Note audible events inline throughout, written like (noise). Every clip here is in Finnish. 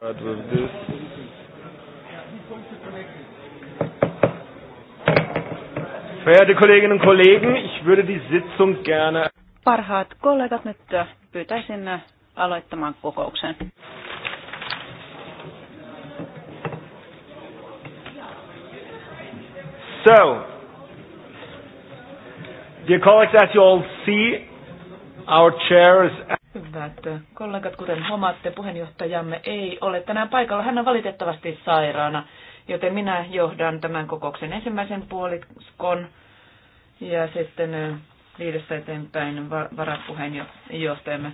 start with this. Verehrte Kolleginnen und Kollegen, ich würde die Sitzung gerne. Parhaat kollegat, nyt pyytäisin aloittamaan kokouksen. So, dear colleagues, as you all see, our chair is Hyvät kollegat, kuten huomaatte, puheenjohtajamme ei ole tänään paikalla. Hän on valitettavasti sairaana, joten minä johdan tämän kokouksen ensimmäisen puoliskon ja sitten viidestä eteenpäin varapuheenjohtajamme.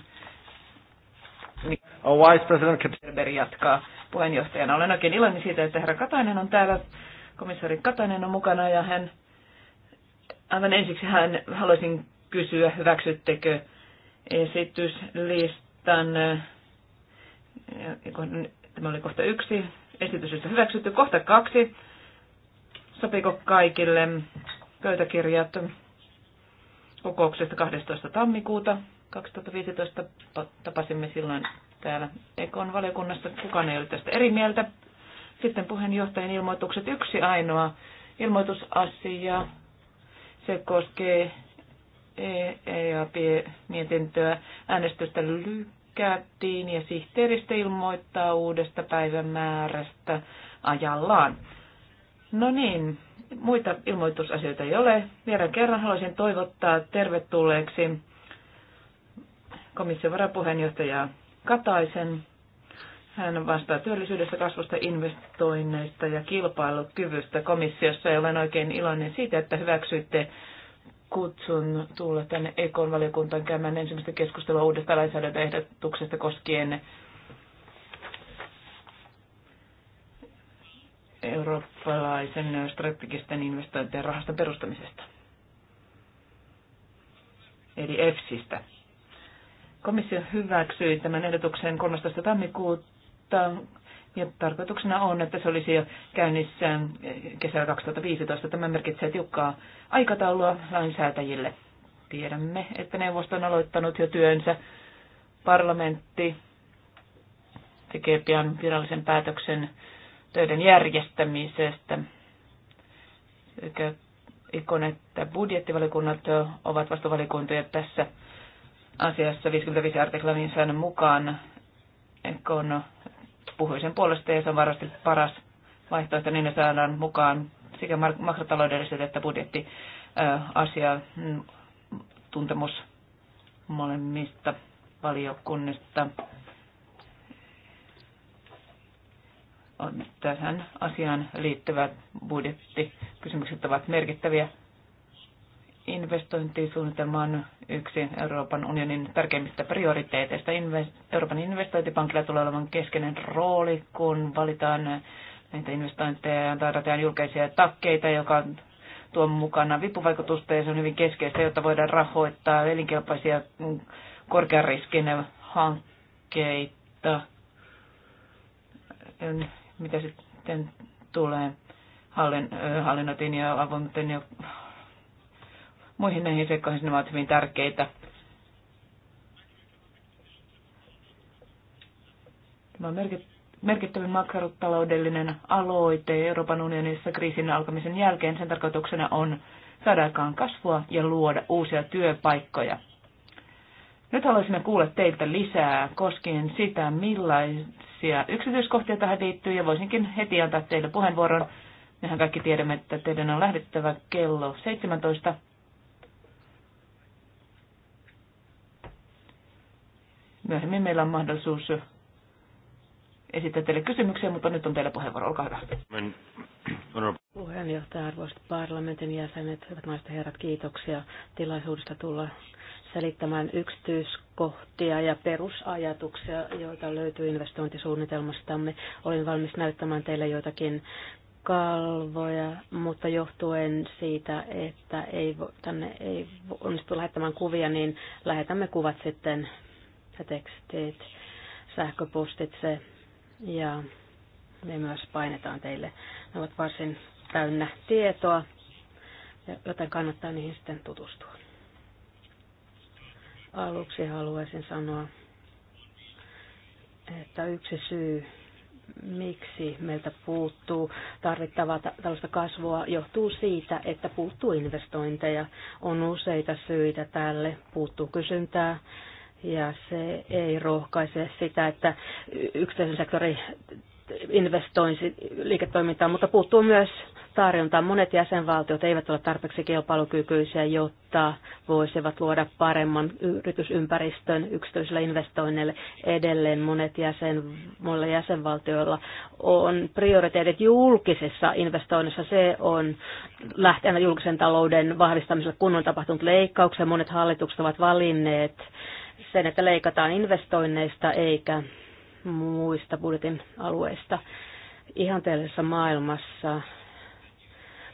Vice President Katerberg jatkaa puheenjohtajana. Olen oikein iloinen siitä, että herra Katainen on täällä. Komissaari Katainen on mukana ja hän, aivan ensiksi hän haluaisin kysyä, hyväksyttekö esityslistan, eh, tämä oli kohta yksi, esityslista hyväksytty, kohta kaksi, Sopiko kaikille pöytäkirjat kokouksesta 12. tammikuuta 2015, tapasimme silloin täällä Ekon valiokunnassa, kukaan ei ollut tästä eri mieltä. Sitten puheenjohtajan ilmoitukset, yksi ainoa ilmoitusasia, se koskee EAP-mietintöä e äänestystä lykättiin ja sihteeristä ilmoittaa uudesta päivämäärästä ajallaan. No niin, muita ilmoitusasioita ei ole. Vielä kerran haluaisin toivottaa tervetulleeksi komission varapuheenjohtaja Kataisen. Hän vastaa työllisyydestä, kasvusta, investoinneista ja kilpailukyvystä komissiossa ja olen oikein iloinen siitä, että hyväksyitte kutsun tulla tänne Ekon valiokuntaan käymään ensimmäistä keskustelua uudesta lainsäädäntöehdotuksesta koskien eurooppalaisen strategisten investointien rahaston perustamisesta, eli EFSistä. Komissio hyväksyi tämän ehdotuksen 13. tammikuuta ja tarkoituksena on, että se olisi jo käynnissä eh, kesällä 2015. Tämä merkitsee tiukkaa aikataulua lainsäätäjille. Tiedämme, että neuvosto on aloittanut jo työnsä. Parlamentti tekee pian virallisen päätöksen töiden järjestämisestä. Sekä ikon että budjettivalikunnat ovat vastuvalikuntoja tässä asiassa 55 artiklanin säännön mukaan. Ekon puhui sen puolesta ja se on varmasti paras vaihtoehto, niin ne saadaan mukaan sekä makrotaloudelliset että budjetti asia mm, tuntemus molemmista valiokunnista. On tähän asiaan liittyvät budjettikysymykset ovat merkittäviä Investointisuunnitelma on yksi Euroopan unionin tärkeimmistä prioriteeteista. Euroopan investointipankilla tulee olemaan keskeinen rooli, kun valitaan näitä investointeja ja tarvitaan julkisia takkeita, joka tuo mukana vipuvaikutusta ja se on hyvin keskeistä, jotta voidaan rahoittaa elinkelpoisia korkean riskin hankkeita. Mitä sitten tulee hallin, hallinnointiin ja avoimuuteen ja muihin näihin seikkoihin ne ovat hyvin tärkeitä. Tämä on merkittävin makrotaloudellinen aloite Euroopan unionissa kriisin alkamisen jälkeen. Sen tarkoituksena on saada aikaan kasvua ja luoda uusia työpaikkoja. Nyt haluaisimme kuulla teiltä lisää koskien sitä, millaisia yksityiskohtia tähän liittyy, ja voisinkin heti antaa teille puheenvuoron. Mehän kaikki tiedämme, että teidän on lähdettävä kello 17. Myöhemmin meillä on mahdollisuus esittää teille kysymyksiä, mutta nyt on teillä puheenvuoro. Olkaa hyvä. Puheenjohtaja, arvoisat parlamentin jäsenet, hyvät naiset ja herrat, kiitoksia tilaisuudesta tulla selittämään yksityiskohtia ja perusajatuksia, joita löytyy investointisuunnitelmastamme. Olin valmis näyttämään teille joitakin kalvoja, mutta johtuen siitä, että ei, tänne ei onnistu lähettämään kuvia, niin lähetämme kuvat sitten ja tekstit sähköpostitse ja me myös painetaan teille. Ne ovat varsin täynnä tietoa, joten kannattaa niihin sitten tutustua. Aluksi haluaisin sanoa, että yksi syy, miksi meiltä puuttuu tarvittavaa tällaista kasvua, johtuu siitä, että puuttuu investointeja. On useita syitä tälle. Puuttuu kysyntää, ja se ei rohkaise sitä, että yksityisen sektori investoisi liiketoimintaan, mutta puuttuu myös tarjontaa. Monet jäsenvaltiot eivät ole tarpeeksi kilpailukykyisiä, jotta voisivat luoda paremman yritysympäristön yksityisille investoinneille. Edelleen monet jäsen, monilla jäsenvaltioilla on prioriteetit julkisessa investoinnissa. Se on lähtenä julkisen talouden vahvistamiselle kunnon tapahtunut leikkauksia. Monet hallitukset ovat valinneet sen, että leikataan investoinneista eikä muista budjetin alueista. Ihanteellisessa maailmassa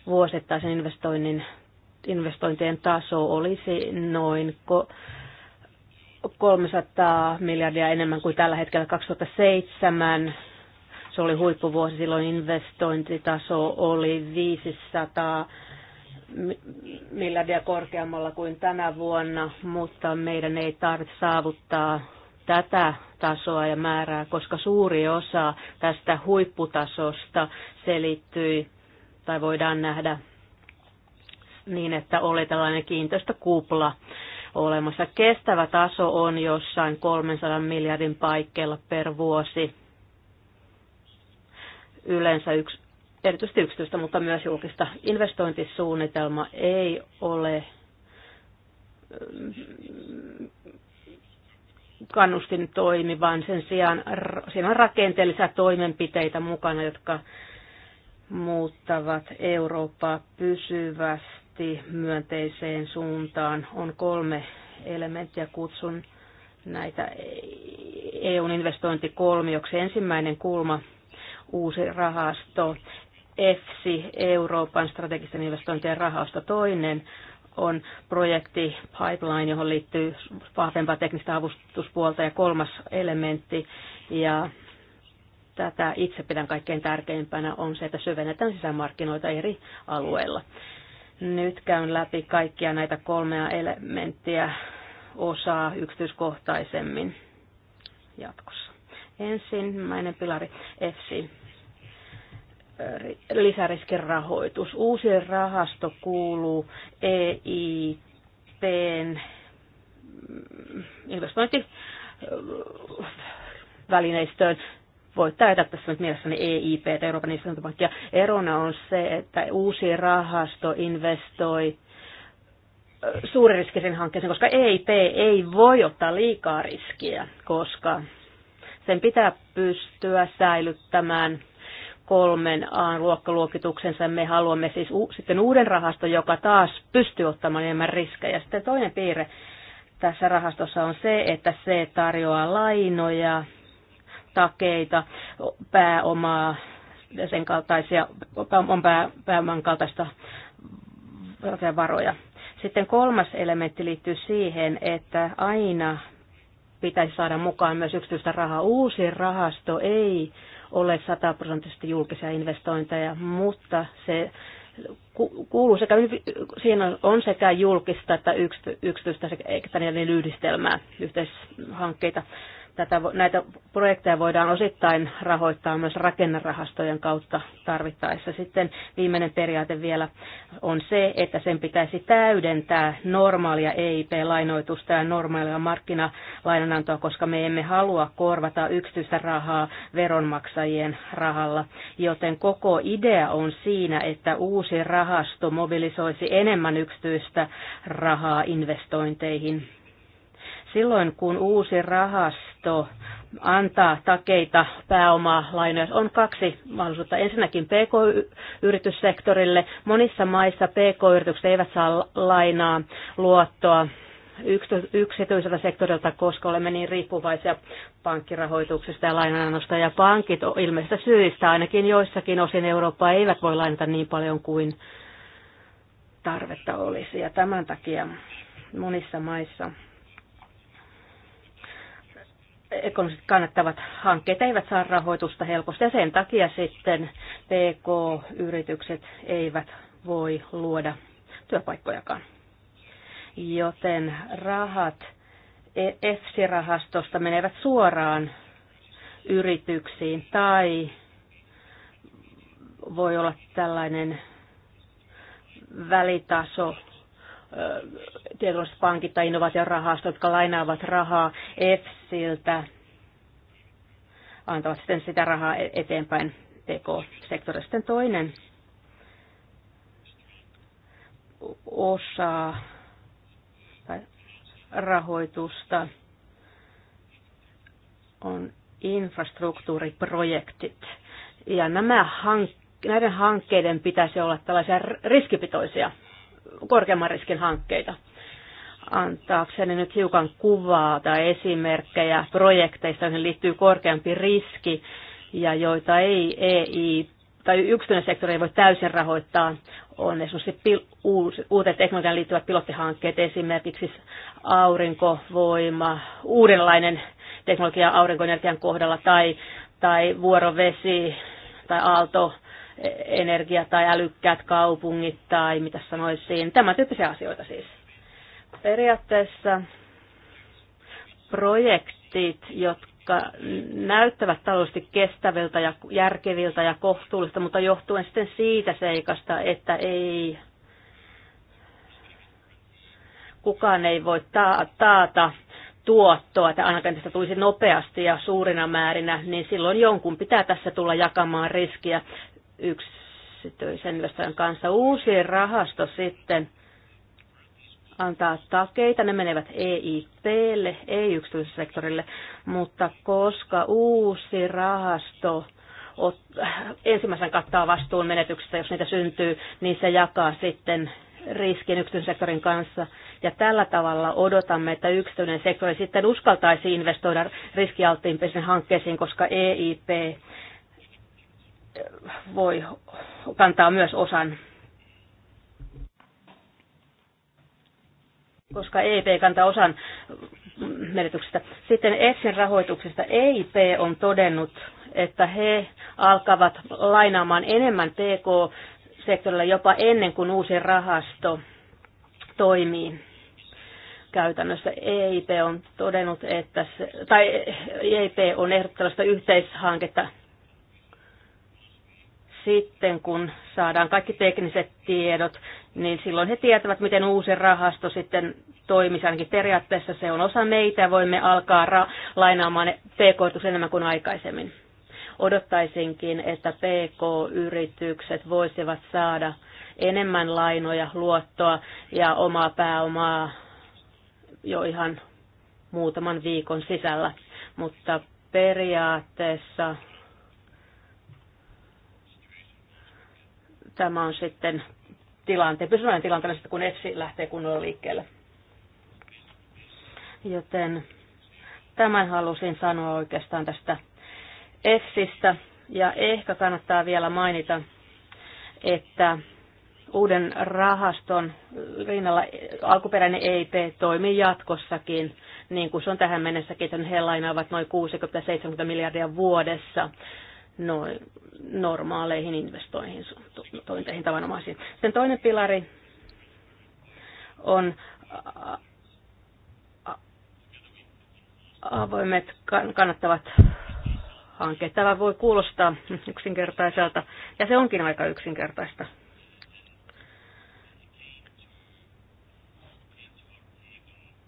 vuosittaisen investoinnin, investointien taso olisi noin 300 miljardia enemmän kuin tällä hetkellä 2007. Se oli huippuvuosi, silloin investointitaso oli 500 miljardia korkeammalla kuin tänä vuonna, mutta meidän ei tarvitse saavuttaa tätä tasoa ja määrää, koska suuri osa tästä huipputasosta selittyi tai voidaan nähdä niin, että oli tällainen kiinteistökupla olemassa. Kestävä taso on jossain 300 miljardin paikkeilla per vuosi. Yleensä yksi erityisesti yksityistä, mutta myös julkista. Investointisuunnitelma ei ole mm, kannustin toimi, vaan sen sijaan siinä on rakenteellisia toimenpiteitä mukana, jotka muuttavat Eurooppaa pysyvästi myönteiseen suuntaan. On kolme elementtiä, kutsun näitä EUn e investointikolmioksi. Ensimmäinen kulma, uusi rahasto, EFSI, Euroopan strategisten investointien rahasta Toinen on projekti Pipeline, johon liittyy vahvempaa teknistä avustuspuolta ja kolmas elementti. Ja tätä itse pidän kaikkein tärkeimpänä on se, että syvennetään sisämarkkinoita eri alueilla. Nyt käyn läpi kaikkia näitä kolmea elementtiä osaa yksityiskohtaisemmin jatkossa. Ensimmäinen pilari EFSI lisäriskirahoitus. Uusi rahasto kuuluu EIPn investointivälineistöön. voi etä tässä nyt mielessäni EIP, Euroopan investointipankkia. Erona on se, että uusi rahasto investoi suuririskisen hankkeeseen, koska EIP ei voi ottaa liikaa riskiä, koska sen pitää pystyä säilyttämään – kolmen A-luokkaluokituksensa. Me haluamme siis u- sitten uuden rahaston, joka taas pystyy ottamaan enemmän riskejä. Sitten toinen piirre tässä rahastossa on se, että se tarjoaa lainoja, takeita, pääomaa, sen kaltaisia, on pää, pääoman kaltaista varoja. Sitten kolmas elementti liittyy siihen, että aina pitäisi saada mukaan myös yksityistä rahaa. Uusi rahasto ei ole sataprosenttisesti julkisia investointeja, mutta se kuuluu sekä, siinä on sekä julkista että yksityistä, sekä niiden yhdistelmää, yhteishankkeita. Tätä, näitä projekteja voidaan osittain rahoittaa myös rakennerahastojen kautta tarvittaessa. Sitten viimeinen periaate vielä on se, että sen pitäisi täydentää normaalia EIP-lainoitusta ja normaalia markkinalainanantoa, koska me emme halua korvata yksityistä rahaa veronmaksajien rahalla. Joten koko idea on siinä, että uusi rahasto mobilisoisi enemmän yksityistä rahaa investointeihin Silloin kun uusi rahasto antaa takeita pääomaa lainoja, on kaksi mahdollisuutta. Ensinnäkin pk-yrityssektorille. Monissa maissa pk-yritykset eivät saa lainaa luottoa yksityiseltä sektorilta, koska olemme niin riippuvaisia pankkirahoituksesta ja lainanannosta. Ja pankit ilmeisistä syistä, ainakin joissakin osin Eurooppaa, eivät voi lainata niin paljon kuin tarvetta olisi. Ja tämän takia monissa maissa ekologisesti kannattavat hankkeet eivät saa rahoitusta helposti ja sen takia sitten PK-yritykset eivät voi luoda työpaikkojakaan. Joten rahat EFSI-rahastosta menevät suoraan yrityksiin tai voi olla tällainen välitaso tietynlaiset pankit tai innovaatiorahastot, jotka lainaavat rahaa EFSiltä, antavat sitten sitä rahaa e- eteenpäin TK-sektorista. toinen osa tai rahoitusta on infrastruktuuriprojektit. Ja nämä hank- näiden hankkeiden pitäisi olla tällaisia riskipitoisia korkeamman riskin hankkeita. Antaakseni nyt hiukan kuvaa tai esimerkkejä projekteista, joihin liittyy korkeampi riski ja joita ei EI tai yksityinen sektori ei voi täysin rahoittaa, on esimerkiksi uuteen teknologian liittyvät pilottihankkeet, esimerkiksi aurinkovoima, uudenlainen teknologia aurinkoenergian kohdalla tai, tai vuorovesi tai aalto energia tai älykkäät kaupungit tai mitä sanoisin, tämän tyyppisiä asioita siis. Periaatteessa projektit, jotka näyttävät taloudellisesti kestäviltä ja järkeviltä ja kohtuullista, mutta johtuen sitten siitä seikasta, että ei kukaan ei voi taata tuottoa, että ainakaan tästä tulisi nopeasti ja suurina määrinä, niin silloin jonkun pitää tässä tulla jakamaan riskiä yksityisen investoijan kanssa. Uusi rahasto sitten antaa takeita, ne menevät EIPlle, ei-yksityiselle sektorille, mutta koska uusi rahasto ot, ensimmäisen kattaa vastuun menetyksestä, jos niitä syntyy, niin se jakaa sitten riskin yksityisen sektorin kanssa. Ja tällä tavalla odotamme, että yksityinen sektori sitten uskaltaisi investoida riskialttiimpiin hankkeisiin, koska EIP voi kantaa myös osan. koska EIP kantaa osan menetyksestä. Sitten EFSin rahoituksesta EIP on todennut, että he alkavat lainaamaan enemmän PK-sektorilla jopa ennen kuin uusi rahasto toimii käytännössä EIP on todennut, että se, tai EIP on ehdottanut yhteishanketta sitten kun saadaan kaikki tekniset tiedot, niin silloin he tietävät, miten uusi rahasto sitten toimisi. Ainakin periaatteessa se on osa meitä ja voimme alkaa ra- lainaamaan pk enemmän kuin aikaisemmin. Odottaisinkin, että pk-yritykset voisivat saada enemmän lainoja, luottoa ja omaa pääomaa jo ihan muutaman viikon sisällä. Mutta periaatteessa tämä on sitten tilanteen, pysyvän tilanteen, kun EFSI lähtee kunnolla liikkeelle. Joten tämän halusin sanoa oikeastaan tästä EFSistä. Ja ehkä kannattaa vielä mainita, että uuden rahaston rinnalla alkuperäinen EIP toimii jatkossakin, niin kuin se on tähän mennessäkin, että he lainaavat noin 60-70 miljardia vuodessa noin normaaleihin investointeihin tointeihin tavanomaisiin. Sen toinen pilari on avoimet kannattavat hankkeet. Tämä voi kuulostaa yksinkertaiselta, ja se onkin aika yksinkertaista.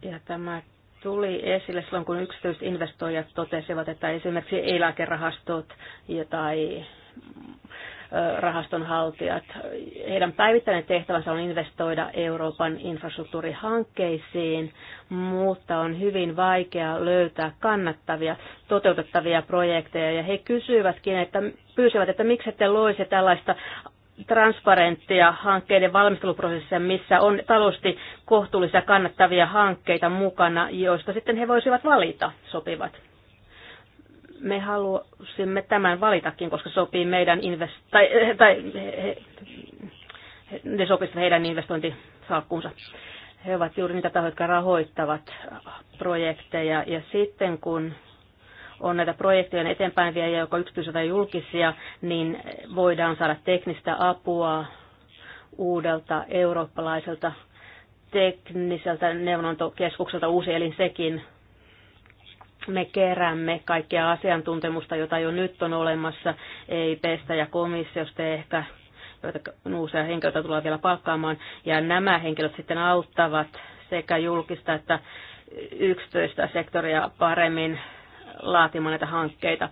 Ja tämä tuli esille silloin, kun yksityiset investoijat totesivat, että esimerkiksi eläkerahastot tai rahastonhaltijat, heidän päivittäinen tehtävänsä on investoida Euroopan infrastruktuurihankkeisiin, mutta on hyvin vaikea löytää kannattavia, toteutettavia projekteja. Ja he kysyivätkin, että pyysivät, että miksi te loisi tällaista transparenttia hankkeiden valmisteluprosessissa, missä on talousti kohtuullisia kannattavia hankkeita mukana, joista sitten he voisivat valita sopivat. Me halusimme tämän valitakin, koska sopii meidän invest- tai, eh, tai he, eh, he, he, ne sopisivat heidän investointisalkkuunsa. He ovat juuri niitä tahoja, jotka rahoittavat projekteja. Ja sitten kun on näitä projekteja eteenpäin vielä, joko yksityisiä tai julkisia, niin voidaan saada teknistä apua uudelta eurooppalaiselta tekniseltä neuvontokeskukselta uusi elin sekin. Me keräämme kaikkea asiantuntemusta, jota jo nyt on olemassa EIPstä ja komissiosta ehkä joita uusia henkilöitä tulee vielä palkkaamaan. Ja nämä henkilöt sitten auttavat sekä julkista että yksityistä sektoria paremmin laatimaan näitä hankkeita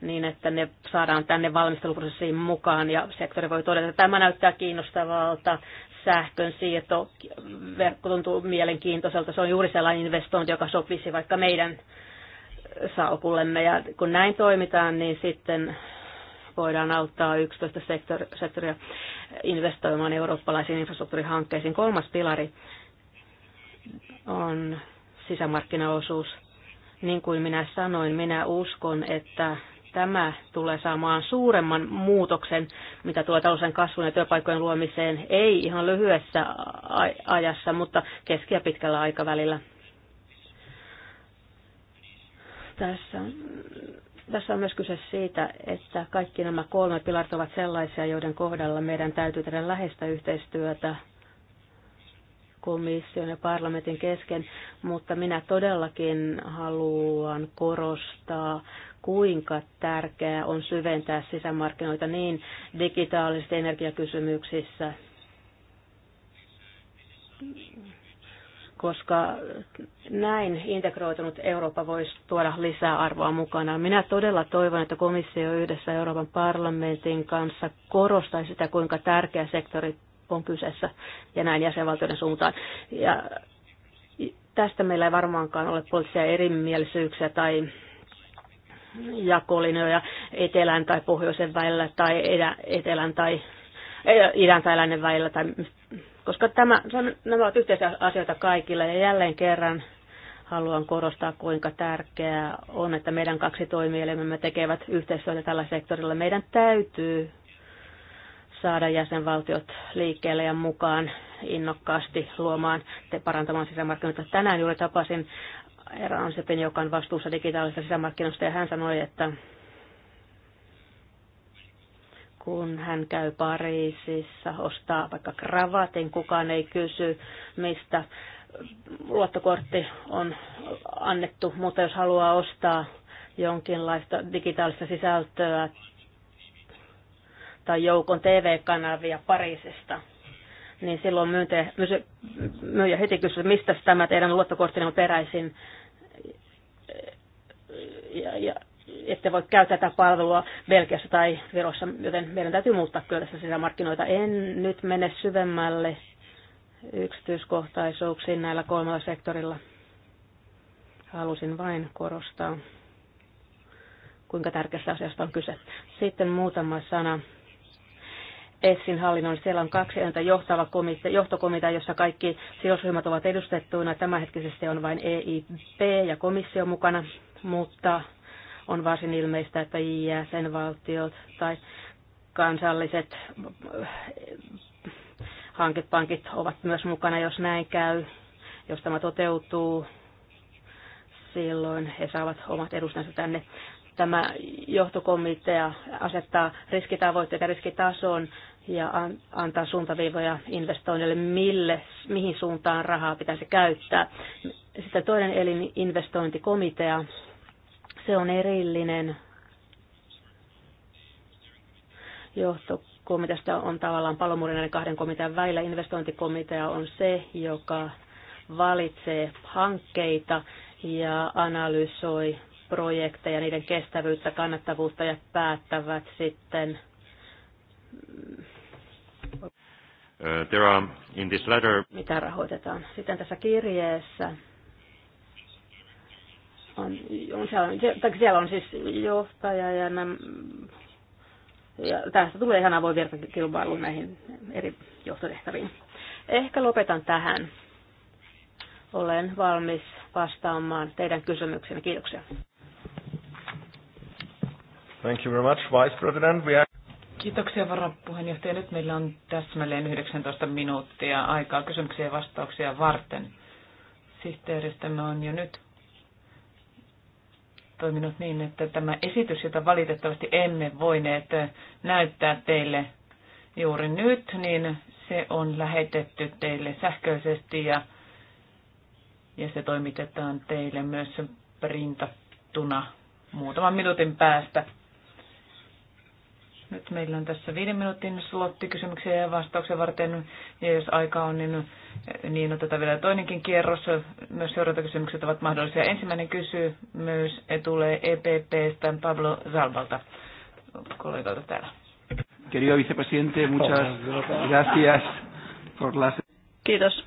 niin, että ne saadaan tänne valmisteluprosessiin mukaan ja sektori voi todeta, että tämä näyttää kiinnostavalta, sähkön siirto, verkko tuntuu mielenkiintoiselta, se on juuri sellainen investointi, joka sopisi vaikka meidän saukullemme ja kun näin toimitaan, niin sitten voidaan auttaa 11 sektoria investoimaan eurooppalaisiin infrastruktuurihankkeisiin. Kolmas pilari on sisämarkkinaosuus niin kuin minä sanoin, minä uskon, että tämä tulee saamaan suuremman muutoksen, mitä tulee talousen kasvun ja työpaikkojen luomiseen, ei ihan lyhyessä ajassa, mutta keski- ja pitkällä aikavälillä. Tässä, tässä on myös kyse siitä, että kaikki nämä kolme pilarit ovat sellaisia, joiden kohdalla meidän täytyy tehdä läheistä yhteistyötä komission ja parlamentin kesken, mutta minä todellakin haluan korostaa, kuinka tärkeää on syventää sisämarkkinoita niin digitaalisissa energiakysymyksissä, koska näin integroitunut Eurooppa voisi tuoda lisää arvoa mukana. Minä todella toivon, että komissio yhdessä Euroopan parlamentin kanssa korostaisi sitä, kuinka tärkeä sektori on kyseessä ja näin jäsenvaltioiden suuntaan. Ja tästä meillä ei varmaankaan ole poliittisia erimielisyyksiä tai jakolinjoja etelän tai pohjoisen välillä tai etelän tai e, idän tai lännen välillä, tai, koska tämä, nämä ovat yhteisiä asioita kaikille ja jälleen kerran haluan korostaa, kuinka tärkeää on, että meidän kaksi toimielimemme tekevät yhteistyötä tällä sektorilla. Meidän täytyy saada jäsenvaltiot liikkeelle ja mukaan innokkaasti luomaan ja parantamaan sisämarkkinoita. Tänään juuri tapasin Eera Ansepin, joka on vastuussa digitaalisesta sisämarkkinoista, ja hän sanoi, että kun hän käy Pariisissa, ostaa vaikka kravatin, kukaan ei kysy, mistä luottokortti on annettu, mutta jos haluaa ostaa jonkinlaista digitaalista sisältöä tai joukon TV-kanavia Pariisista, niin silloin myynte, myyjä heti kysyi, mistä tämä teidän luottokorttinne on peräisin, ja, ja ette voi käyttää tätä palvelua Belgiassa tai Virossa, joten meidän täytyy muuttaa kyllä tässä markkinoita. En nyt mene syvemmälle yksityiskohtaisuuksiin näillä kolmella sektorilla. Halusin vain korostaa, kuinka tärkeästä asiasta on kyse. Sitten muutama sana ESSin hallinnon. Siellä on kaksi ääntä johtava komitea, johtokomitea, jossa kaikki sidosryhmät ovat edustettuina. Tämänhetkisesti on vain EIP ja komissio mukana, mutta on varsin ilmeistä, että jäsenvaltiot tai kansalliset äh, hankepankit ovat myös mukana, jos näin käy. Jos tämä toteutuu, silloin he saavat omat edustansa tänne tämä johtokomitea asettaa riskitavoitteita riskitasoon ja antaa suuntaviivoja investoinnille, mille, mihin suuntaan rahaa pitäisi käyttää. Sitten toinen elin investointikomitea, se on erillinen johtokomiteasta on tavallaan palomuuri näiden kahden komitean välillä. Investointikomitea on se, joka valitsee hankkeita ja analysoi projekteja, niiden kestävyyttä, kannattavuutta ja päättävät sitten. Uh, there are in this letter... Mitä rahoitetaan? Sitten tässä kirjeessä on, on siellä, on, siellä on siis johtaja ja, nämä, ja tästä tulee ihan avoin virkakilpailu näihin eri johtotehtäviin. Ehkä lopetan tähän. Olen valmis vastaamaan teidän kysymyksiin. Kiitoksia. Thank you very much, Vice President. We are... Kiitoksia varapuheenjohtaja. Nyt meillä on täsmälleen 19 minuuttia aikaa kysymyksiä ja vastauksia varten. Sihteeristämme on jo nyt toiminut niin, että tämä esitys, jota valitettavasti emme voineet näyttää teille juuri nyt, niin se on lähetetty teille sähköisesti ja, ja se toimitetaan teille myös printattuna muutaman minuutin päästä. Nyt meillä on tässä viiden minuutin slotti kysymyksiä ja vastauksia varten. Ja jos aika on, niin, niin otetaan vielä toinenkin kierros. Myös seurantakysymykset ovat mahdollisia. Ensimmäinen kysymys tulee EPPstä Pablo Zalbalta, kollegalta täällä. Querido vicepresidente, muchas gracias por las... Kiitos.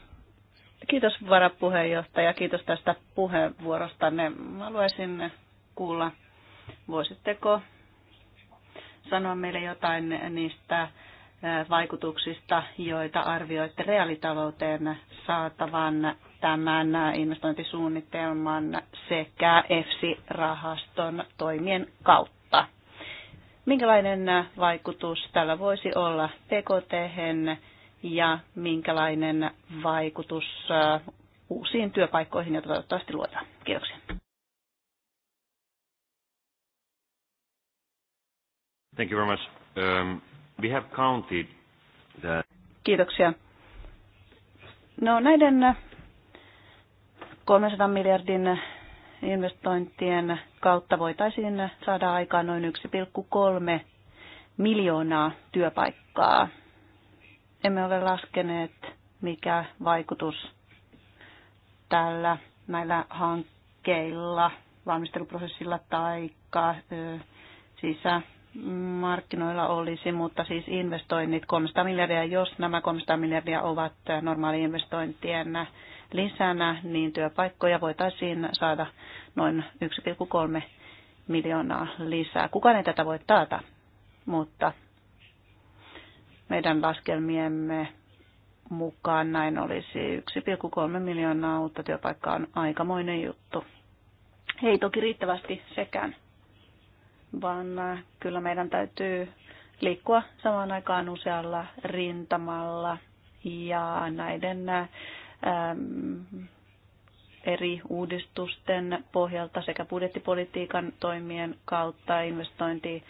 Kiitos varapuheenjohtaja, kiitos tästä puheenvuorosta. Haluaisin kuulla, voisitteko sanoa meille jotain niistä vaikutuksista, joita arvioitte reaalitalouteen saatavan tämän investointisuunnitelman sekä EFSI-rahaston toimien kautta. Minkälainen vaikutus tällä voisi olla PKT ja minkälainen vaikutus uusiin työpaikkoihin, joita toivottavasti luetaan? Kiitoksia. Thank you very much. Um, we have counted the... Kiitoksia. No näiden 300 miljardin investointien kautta voitaisiin saada aikaan noin 1,3 miljoonaa työpaikkaa. Emme ole laskeneet, mikä vaikutus tällä näillä hankkeilla, valmisteluprosessilla tai sisä markkinoilla olisi, mutta siis investoinnit 300 miljardia, jos nämä 300 miljardia ovat äh, normaali investointien lisänä, niin työpaikkoja voitaisiin saada noin 1,3 miljoonaa lisää. Kukaan ei tätä voi taata, mutta meidän laskelmiemme mukaan näin olisi 1,3 miljoonaa uutta työpaikkaa on aikamoinen juttu. Ei toki riittävästi sekään vaan äh, kyllä meidän täytyy liikkua samaan aikaan usealla rintamalla ja näiden äh, eri uudistusten pohjalta sekä budjettipolitiikan toimien kautta investointi,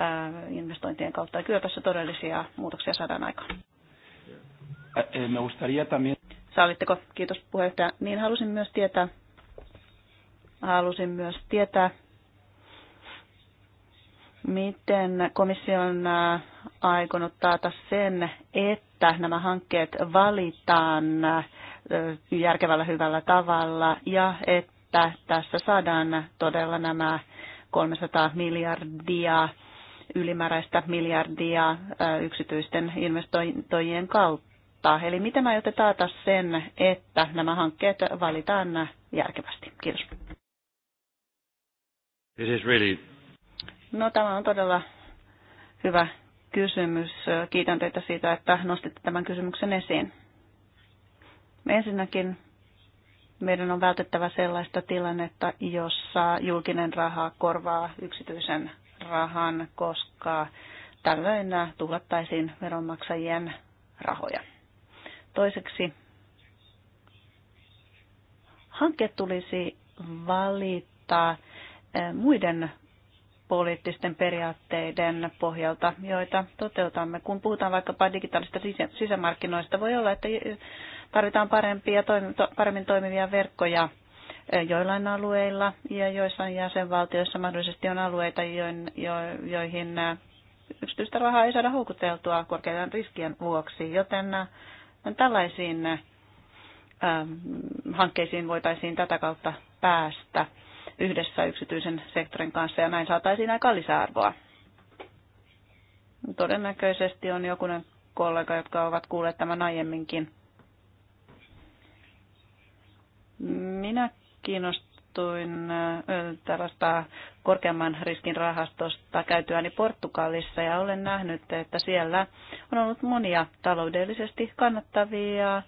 äh, investointien kautta. Kyllä tässä todellisia muutoksia saadaan aikaan. Eh, me gustaría también... Sallitteko? Kiitos puheenjohtaja. Niin halusin myös tietää, halusin myös tietää Miten komissio on äh, aikonut taata sen, että nämä hankkeet valitaan äh, järkevällä hyvällä tavalla ja että tässä saadaan todella nämä 300 miljardia ylimääräistä miljardia äh, yksityisten investointojen kautta. Eli miten mä aiotte taata sen, että nämä hankkeet valitaan järkevästi? Kiitos. This is really No tämä on todella hyvä kysymys. Kiitän teitä siitä, että nostitte tämän kysymyksen esiin. Ensinnäkin meidän on vältettävä sellaista tilannetta, jossa julkinen raha korvaa yksityisen rahan, koska tällöin tuhlattaisiin veronmaksajien rahoja. Toiseksi hanke tulisi valita eh, muiden poliittisten periaatteiden pohjalta, joita toteutamme. Kun puhutaan vaikkapa digitaalista sisämarkkinoista, voi olla, että tarvitaan parempia, paremmin toimivia verkkoja eh, joillain alueilla ja joissain jäsenvaltioissa mahdollisesti on alueita, joihin eh, yksityistä rahaa ei saada houkuteltua korkeiden riskien vuoksi, joten eh, tällaisiin hankkeisiin voitaisiin tätä kautta päästä yhdessä yksityisen sektorin kanssa ja näin saataisiin aika lisäarvoa. Todennäköisesti on jokunen kollega, jotka ovat kuulleet tämän aiemminkin. Minä kiinnostuin tällaista korkeamman riskin rahastosta käytyäni Portugalissa ja olen nähnyt, että siellä on ollut monia taloudellisesti kannattavia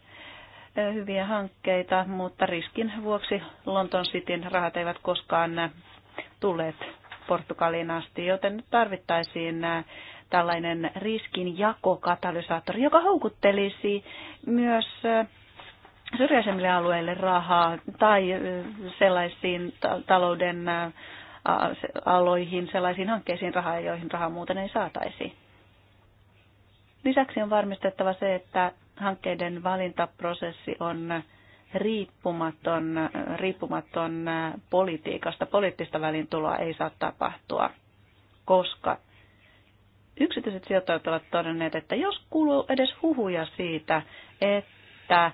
Eh, hyviä hankkeita, mutta riskin vuoksi Lontoon Cityn rahat eivät koskaan eh, tulleet Portugaliin asti, joten nyt tarvittaisiin eh, tällainen riskinjakokatalysaattori, joka houkuttelisi myös syrjäisemmille alueille rahaa tai sellaisiin talouden aloihin, sellaisiin hankkeisiin rahaa, joihin rahaa muuten ei saataisi. Lisäksi on varmistettava se, että hankkeiden valintaprosessi on riippumaton, riippumaton politiikasta. Poliittista välintuloa ei saa tapahtua, koska yksityiset sijoittajat ovat todenneet, että jos kuuluu edes huhuja siitä, että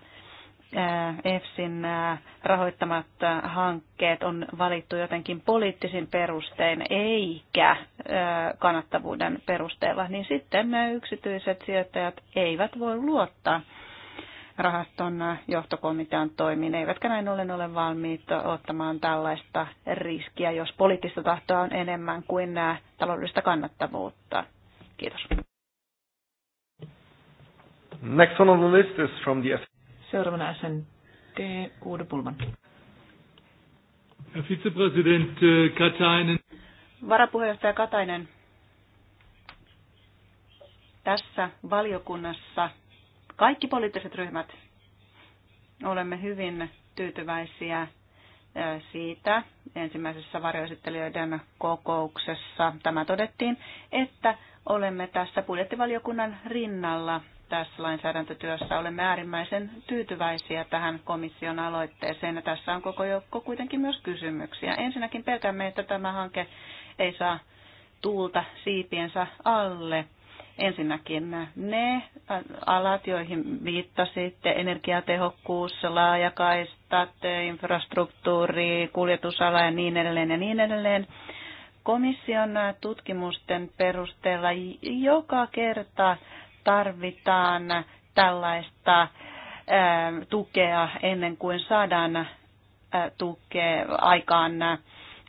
Äh, EFSin äh, rahoittamat äh, hankkeet on valittu jotenkin poliittisin perustein eikä kannattavuuden perusteella, niin sitten nämä yksityiset sijoittajat eivät voi luottaa rahaston johtokomitean toimiin, eivätkä näin ollen ole valmiit ottamaan tällaista riskiä, jos poliittista tahtoa on enemmän kuin nämä taloudellista kannattavuutta. Kiitos. Next one on the list is from the Seuraavana SND Uude Pulman. Herr äh, Katainen. Varapuheenjohtaja Katainen, tässä valiokunnassa kaikki poliittiset ryhmät olemme hyvin tyytyväisiä äh, siitä ensimmäisessä varjoesittelijöiden kokouksessa. Tämä todettiin, että olemme tässä budjettivaliokunnan rinnalla tässä lainsäädäntötyössä. Olemme äärimmäisen tyytyväisiä tähän komission aloitteeseen ja tässä on koko joukko kuitenkin myös kysymyksiä. Ensinnäkin pelkäämme, että tämä hanke ei saa tuulta siipiensä alle. Ensinnäkin ne alat, joihin viittasitte, energiatehokkuus, laajakaistat, infrastruktuuri, kuljetusala ja niin edelleen ja niin edelleen. Komission tutkimusten perusteella joka kerta tarvitaan tällaista tukea ennen kuin saadaan tukea aikaan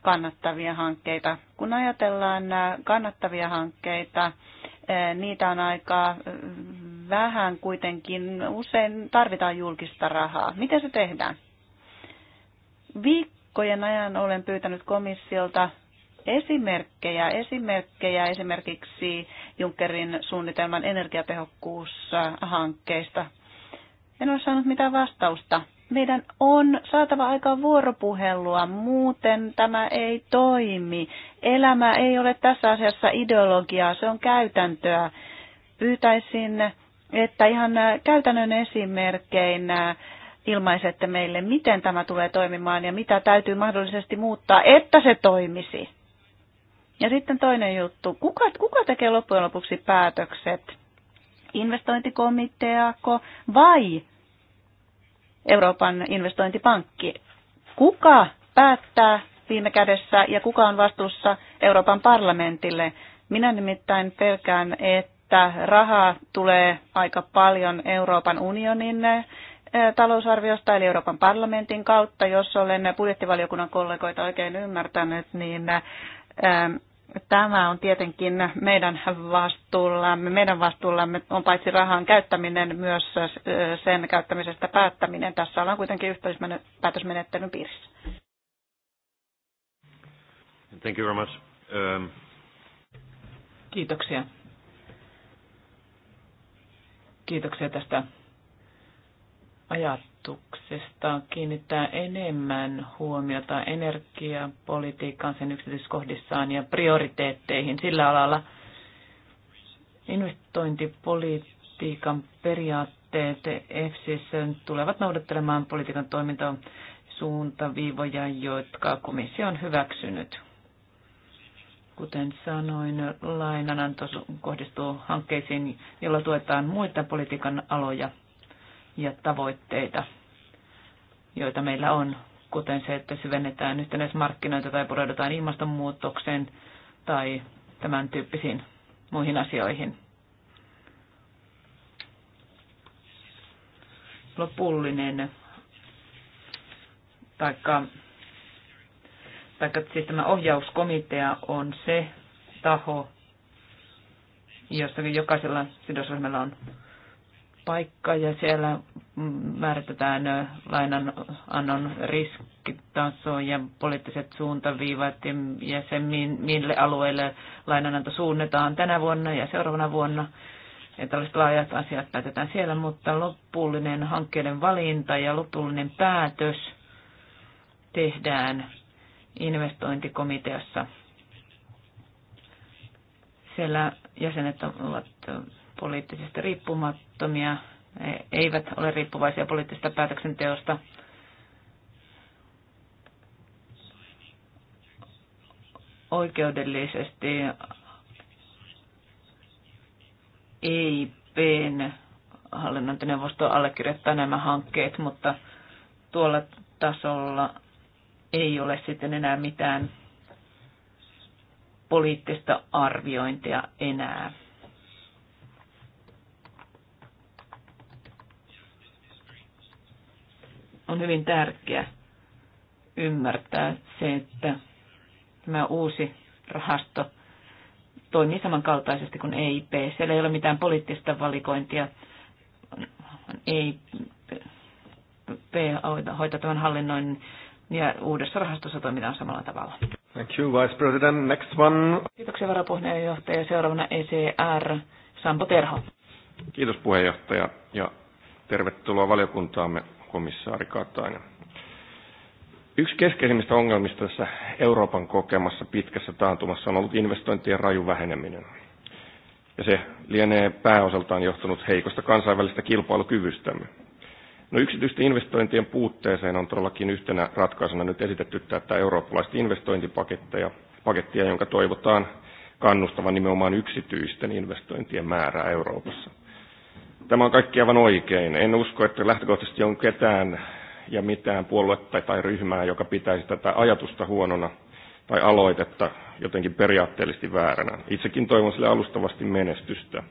kannattavia hankkeita. Kun ajatellaan kannattavia hankkeita, niitä on aika vähän kuitenkin. Usein tarvitaan julkista rahaa. Miten se tehdään? Viikkojen ajan olen pyytänyt komissiolta esimerkkejä, esimerkkejä esimerkiksi Junckerin suunnitelman energiatehokkuushankkeista. En ole saanut mitään vastausta. Meidän on saatava aika vuoropuhelua, muuten tämä ei toimi. Elämä ei ole tässä asiassa ideologiaa, se on käytäntöä. Pyytäisin, että ihan käytännön esimerkkein ilmaisette meille, miten tämä tulee toimimaan ja mitä täytyy mahdollisesti muuttaa, että se toimisi. Ja sitten toinen juttu. Kuka, kuka tekee loppujen lopuksi päätökset? Investointikomiteako vai Euroopan investointipankki? Kuka päättää viime kädessä ja kuka on vastuussa Euroopan parlamentille? Minä nimittäin pelkään, että rahaa tulee aika paljon Euroopan unionin eh, talousarviosta eli Euroopan parlamentin kautta, jos olen budjettivaliokunnan kollegoita oikein ymmärtänyt, niin eh, Tämä on tietenkin meidän vastuullamme. Meidän vastuullamme on paitsi rahan käyttäminen, myös sen käyttämisestä päättäminen. Tässä ollaan kuitenkin yhteispäätösmenettelyn piirissä. Thank you very much. Um... Kiitoksia. Kiitoksia tästä ajasta ehdotuksesta kiinnittää enemmän huomiota energiapolitiikkaan, sen yksityiskohdissaan ja prioriteetteihin sillä alalla. Investointipolitiikan periaatteet EFSIS tulevat noudattelemaan politiikan suuntaviivoja, jotka komissio on hyväksynyt. Kuten sanoin, lainananto kohdistuu hankkeisiin, joilla tuetaan muita politiikan aloja ja tavoitteita joita meillä on, kuten se, että syvennetään yhtenäismarkkinoita tai pureudutaan ilmastonmuutokseen tai tämän tyyppisiin muihin asioihin. Lopullinen taikka, taikka siis tämä ohjauskomitea on se taho, jossa jokaisella sidosryhmällä on paikka ja siellä mm, määritetään lainanannon riskitaso ja poliittiset suuntaviivat ja se, mille alueelle lainananto suunnataan tänä vuonna ja seuraavana vuonna. Ja tällaiset laajat asiat päätetään siellä, mutta lopullinen hankkeiden valinta ja lopullinen päätös tehdään investointikomiteassa. Siellä jäsenet ovat poliittisesti riippumattomia, eivät ole riippuvaisia poliittisesta päätöksenteosta. Oikeudellisesti EIPn hallinnointineuvosto allekirjoittaa nämä hankkeet, mutta tuolla tasolla ei ole sitten enää mitään poliittista arviointia enää. on hyvin tärkeä ymmärtää se, että tämä uusi rahasto toimii samankaltaisesti kuin EIP. Siellä ei ole mitään poliittista valikointia. EIP hoitaa tämän hallinnoinnin ja uudessa rahastossa toimitaan samalla tavalla. Thank you, Vice President. Next one. Kiitoksia varapuheenjohtaja. Seuraavana ECR, Sampo Terho. Kiitos puheenjohtaja ja tervetuloa valiokuntaamme komissaari Katainen. Yksi keskeisimmistä ongelmista tässä Euroopan kokemassa pitkässä taantumassa on ollut investointien raju väheneminen. Ja se lienee pääosaltaan johtunut heikosta kansainvälistä kilpailukyvystämme. No yksityisten investointien puutteeseen on todellakin yhtenä ratkaisuna nyt esitetty tätä eurooppalaista investointipakettia, pakettia, jonka toivotaan kannustavan nimenomaan yksityisten investointien määrää Euroopassa – Tämä on kaikki aivan oikein. En usko, että lähtökohtaisesti on ketään ja mitään puoluetta tai ryhmää, joka pitäisi tätä ajatusta huonona tai aloitetta jotenkin periaatteellisesti vääränä. Itsekin toivon sille alustavasti menestystä.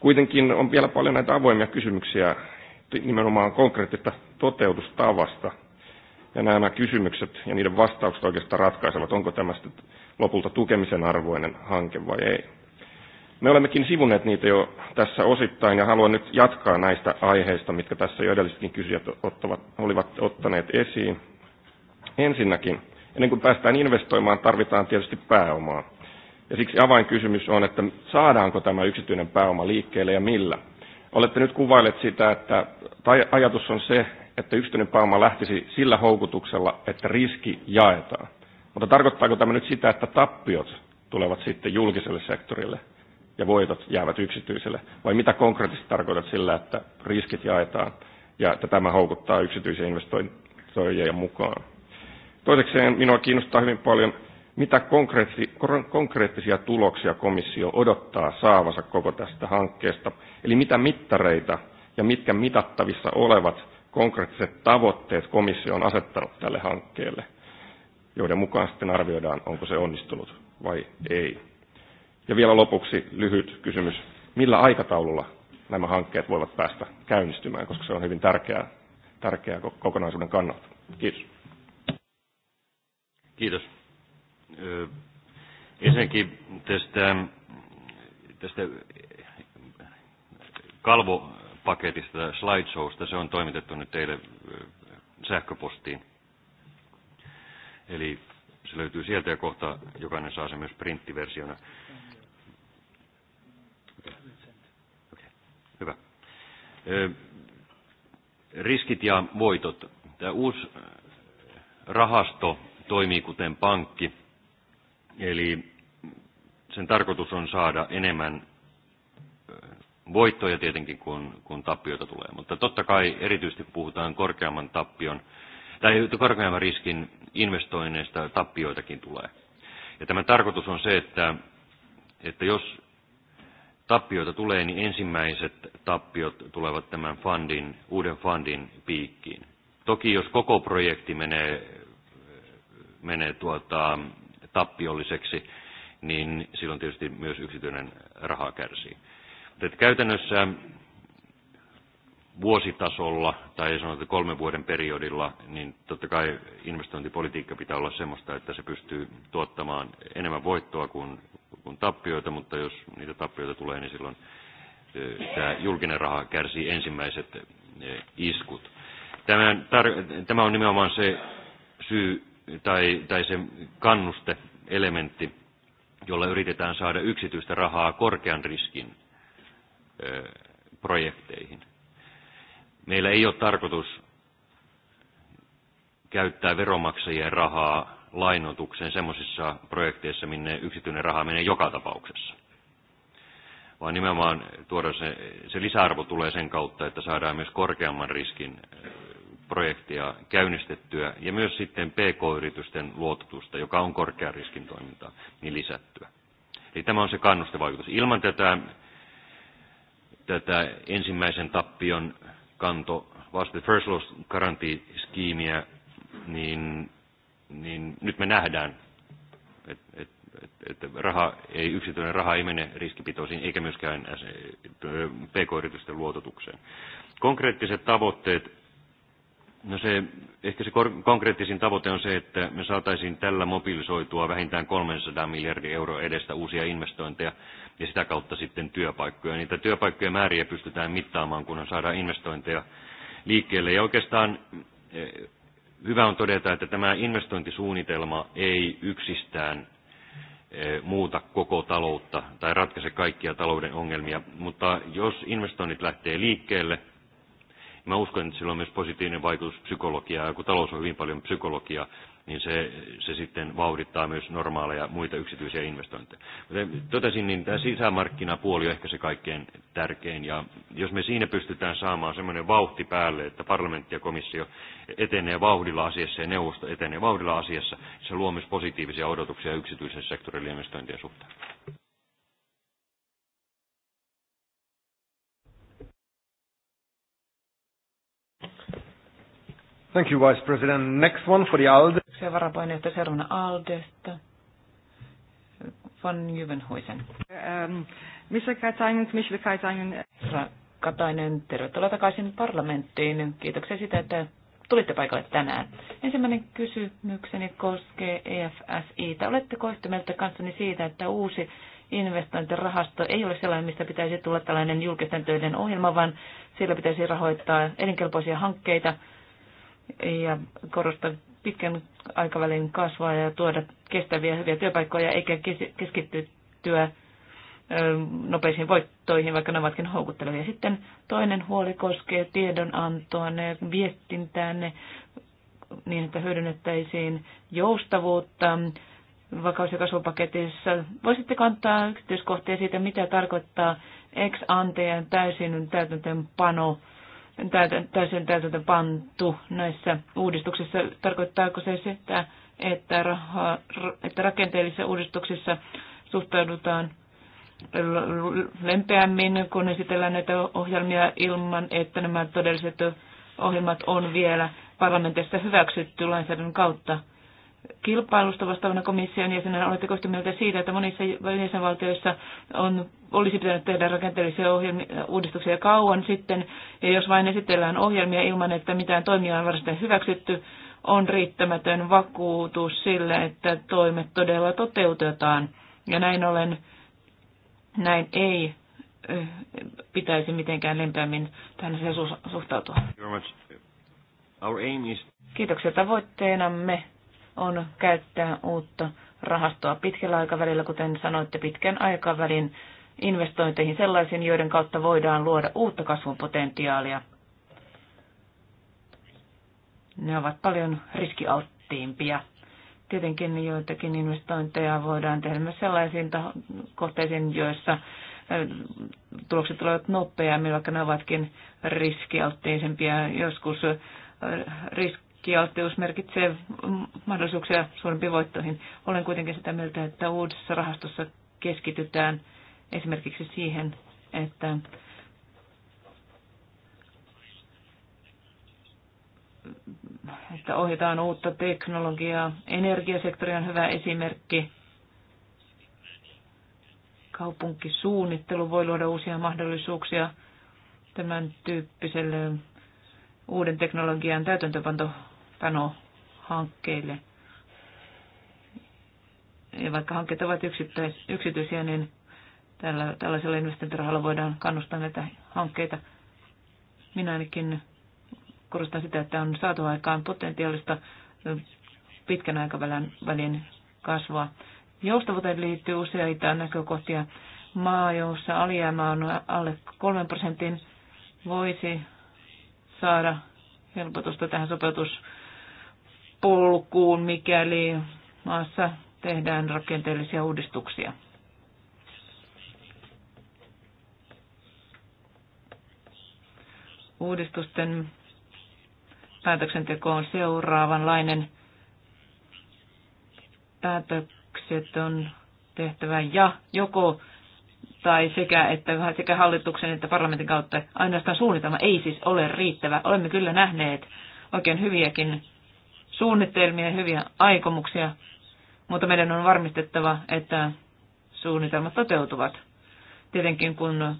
Kuitenkin on vielä paljon näitä avoimia kysymyksiä nimenomaan konkreettista toteutustavasta. Ja nämä kysymykset ja niiden vastaukset oikeastaan ratkaisevat, onko tämä lopulta tukemisen arvoinen hanke vai ei. Me olemmekin sivunneet niitä jo tässä osittain ja haluan nyt jatkaa näistä aiheista, mitkä tässä jo edellisetkin kysyjät ottavat, olivat ottaneet esiin. Ensinnäkin, ennen kuin päästään investoimaan, tarvitaan tietysti pääomaa. Ja siksi avainkysymys on, että saadaanko tämä yksityinen pääoma liikkeelle ja millä. Olette nyt kuvailleet sitä, että tai ajatus on se, että yksityinen pääoma lähtisi sillä houkutuksella, että riski jaetaan. Mutta tarkoittaako tämä nyt sitä, että tappiot tulevat sitten julkiselle sektorille ja voitot jäävät yksityiselle? Vai mitä konkreettisesti tarkoitat sillä, että riskit jaetaan ja että tämä houkuttaa yksityisiä investoijia mukaan? Toisekseen minua kiinnostaa hyvin paljon, mitä konkreettisia tuloksia komissio odottaa saavansa koko tästä hankkeesta, eli mitä mittareita ja mitkä mitattavissa olevat konkreettiset tavoitteet komissio on asettanut tälle hankkeelle, joiden mukaan sitten arvioidaan, onko se onnistunut vai ei. Ja vielä lopuksi lyhyt kysymys. Millä aikataululla nämä hankkeet voivat päästä käynnistymään, koska se on hyvin tärkeää, tärkeä kokonaisuuden kannalta? Kiitos. Kiitos. Ensinnäkin tästä, tästä kalvopaketista, slideshowsta, se on toimitettu nyt teille sähköpostiin. Eli se löytyy sieltä ja kohta jokainen saa sen myös printtiversiona. riskit ja voitot. Tämä uusi rahasto toimii kuten pankki, eli sen tarkoitus on saada enemmän voittoja tietenkin kun kun tappioita tulee. Mutta totta kai erityisesti puhutaan korkeamman tappion tai korkeamman riskin investoinneista tappioitakin tulee. Ja tämän tarkoitus on se, että, että jos tappioita tulee, niin ensimmäiset tappiot tulevat tämän fundin, uuden fundin piikkiin. Toki jos koko projekti menee, menee tuota, tappiolliseksi, niin silloin tietysti myös yksityinen raha kärsii. Mutta että käytännössä vuositasolla tai sanotaan kolmen vuoden periodilla, niin totta kai investointipolitiikka pitää olla sellaista, että se pystyy tuottamaan enemmän voittoa kuin kuin tappioita, mutta jos niitä tappioita tulee, niin silloin tämä julkinen raha kärsii ensimmäiset iskut. Tämän tar- tämä on nimenomaan se syy tai, tai se elementti jolla yritetään saada yksityistä rahaa korkean riskin projekteihin. Meillä ei ole tarkoitus käyttää veromaksajien rahaa lainotukseen semmoisissa projekteissa, minne yksityinen raha menee joka tapauksessa. Vaan nimenomaan tuoda se, se lisäarvo tulee sen kautta, että saadaan myös korkeamman riskin projektia käynnistettyä ja myös sitten PK-yritysten luototusta, joka on korkean riskin toimintaa, niin lisättyä. Eli tämä on se kannustevaikutus. Ilman tätä, tätä ensimmäisen tappion kanto vasta First Loss guarantee niin niin nyt me nähdään, että et, et, et raha ei, yksityinen raha ei mene riskipitoisiin eikä myöskään pk-yritysten luototukseen. Konkreettiset tavoitteet, no se, ehkä se konkreettisin tavoite on se, että me saataisiin tällä mobilisoitua vähintään 300 miljardia euroa edestä uusia investointeja ja sitä kautta sitten työpaikkoja. Niitä työpaikkojen määriä pystytään mittaamaan, kunhan saadaan investointeja liikkeelle. Ja oikeastaan hyvä on todeta, että tämä investointisuunnitelma ei yksistään e, muuta koko taloutta tai ratkaise kaikkia talouden ongelmia, mutta jos investoinnit lähtee liikkeelle, mä uskon, että sillä on myös positiivinen vaikutus psykologiaa, kun talous on hyvin paljon psykologiaa, niin se, se sitten vauhdittaa myös normaaleja muita yksityisiä investointeja. Kuten totesin, niin tämä sisämarkkinapuoli on ehkä se kaikkein tärkein, ja jos me siinä pystytään saamaan semmoinen vauhti päälle, että parlamentti ja komissio etenee vauhdilla asiassa ja neuvosto etenee vauhdilla asiassa, se luo myös positiivisia odotuksia yksityisen sektorin investointien suhteen. Thank you, Vice President. Next one for the ALDE. Se varapuheenjohtaja seuraavana ALDEsta. Van Jyvenhuisen. Um, ähm, Mr. Katainen, Mr. Katainen. Katainen, tervetuloa takaisin parlamenttiin. Kiitoksia sitä, että tulitte paikalle tänään. Ensimmäinen kysymykseni koskee EFSItä. Oletteko yhtä mieltä kanssani siitä, että uusi investointirahasto ei ole sellainen, mistä pitäisi tulla tällainen julkisten töiden ohjelma, vaan sillä pitäisi rahoittaa elinkelpoisia hankkeita, ja korostaa pitkän aikavälin kasvua ja tuoda kestäviä hyviä työpaikkoja eikä keskittyä nopeisiin voittoihin, vaikka ne ovatkin houkuttelevia. Sitten toinen huoli koskee tiedonantoa ne viestintää niin, että hyödynnettäisiin joustavuutta vakaus- ja kasvupaketissa. Voisitteko antaa yksityiskohtia siitä, mitä tarkoittaa ex anteen täysin täytäntöönpano pano täysin täytältä pantu näissä uudistuksissa? Tarkoittaako se sitä, että, raha, että rakenteellisissa uudistuksissa suhtaudutaan lempeämmin, kun esitellään näitä ohjelmia ilman, että nämä todelliset ohjelmat on vielä parlamentissa hyväksytty lainsäädännön kautta? kilpailusta vastaavana komission jäsenenä, oletteko sitä mieltä siitä, että monissa jäsenvaltioissa on, olisi pitänyt tehdä rakenteellisia ohjelmia, uudistuksia kauan sitten, ja jos vain esitellään ohjelmia ilman, että mitään toimia on varsin hyväksytty, on riittämätön vakuutus sille, että toimet todella toteutetaan. Ja näin ollen näin ei pitäisi mitenkään lempeämmin tähän suhtautua. Kiitoksia tavoitteenamme on käyttää uutta rahastoa pitkällä aikavälillä, kuten sanoitte, pitkän aikavälin investointeihin sellaisiin, joiden kautta voidaan luoda uutta kasvun potentiaalia. Ne ovat paljon riskialttiimpia. Tietenkin joitakin investointeja voidaan tehdä myös sellaisiin kohteisiin, joissa tulokset tulevat nopeammin, vaikka ne ovatkin riskialttiisempia. Joskus risk, kielteys merkitsee mahdollisuuksia suurempiin voittoihin. Olen kuitenkin sitä mieltä, että uudessa rahastossa keskitytään esimerkiksi siihen, että että ohjataan uutta teknologiaa. Energiasektori on hyvä esimerkki. Kaupunkisuunnittelu voi luoda uusia mahdollisuuksia tämän tyyppiselle uuden teknologian täytäntöpanto hankkeille. Ja vaikka hankkeet ovat yksittäis, yksityisiä, niin tällä, tällaisella investointirahalla voidaan kannustaa näitä hankkeita. Minä ainakin korostan sitä, että on saatu aikaan potentiaalista pitkän aikavälin kasvua. Joustavuuteen liittyy useita näkökohtia. Maa, jossa alijäämä on alle 3 prosentin, voisi saada helpotusta tähän sopeutus- polkuun, mikäli maassa tehdään rakenteellisia uudistuksia. Uudistusten päätöksenteko on seuraavanlainen. Päätökset on tehtävä ja joko tai sekä, että, sekä hallituksen että parlamentin kautta ainoastaan suunnitelma ei siis ole riittävä. Olemme kyllä nähneet oikein hyviäkin suunnitelmia ja hyviä aikomuksia, mutta meidän on varmistettava, että suunnitelmat toteutuvat. Tietenkin kun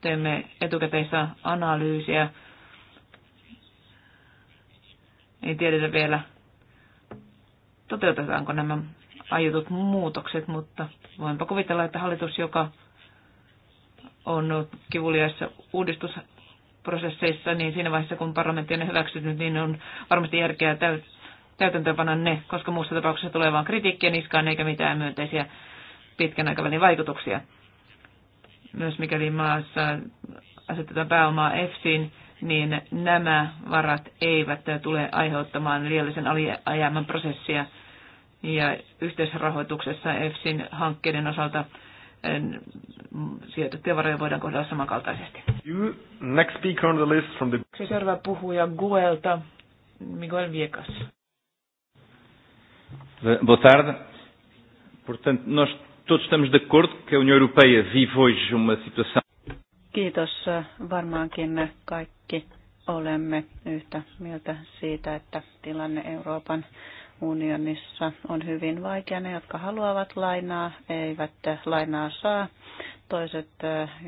teemme etukäteissä analyysiä, ei tiedetä vielä, toteutetaanko nämä aiotut muutokset, mutta voinpa kuvitella, että hallitus, joka on kivuliaissa uudistus prosesseissa, niin siinä vaiheessa kun parlamentti on ne hyväksynyt, niin on varmasti järkeä täytäntöönpanna ne, koska muussa tapauksessa tulee vain kritiikkiä niskaan eikä mitään myönteisiä pitkän aikavälin vaikutuksia. Myös mikäli maassa asetetaan pääomaa EFSIin, niin nämä varat eivät tule aiheuttamaan liiallisen alijäämän prosessia. Ja yhteisrahoituksessa EFSin hankkeiden osalta sijoitettuja varoja voidaan kohdella samankaltaisesti. You, next speaker on the list from the... Seuraava puhuja Guelta, Miguel Viekas. Eh, boa tarde. Portanto, nós todos estamos de acordo que a União Europeia vive hoje uma situação... Kiitos. Varmaankin kaikki olemme yhtä mieltä siitä, että tilanne Euroopan unionissa on hyvin vaikea. Ne, jotka haluavat lainaa, eivät lainaa saa. Toiset,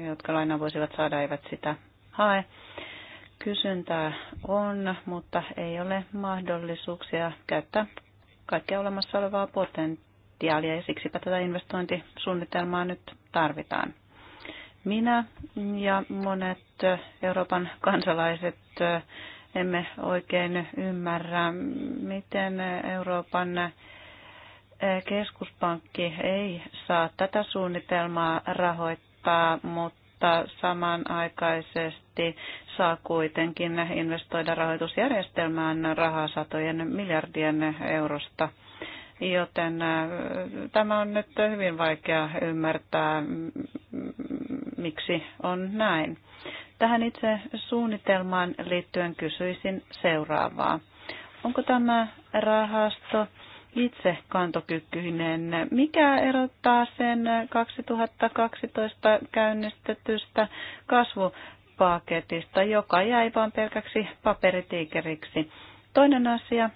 jotka lainaa voisivat saada, eivät sitä hae. Kysyntää on, mutta ei ole mahdollisuuksia käyttää kaikkea olemassa olevaa potentiaalia ja siksipä tätä investointisuunnitelmaa nyt tarvitaan. Minä ja monet Euroopan kansalaiset emme oikein ymmärrä, miten Euroopan keskuspankki ei saa tätä suunnitelmaa rahoittaa, mutta samanaikaisesti saa kuitenkin investoida rahoitusjärjestelmään rahaa satojen miljardien eurosta. Joten äh, tämä on nyt hyvin vaikea ymmärtää, miksi on näin. Tähän itse suunnitelmaan liittyen kysyisin seuraavaa. Onko tämä rahasto itse kantokykyinen? Mikä erottaa sen 2012 käynnistetystä kasvupaketista, joka jäi vain pelkäksi paperitiikeriksi? Toinen asia,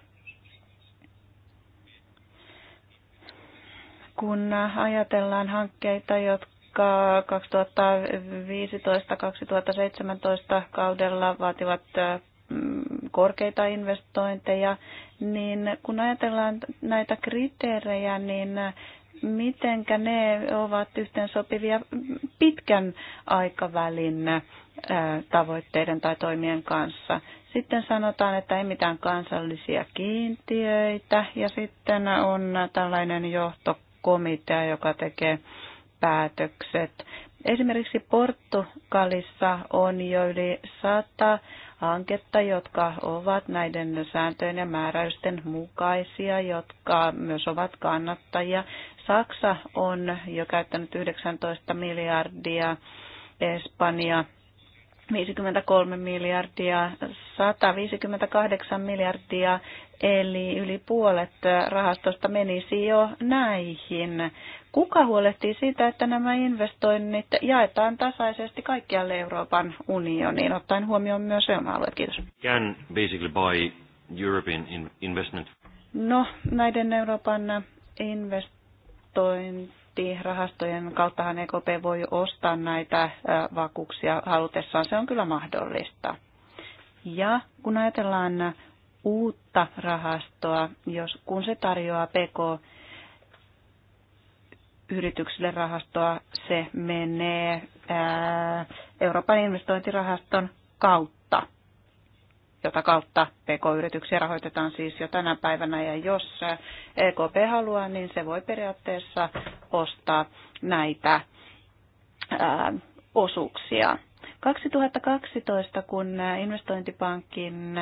kun ajatellaan hankkeita, jotka aikaa 2015-2017 kaudella vaativat mm, korkeita investointeja, niin kun ajatellaan näitä kriteerejä, niin mitenkä ne ovat yhteen sopivia pitkän aikavälin tavoitteiden tai toimien kanssa. Sitten sanotaan, että ei mitään kansallisia kiintiöitä ja sitten on tällainen johtokomitea, joka tekee päätökset. Esimerkiksi Portugalissa on jo yli 100 hanketta, jotka ovat näiden sääntöjen ja määräysten mukaisia, jotka myös ovat kannattajia. Saksa on jo käyttänyt 19 miljardia, Espanja 53 miljardia, 158 miljardia, eli yli puolet rahastosta menisi jo näihin. Kuka huolehtii siitä, että nämä investoinnit jaetaan tasaisesti kaikkialle Euroopan unioniin, ottaen huomioon myös reuna-alueet? Kiitos. Can basically buy European investment. No, näiden Euroopan investointirahastojen kauttahan EKP voi ostaa näitä vakuuksia halutessaan. Se on kyllä mahdollista. Ja kun ajatellaan uutta rahastoa, jos, kun se tarjoaa PK yrityksille rahastoa, se menee Euroopan investointirahaston kautta, jota kautta PK-yrityksiä rahoitetaan siis jo tänä päivänä. Ja jos EKP haluaa, niin se voi periaatteessa ostaa näitä osuuksia. 2012, kun investointipankin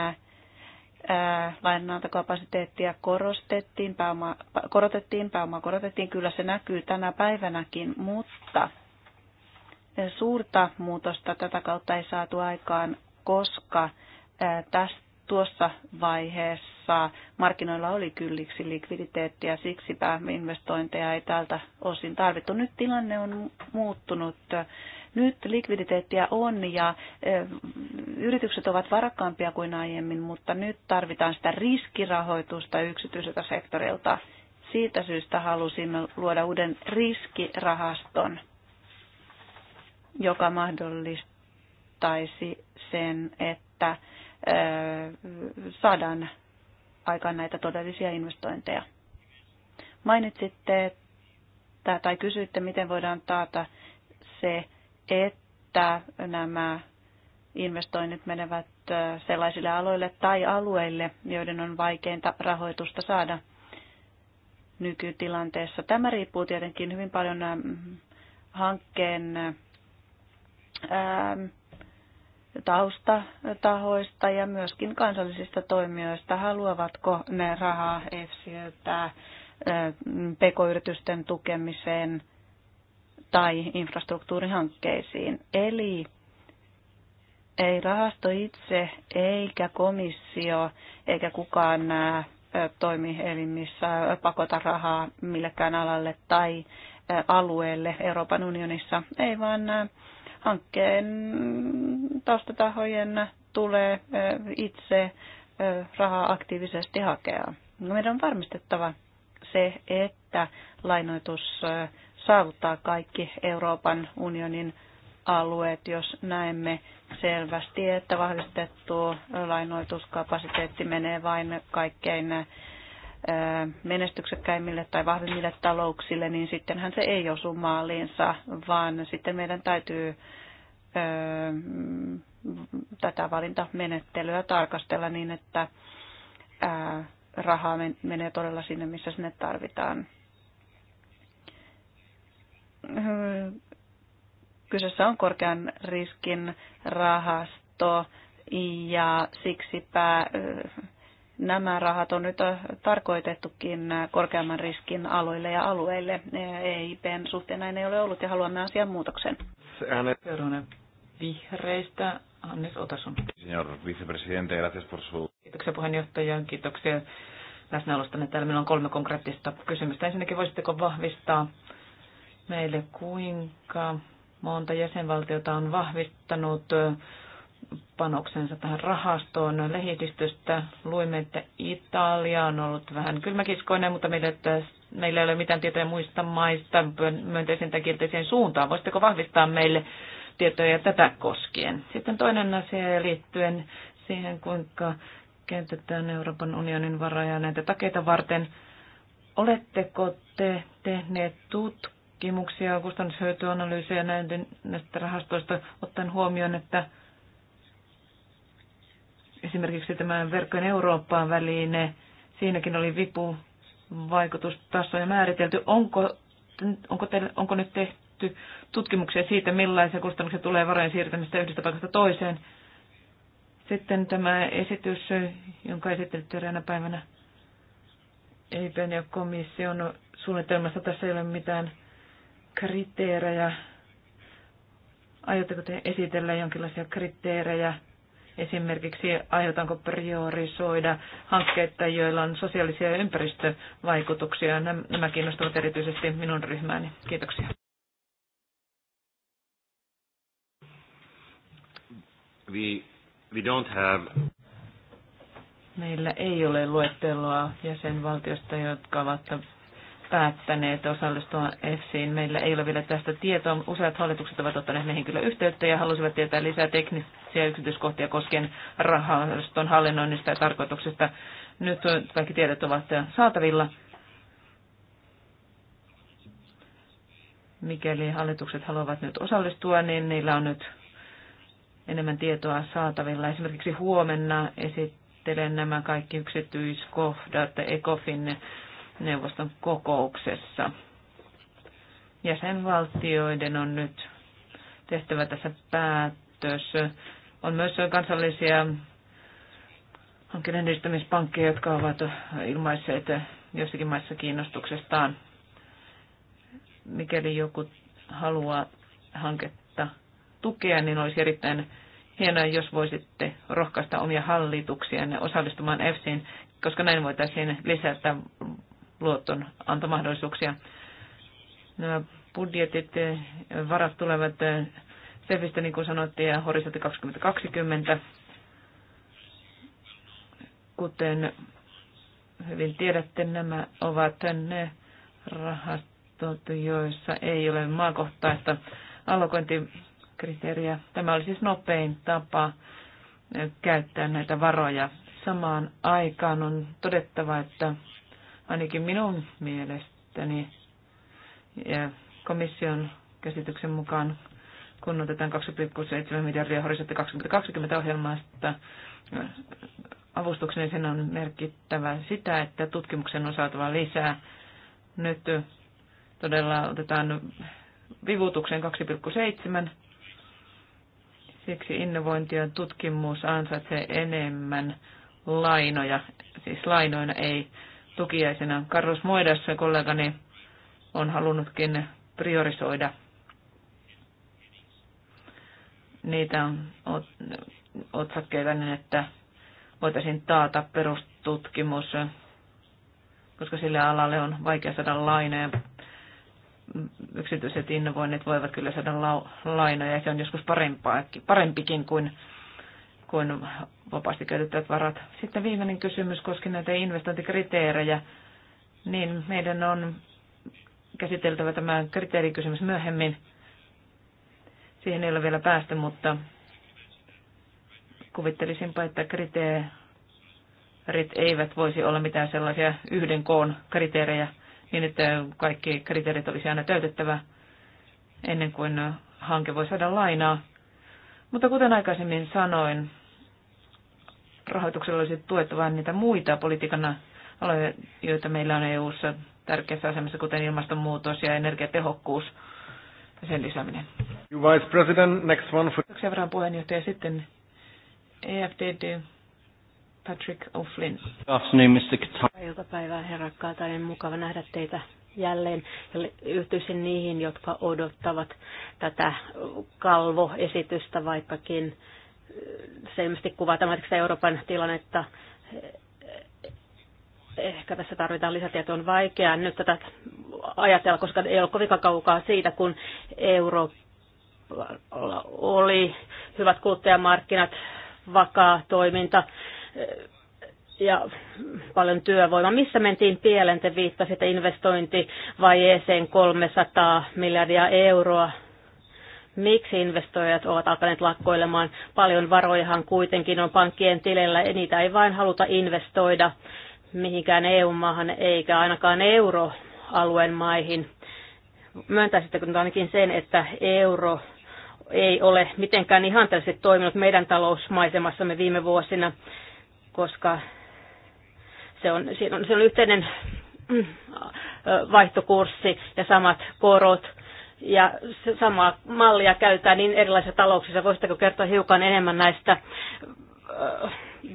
lainanantokapasiteettia korostettiin, pääoma, korotettiin, pääomaa korotettiin, kyllä se näkyy tänä päivänäkin, mutta suurta muutosta tätä kautta ei saatu aikaan, koska tästä tuossa vaiheessa markkinoilla oli kylliksi likviditeettiä, siksipä investointeja ei tältä osin tarvittu. Nyt tilanne on muuttunut nyt likviditeettiä on ja yritykset ovat varakkaampia kuin aiemmin, mutta nyt tarvitaan sitä riskirahoitusta yksityiseltä sektorilta. Siitä syystä halusimme luoda uuden riskirahaston, joka mahdollistaisi sen, että saadaan aikaan näitä todellisia investointeja. Mainitsitte, että, tai kysyitte, miten voidaan taata se, että nämä investoinnit menevät sellaisille aloille tai alueille, joiden on vaikeinta rahoitusta saada nykytilanteessa. Tämä riippuu tietenkin hyvin paljon hankkeen taustatahoista ja myöskin kansallisista toimijoista. Haluavatko ne rahaa EFSIöltä pk-yritysten tukemiseen – tai infrastruktuurihankkeisiin. Eli ei rahasto itse, eikä komissio, eikä kukaan nämä toimielimissä pakota rahaa millekään alalle tai alueelle Euroopan unionissa, ei vaan hankkeen taustatahojen tulee itse rahaa aktiivisesti hakea. Meidän on varmistettava se, että lainoitus saavuttaa kaikki Euroopan unionin alueet, jos näemme selvästi, että vahvistettu lainoituskapasiteetti menee vain kaikkein menestyksekkäimmille tai vahvimmille talouksille, niin sittenhän se ei osu maaliinsa, vaan sitten meidän täytyy tätä valintamenettelyä tarkastella niin, että rahaa menee todella sinne, missä sinne tarvitaan. Kyseessä on korkean riskin rahasto ja siksipä nämä rahat on nyt tarkoitettukin korkeamman riskin aloille ja alueille. EIPn e suhteen näin ei ole ollut ja haluamme asian muutoksen. Seuraavana vihreistä Hannes Otasun. Señor vicepresidente, gracias por su... Kiitoksia puheenjohtaja, kiitoksia läsnäolostanne. Täällä meillä on kolme konkreettista kysymystä. Ensinnäkin voisitteko vahvistaa meille, kuinka monta jäsenvaltiota on vahvistanut panoksensa tähän rahastoon lehdistöstä. Luimme, että Italia on ollut vähän kylmäkiskoinen, mutta meillä, että meillä ei ole mitään tietoja muista maista myönteisen tai kielteiseen suuntaan. Voisitteko vahvistaa meille tietoja tätä koskien? Sitten toinen asia liittyen siihen, kuinka käytetään Euroopan unionin varoja näitä takeita varten. Oletteko te tehneet tutkimuksia? tutkimuksia, kustannushyötyanalyysejä näiden, näistä rahastoista ottaen huomioon, että esimerkiksi tämä verkkojen Eurooppaan väline, siinäkin oli vipu vaikutustasoja määritelty. Onko, onko, teille, onko nyt tehty tutkimuksia siitä, millaisia kustannuksia tulee varojen siirtämistä yhdestä paikasta toiseen? Sitten tämä esitys, jonka esittelitte eräänä päivänä EIPn ja komission suunnitelmassa, tässä ei ole mitään kriteerejä? Aiotteko te esitellä jonkinlaisia kriteerejä? Esimerkiksi aiotaanko priorisoida hankkeita, joilla on sosiaalisia ja ympäristövaikutuksia? Nämä kiinnostavat erityisesti minun ryhmääni. Kiitoksia. We, we don't have... Meillä ei ole luetteloa jäsenvaltiosta, jotka ovat päättäneet osallistua EFSIin. Meillä ei ole vielä tästä tietoa. Useat hallitukset ovat ottaneet meihin kyllä yhteyttä ja halusivat tietää lisää teknisiä yksityiskohtia koskien rahaston hallinnoinnista ja tarkoituksesta. Nyt kaikki tiedot ovat saatavilla. Mikäli hallitukset haluavat nyt osallistua, niin niillä on nyt enemmän tietoa saatavilla. Esimerkiksi huomenna esittelen nämä kaikki yksityiskohdat ECOFIN neuvoston kokouksessa. Jäsenvaltioiden on nyt tehtävä tässä päätös. On myös kansallisia hankkeiden edistämispankkeja, jotka ovat ilmaisseet jossakin maissa kiinnostuksestaan. Mikäli joku haluaa hanketta tukea, niin olisi erittäin hienoa, jos voisitte rohkaista omia hallituksianne osallistumaan EFSIin, koska näin voitaisiin lisätä antomahdollisuuksia. Nämä budjetit, varat tulevat SEFistä, niin kuin sanottiin, ja horisontti 2020. Kuten hyvin tiedätte, nämä ovat ne rahastot, joissa ei ole maakohtaista allokointikriteeriä. Tämä oli siis nopein tapa käyttää näitä varoja. Samaan aikaan on todettava, että ainakin minun mielestäni ja komission käsityksen mukaan, kun otetaan 2,7 miljardia horisontti 2020 ohjelmasta avustuksen, niin sen on merkittävä sitä, että tutkimuksen on saatava lisää. Nyt todella otetaan vivutukseen 2,7. Siksi innovointi ja tutkimus ansaitsee enemmän lainoja, siis lainoina ei tukiaisena. Carlos Moedas, kollegani, on halunnutkin priorisoida niitä otsakkeita niin, että voitaisiin taata perustutkimus, koska sille alalle on vaikea saada lainoja. Yksityiset innovoinnit voivat kyllä saada lainoja ja se on joskus parempaakin, parempikin kuin kuin vapaasti käytettävät varat. Sitten viimeinen kysymys koski näitä investointikriteerejä. Niin meidän on käsiteltävä tämä kriteerikysymys myöhemmin. Siihen ei ole vielä päästy, mutta kuvittelisinpa, että kriteerit eivät voisi olla mitään sellaisia yhden koon kriteerejä, niin että kaikki kriteerit olisi aina täytettävä ennen kuin hanke voi saada lainaa. Mutta kuten aikaisemmin sanoin, rahoituksella olisi tuettava niitä muita politiikan aloja, joita meillä on EU-ssa tärkeässä asemassa, kuten ilmastonmuutos ja energiatehokkuus ja sen lisääminen. Vice President, next one for... Kiitoksia verran puheenjohtaja. Sitten EFTD. Patrick O'Flynn. Afternoon, Mr. Iltapäivää, herra Katainen. Mukava nähdä teitä jälleen. Yhtyisin niihin, jotka odottavat tätä kalvoesitystä, vaikkakin selvästi kuvaa tämä Euroopan tilannetta. Ehkä tässä tarvitaan lisätietoa. On vaikeaa nyt tätä ajatella, koska ei ole kovin kaukaa siitä, kun Eurooppa oli hyvät kuluttajamarkkinat, vakaa toiminta ja paljon työvoimaa. Missä mentiin pieleen? Te viittasitte investointivajeeseen 300 miljardia euroa miksi investoijat ovat alkaneet lakkoilemaan. Paljon varojahan kuitenkin on pankkien tilillä ja niitä ei vain haluta investoida mihinkään EU-maahan eikä ainakaan euroalueen maihin. Myöntäisittekö nyt ainakin sen, että euro ei ole mitenkään ihanteellisesti toiminut meidän talousmaisemassamme viime vuosina, koska se on, siinä on, se on yhteinen mm, vaihtokurssi ja samat korot ja samaa mallia käytetään niin erilaisissa talouksissa. Voisitteko kertoa hiukan enemmän näistä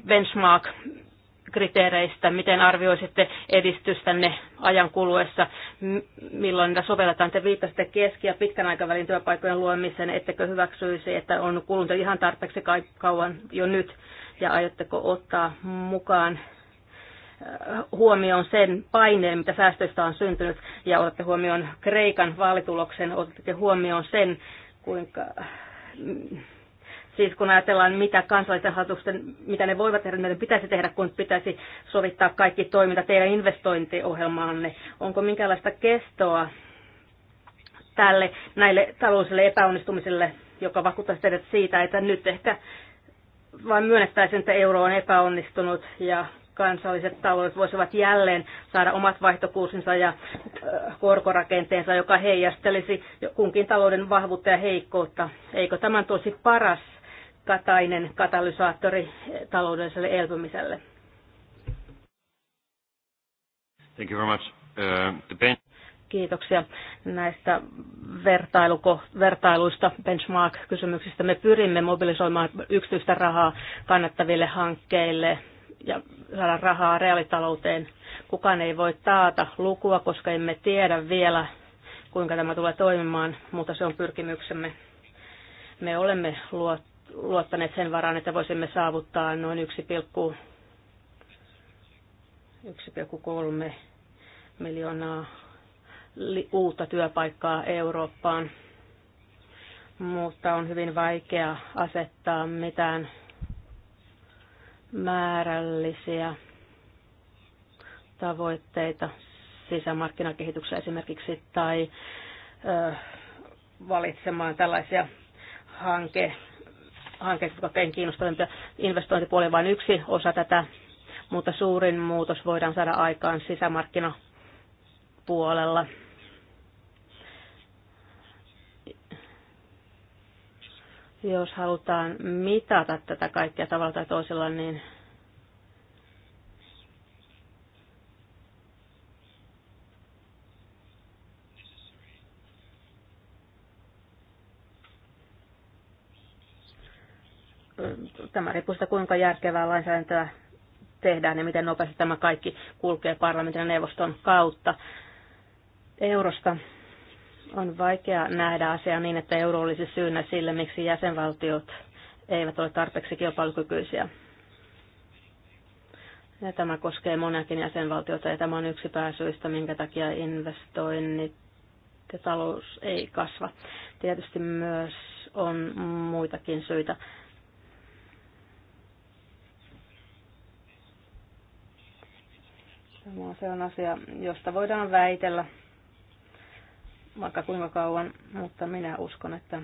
benchmark-kriteereistä, miten arvioisitte edistystänne ajan kuluessa, milloin niitä sovelletaan. Te viittasitte keski- ja pitkän aikavälin työpaikkojen luomiseen, ettekö hyväksyisi, että on kulunut ihan tarpeeksi kauan jo nyt, ja aiotteko ottaa mukaan huomioon sen paineen, mitä säästöistä on syntynyt, ja otatte huomioon Kreikan vaalituloksen, otatte huomioon sen, kuinka siis kun ajatellaan, mitä kansallisten hallitusten, mitä ne voivat tehdä, mitä pitäisi tehdä, kun pitäisi sovittaa kaikki toiminta teidän investointiohjelmaanne. Onko minkälaista kestoa tälle näille taloudelliselle epäonnistumiselle, joka vakuuttaisi teidät siitä, että nyt ehkä vain myönnettäisiin, että euro on epäonnistunut ja kansalliset taloudet voisivat jälleen saada omat vaihtokuusinsa ja äh, korkorakenteensa, joka heijastelisi kunkin talouden vahvuutta ja heikkoutta. Eikö tämän tosi paras katainen katalysaattori taloudelliselle elpymiselle? Thank you very much. Uh, the Kiitoksia näistä vertailuista, benchmark-kysymyksistä. Me pyrimme mobilisoimaan yksityistä rahaa kannattaville hankkeille ja saada rahaa reaalitalouteen. Kukaan ei voi taata lukua, koska emme tiedä vielä, kuinka tämä tulee toimimaan, mutta se on pyrkimyksemme. Me olemme luottaneet sen varaan, että voisimme saavuttaa noin 1,3 miljoonaa uutta työpaikkaa Eurooppaan, mutta on hyvin vaikea asettaa mitään määrällisiä tavoitteita sisämarkkinakehityksessä esimerkiksi tai ö, valitsemaan tällaisia hanke, hankkeita, jotka ovat kiinnostavimpia. Investointipuoli on vain yksi osa tätä, mutta suurin muutos voidaan saada aikaan sisämarkkinapuolella. Jos halutaan mitata tätä kaikkea tavalla tai toisella, niin tämä riippuu siitä, kuinka järkevää lainsäädäntöä tehdään ja miten nopeasti tämä kaikki kulkee parlamentin ja neuvoston kautta eurosta. On vaikea nähdä asiaa niin, että euro olisi syynä sille, miksi jäsenvaltiot eivät ole tarpeeksi kilpailukykyisiä. Ja tämä koskee monakin jäsenvaltiota ja tämä on yksi pääsyistä, minkä takia investoinnit ja talous ei kasva. Tietysti myös on muitakin syitä. Tämä on se on asia, josta voidaan väitellä vaikka kuinka kauan, mutta minä uskon, että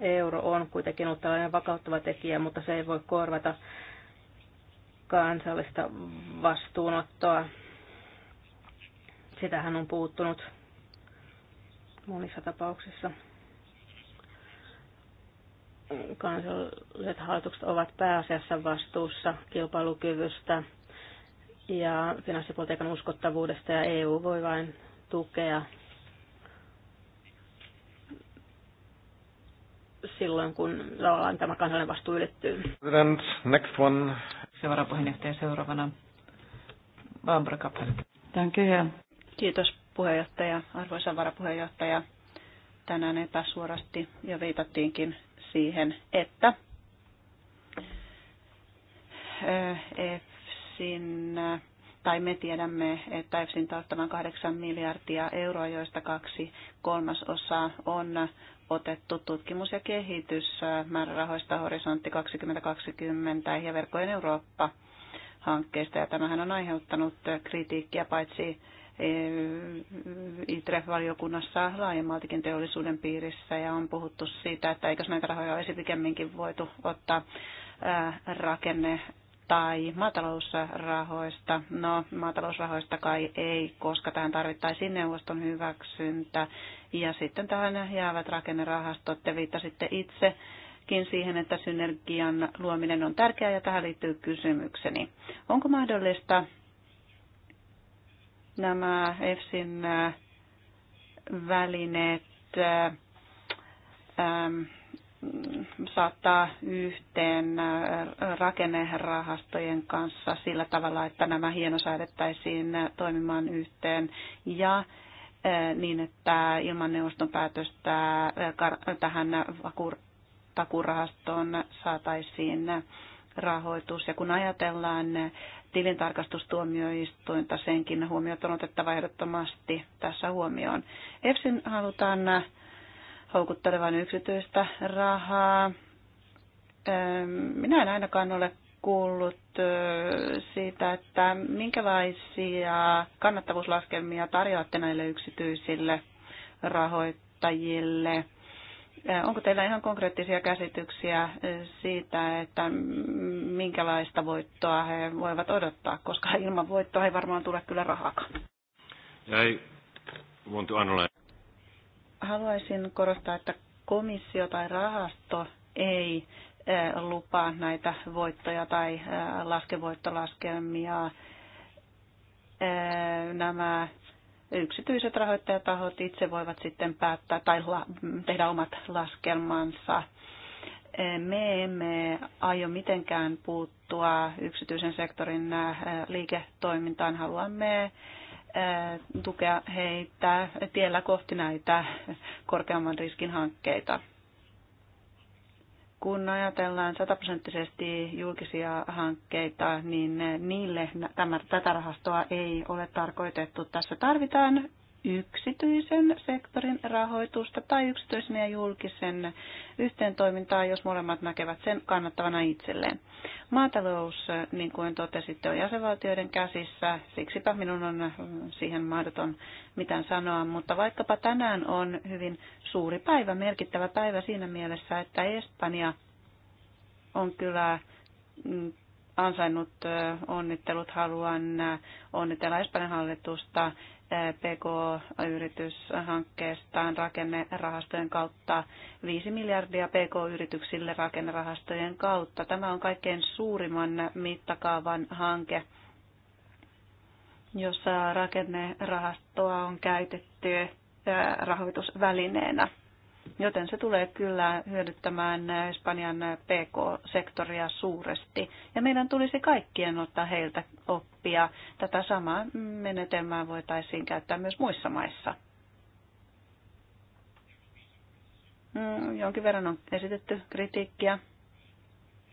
euro on kuitenkin ollut tällainen vakauttava tekijä, mutta se ei voi korvata kansallista vastuunottoa. Sitähän on puuttunut monissa tapauksissa. Kansalliset hallitukset ovat pääasiassa vastuussa kilpailukyvystä ja finanssipolitiikan uskottavuudesta ja EU voi vain tukea silloin, kun tavallaan tämä kansallinen vastuu ylittyy. President, next one. Seuraava puheenjohtaja seuraavana. Barbara Kappel. Kiitos puheenjohtaja, arvoisa varapuheenjohtaja. Tänään epäsuorasti jo viitattiinkin siihen, että EFSin, tai me tiedämme, että EFSin taustavan 8 miljardia euroa, joista kaksi kolmasosaa on otettu tutkimus- ja kehitysmäärärahoista Horisontti 2020 ja Verkkojen Eurooppa-hankkeesta. Ja tämähän on aiheuttanut kritiikkiä paitsi e, itref valiokunnassa laajemmaltikin teollisuuden piirissä ja on puhuttu siitä, että eikös näitä rahoja olisi pikemminkin voitu ottaa rakenne tai maatalousrahoista. No, maatalousrahoista kai ei, koska tähän tarvittaisiin neuvoston hyväksyntä ja sitten tähän jäävät rakennerahastot. Te viittasitte itsekin siihen, että synergian luominen on tärkeää ja tähän liittyy kysymykseni. Onko mahdollista nämä EFSin äh, välineet ähm, saattaa yhteen äh, rakennerahastojen kanssa sillä tavalla, että nämä hienosäädettäisiin äh, toimimaan yhteen ja Eh, niin, että ilman neuvoston päätöstä eh, tähän takurahastoon saataisiin rahoitus. Ja kun ajatellaan eh, tilintarkastustuomioistuinta, senkin huomiot on otettava ehdottomasti tässä huomioon. EFSin halutaan houkuttelevan yksityistä rahaa. Minä en ainakaan ole kuullut siitä, että minkälaisia kannattavuuslaskelmia tarjoatte näille yksityisille rahoittajille. Onko teillä ihan konkreettisia käsityksiä siitä, että minkälaista voittoa he voivat odottaa, koska ilman voittoa ei varmaan tule kyllä rahakaan? Haluaisin korostaa, että komissio tai rahasto ei Eh, lupaa näitä voittoja tai eh, laskevoittolaskelmia. Eh, nämä yksityiset rahoittajatahot itse voivat sitten päättää tai tehdä omat laskelmansa. Me emme aio mitenkään puuttua yksityisen sektorin liiketoimintaan. Haluamme tukea heitä tiellä kohti näitä korkeamman riskin hankkeita kun ajatellaan sataprosenttisesti julkisia hankkeita, niin niille tämä, tätä rahastoa ei ole tarkoitettu. Tässä tarvitaan yksityisen sektorin rahoitusta tai yksityisen ja julkisen yhteen toimintaa, jos molemmat näkevät sen kannattavana itselleen. Maatalous, niin kuin totesitte, on jäsenvaltioiden käsissä, siksipä minun on siihen mahdoton mitään sanoa, mutta vaikkapa tänään on hyvin suuri päivä, merkittävä päivä siinä mielessä, että Espanja on kyllä mm, ansainnut onnittelut. Haluan onnitella Espanjan hallitusta PK-yrityshankkeestaan rakennerahastojen kautta 5 miljardia PK-yrityksille rakennerahastojen kautta. Tämä on kaikkein suurimman mittakaavan hanke, jossa rakennerahastoa on käytetty rahoitusvälineenä joten se tulee kyllä hyödyttämään Espanjan PK-sektoria suuresti. Ja meidän tulisi kaikkien ottaa heiltä oppia. Tätä samaa menetelmää voitaisiin käyttää myös muissa maissa. Mm, jonkin verran on esitetty kritiikkiä,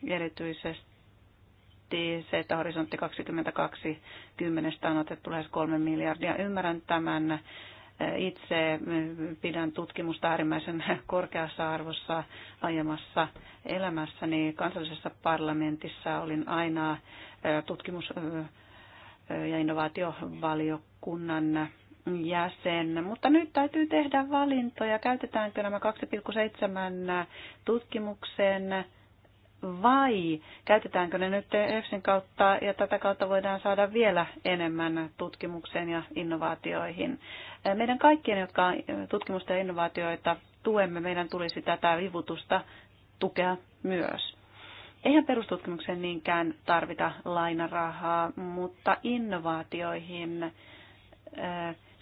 erityisesti se, että horisontti 2020 on otettu lähes kolme miljardia. Ymmärrän tämän itse mm, pidän tutkimusta äärimmäisen korkeassa arvossa aiemmassa elämässäni. Kansallisessa parlamentissa olin aina tutkimus- ja innovaatiovaliokunnan jäsen, mutta nyt täytyy tehdä valintoja. Käytetäänkö nämä 2,7 tutkimukseen vai käytetäänkö ne nyt EFSin kautta ja tätä kautta voidaan saada vielä enemmän tutkimukseen ja innovaatioihin. Meidän kaikkien, jotka tutkimusta ja innovaatioita tuemme, meidän tulisi tätä vivutusta tukea myös. Eihän perustutkimukseen niinkään tarvita lainarahaa, mutta innovaatioihin,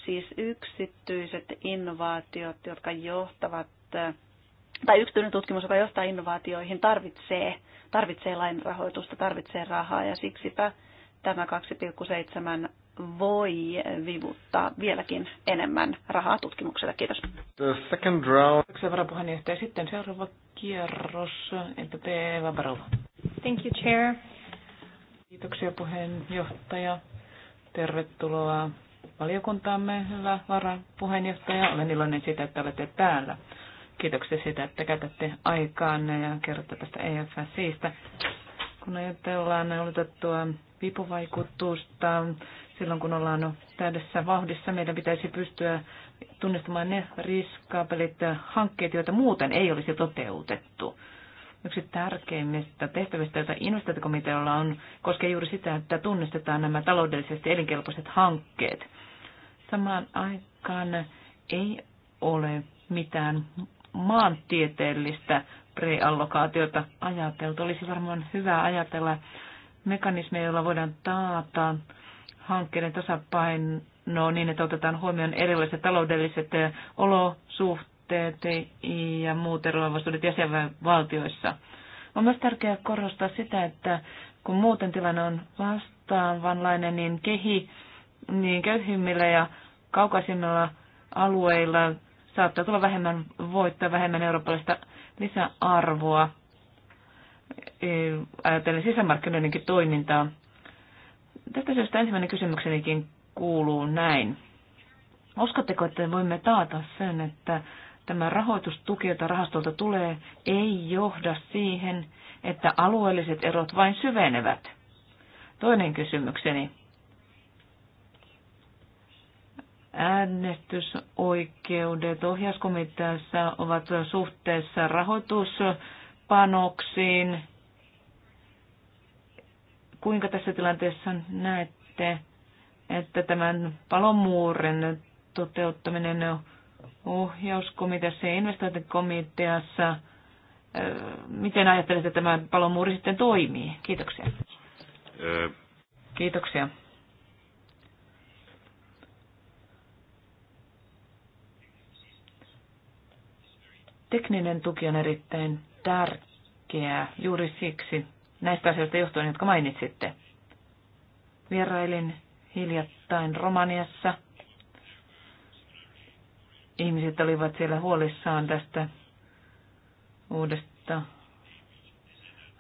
siis yksityiset innovaatiot, jotka johtavat tai yksityinen tutkimus, joka johtaa innovaatioihin, tarvitsee, tarvitsee lainrahoitusta, tarvitsee rahaa ja siksipä tämä 2,7 voi vivuttaa vieläkin enemmän rahaa tutkimukselle. Kiitos. The second round. varapuheenjohtaja. Sitten seuraava kierros. Entä Eva Barova? Thank you, Chair. Kiitoksia puheenjohtaja. Tervetuloa valiokuntaamme, hyvä varapuheenjohtaja. Olen iloinen siitä, että olette täällä. Kiitoksia siitä, että käytätte aikaanne ja kerrotte tästä EFSIstä. Kun ajatellaan odotettua vipuvaikutusta, silloin kun ollaan täydessä vauhdissa, meidän pitäisi pystyä tunnistamaan ne riskaapelit hankkeet, joita muuten ei olisi toteutettu. Yksi tärkeimmistä tehtävistä, joita investointikomitealla on, koskee juuri sitä, että tunnistetaan nämä taloudellisesti elinkelpoiset hankkeet. Samaan aikaan ei ole mitään maantieteellistä preallokaatiota ajateltu. Olisi varmaan hyvä ajatella mekanismeja, joilla voidaan taata hankkeiden tasapaino niin, että otetaan huomioon erilaiset taloudelliset olosuhteet ja muut eroavaisuudet jäsenvaltioissa. On myös tärkeää korostaa sitä, että kun muuten tilanne on vastaavanlainen, niin kehi niin köyhimmillä ja kaukaisimmilla alueilla saattaa tulla vähemmän voittoa, vähemmän eurooppalaista lisäarvoa. Ajatellen sisämarkkinoidenkin toimintaa. Tästä syystä ensimmäinen kysymyksenikin kuuluu näin. Uskotteko, että voimme taata sen, että tämä rahoitustuki, jota rahastolta tulee, ei johda siihen, että alueelliset erot vain syvenevät? Toinen kysymykseni äänestysoikeudet ohjauskomiteassa ovat suhteessa rahoituspanoksiin. Kuinka tässä tilanteessa näette, että tämän palomuuren toteuttaminen ohjauskomiteassa ja investointikomiteassa, miten ajattelette, että tämä palomuuri sitten toimii? Kiitoksia. Kiitoksia. Tekninen tuki on erittäin tärkeää juuri siksi näistä asioista johtuen, jotka mainitsitte. Vierailin hiljattain Romaniassa. Ihmiset olivat siellä huolissaan tästä uudesta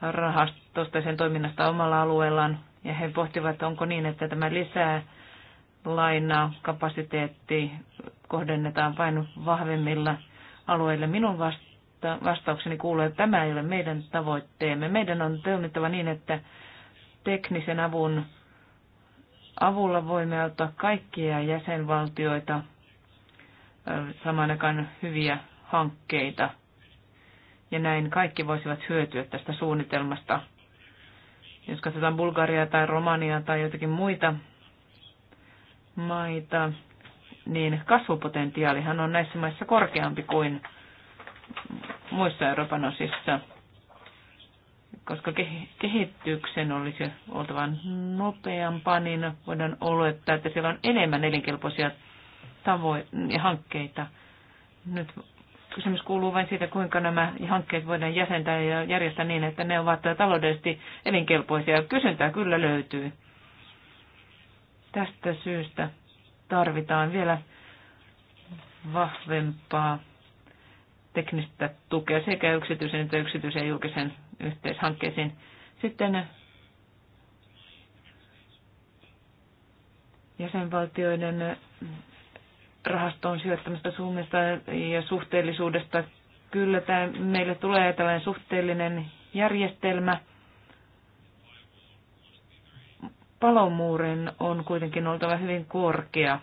rahastosta ja sen toiminnasta omalla alueellaan. Ja he pohtivat, onko niin, että tämä lisää lainaa, kapasiteetti kohdennetaan vain vahvemmilla alueille. Minun vasta- vastaukseni kuuluu, että tämä ei ole meidän tavoitteemme. Meidän on toimittava niin, että teknisen avun avulla voimme auttaa kaikkia jäsenvaltioita samaan aikaan hyviä hankkeita. Ja näin kaikki voisivat hyötyä tästä suunnitelmasta. Jos katsotaan Bulgariaa tai Romaniaa tai jotakin muita maita, niin kasvupotentiaalihan on näissä maissa korkeampi kuin muissa Euroopan osissa, koska kehityksen olisi oltava nopeampaa, niin voidaan olettaa, että siellä on enemmän elinkelpoisia tavo- ja hankkeita. Nyt kysymys kuuluu vain siitä, kuinka nämä hankkeet voidaan jäsentää ja järjestää niin, että ne ovat taloudellisesti elinkelpoisia. Kysyntää kyllä löytyy. Tästä syystä tarvitaan vielä vahvempaa teknistä tukea sekä yksityisen että yksityisen ja julkisen yhteishankkeisiin. Sitten jäsenvaltioiden rahastoon sijoittamista suunnista ja suhteellisuudesta. Kyllä tämä, meille tulee tällainen suhteellinen järjestelmä – palomuurin on kuitenkin oltava hyvin korkea.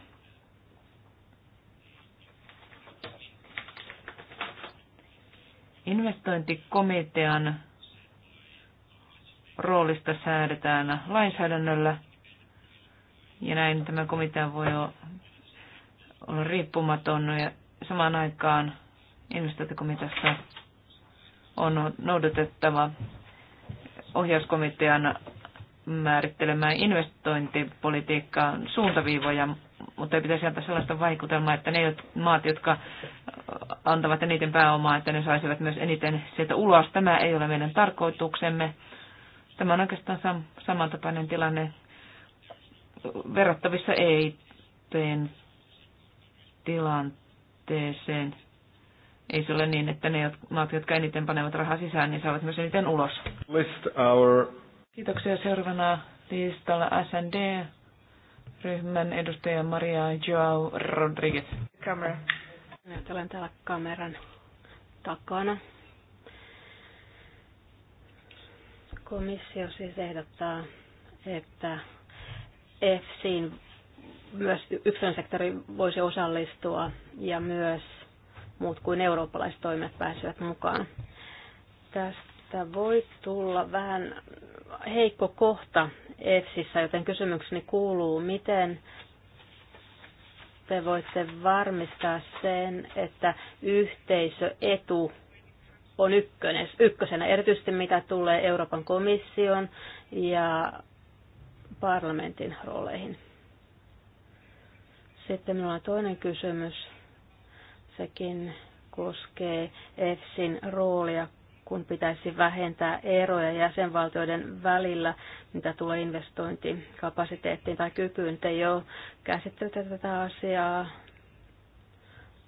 Investointikomitean roolista säädetään lainsäädännöllä ja näin tämä komitea voi olla riippumaton ja samaan aikaan investointikomiteassa on noudatettava ohjauskomitean määrittelemään investointipolitiikkaan suuntaviivoja, mutta ei pitäisi antaa sellaista vaikutelmaa, että ne maat, jotka antavat eniten pääomaa, että ne saisivat myös eniten sieltä ulos. Tämä ei ole meidän tarkoituksemme. Tämä on oikeastaan sam- samantapainen tilanne verrattavissa EITn tilanteeseen. Ei se ole niin, että ne maat, jotka eniten panevat rahaa sisään, niin saavat myös eniten ulos. List our Kiitoksia. Seuraavana listalla SND ryhmän edustaja Maria Joao Rodriguez. Kamera. nyt olen täällä kameran takana. Komissio siis ehdottaa, että EFSIin myös yksilön sektori voisi osallistua ja myös muut kuin eurooppalaiset toimet pääsevät mukaan. Tästä voi tulla vähän heikko kohta EFSissä, joten kysymykseni kuuluu, miten te voitte varmistaa sen, että yhteisöetu on ykkönes, ykkösenä, erityisesti mitä tulee Euroopan komission ja parlamentin rooleihin. Sitten minulla on toinen kysymys. Sekin koskee EFSin roolia kun pitäisi vähentää eroja jäsenvaltioiden välillä, mitä tulee investointikapasiteettiin tai kykyyn. Te jo käsittelette tätä asiaa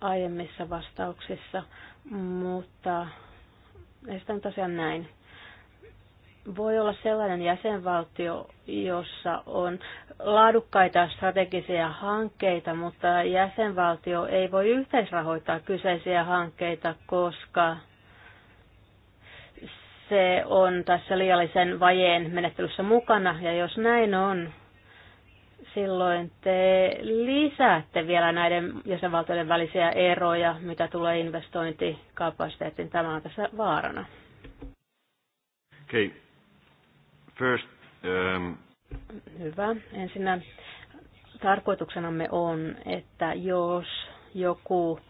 aiemmissa vastauksissa, mutta esitän tosiaan näin. Voi olla sellainen jäsenvaltio, jossa on laadukkaita strategisia hankkeita, mutta jäsenvaltio ei voi yhteisrahoittaa kyseisiä hankkeita, koska se on tässä liiallisen vajeen menettelyssä mukana, ja jos näin on, silloin te lisäätte vielä näiden jäsenvaltioiden välisiä eroja, mitä tulee investointikapasiteettiin. Tämä on tässä vaarana. Okay. First, um... Hyvä. Ensinnä tarkoituksenamme on, että jos joku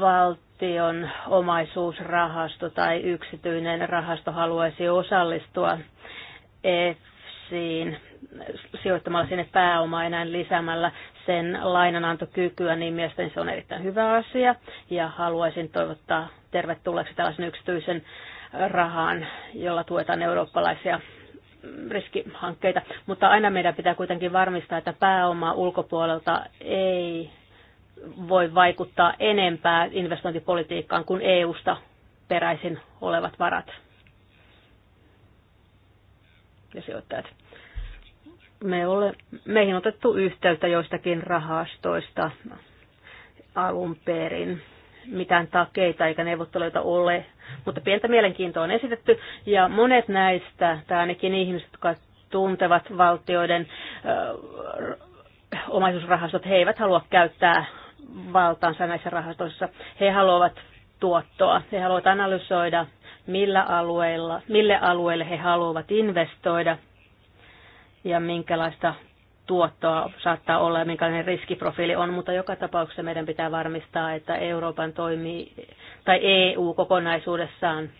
valtio valtion omaisuusrahasto tai yksityinen rahasto haluaisi osallistua EFSiin sijoittamalla sinne pääomaa enää lisäämällä sen lainanantokykyä, niin mielestäni se on erittäin hyvä asia. Ja haluaisin toivottaa tervetulleeksi tällaisen yksityisen rahan, jolla tuetaan eurooppalaisia riskihankkeita, mutta aina meidän pitää kuitenkin varmistaa, että pääoma ulkopuolelta ei voi vaikuttaa enempää investointipolitiikkaan kuin EUsta peräisin olevat varat ja sijoittajat. Me ole, meihin on otettu yhteyttä joistakin rahastoista alun perin. Mitään takeita eikä neuvotteluita ole, mutta pientä mielenkiintoa on esitetty. Ja monet näistä, tai ainakin ihmiset, jotka tuntevat valtioiden ö, omaisuusrahastot, he eivät halua käyttää valtaansa näissä rahastoissa. He haluavat tuottoa. He haluavat analysoida, millä alueilla, mille alueille he haluavat investoida ja minkälaista tuottoa saattaa olla ja minkälainen riskiprofiili on, mutta joka tapauksessa meidän pitää varmistaa, että Euroopan toimii, tai EU kokonaisuudessaan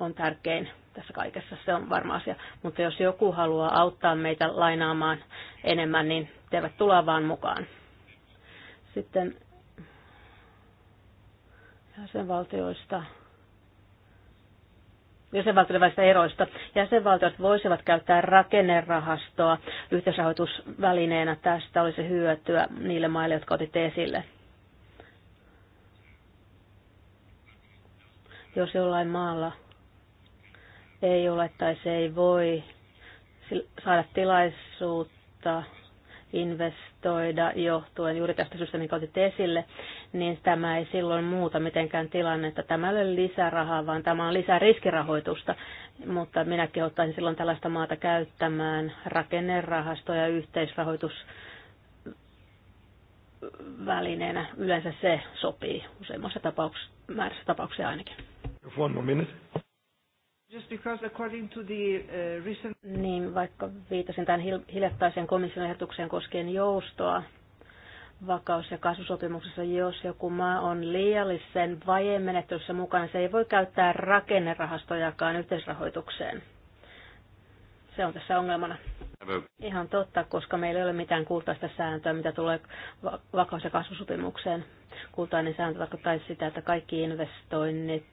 on tärkein tässä kaikessa, se on varma asia. Mutta jos joku haluaa auttaa meitä lainaamaan enemmän, niin tervetuloa vaan mukaan. Sitten jäsenvaltioista jäsenvaltioiden eroista. Jäsenvaltiot voisivat käyttää rakennerahastoa yhteisrahoitusvälineenä. Tästä olisi hyötyä niille maille, jotka otitte esille. Jos jollain maalla ei ole tai se ei voi saada tilaisuutta investoida johtuen juuri tästä syystä, minkä otit esille, niin tämä ei silloin muuta mitenkään tilannetta. Tämä ei ole lisärahaa, vaan tämä on lisää riskirahoitusta, mutta minä kehottaisin silloin tällaista maata käyttämään rakennerahastoja yhteisrahoitus välineenä. Yleensä se sopii useimmassa tapauksessa, määrässä tapauksia ainakin. One more minute. Just because according to the uh, recent... Niin, vaikka viitasin tämän hiljattaisen komission ehdotukseen koskien joustoa, vakaus- ja kasvusopimuksessa, jos joku maa on liiallisen vajeen menettelyssä mukana, se ei voi käyttää rakennerahastojakaan yhteisrahoitukseen. Se on tässä ongelmana. Ihan totta, koska meillä ei ole mitään kultaista sääntöä, mitä tulee vakaus- ja kasvusopimukseen. Kultainen sääntö tarkoittaisi sitä, että kaikki investoinnit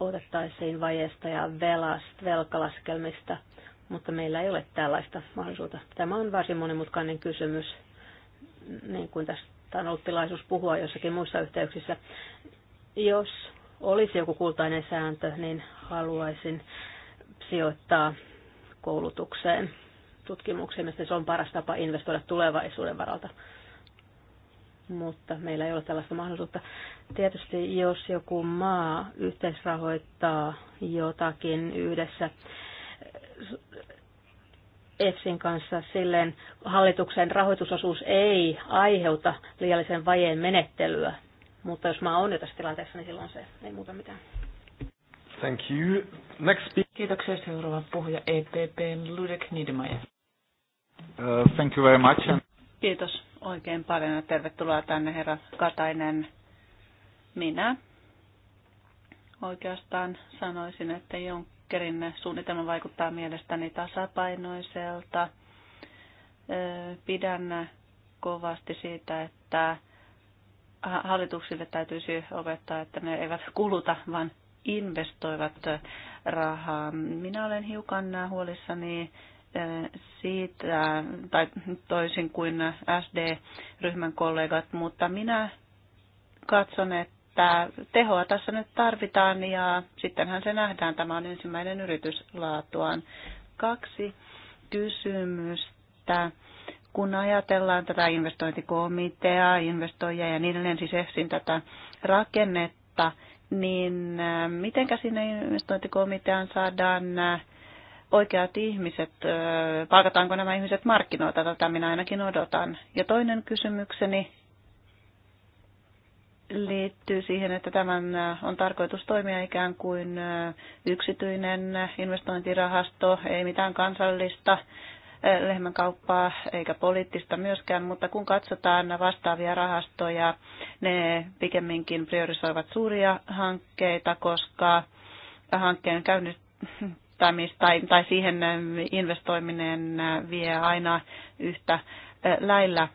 otettaisiin vajeesta ja velasta, velkalaskelmista, mutta meillä ei ole tällaista mahdollisuutta. Tämä on varsin monimutkainen kysymys, niin kuin tästä on ollut tilaisuus puhua jossakin muissa yhteyksissä. Jos olisi joku kultainen sääntö, niin haluaisin sijoittaa koulutukseen, tutkimukseen, mistä se on paras tapa investoida tulevaisuuden varalta mutta meillä ei ole tällaista mahdollisuutta. Tietysti jos joku maa yhteisrahoittaa jotakin yhdessä EFSin kanssa, silleen hallituksen rahoitusosuus ei aiheuta liiallisen vajeen menettelyä. Mutta jos maa on jo tässä tilanteessa, niin silloin se ei muuta mitään. Thank you. Next speaker. Kiitoksia seuraava puhuja EPP Ludek Niedemeyer. Uh, thank you very much. Kiitos oikein paljon ja tervetuloa tänne herra Katainen. Minä oikeastaan sanoisin, että Junckerin suunnitelma vaikuttaa mielestäni tasapainoiselta. Pidän kovasti siitä, että hallituksille täytyisi opettaa, että ne eivät kuluta, vaan investoivat rahaa. Minä olen hiukan huolissani siitä, tai toisin kuin SD-ryhmän kollegat, mutta minä katson, että tehoa tässä nyt tarvitaan ja sittenhän se nähdään. Tämä on ensimmäinen yritys laatuaan. Kaksi kysymystä. Kun ajatellaan tätä investointikomiteaa, investoijia ja niin edelleen, siis EFSin tätä rakennetta, niin äh, miten sinne investointikomiteaan saadaan äh, oikeat ihmiset, palkataanko nämä ihmiset markkinoilta, tätä minä ainakin odotan. Ja toinen kysymykseni liittyy siihen, että tämän on tarkoitus toimia ikään kuin yksityinen investointirahasto, ei mitään kansallista kauppaa eikä poliittista myöskään, mutta kun katsotaan vastaavia rahastoja, ne pikemminkin priorisoivat suuria hankkeita, koska hankkeen käynnistys sijoittamista tai siihen investoiminen vie aina yhtä lailla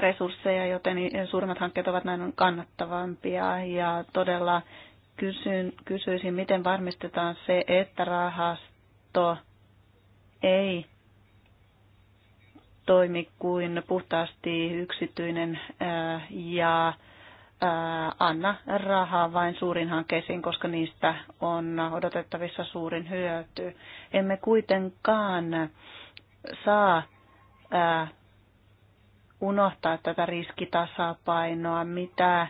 resursseja, joten suurimmat hankkeet ovat näin kannattavampia ja todella kysyn, kysyisin, miten varmistetaan se, että rahasto ei toimi kuin puhtaasti yksityinen ja anna rahaa vain suurin hankkeisiin, koska niistä on odotettavissa suurin hyöty. Emme kuitenkaan saa unohtaa tätä riskitasapainoa, mitä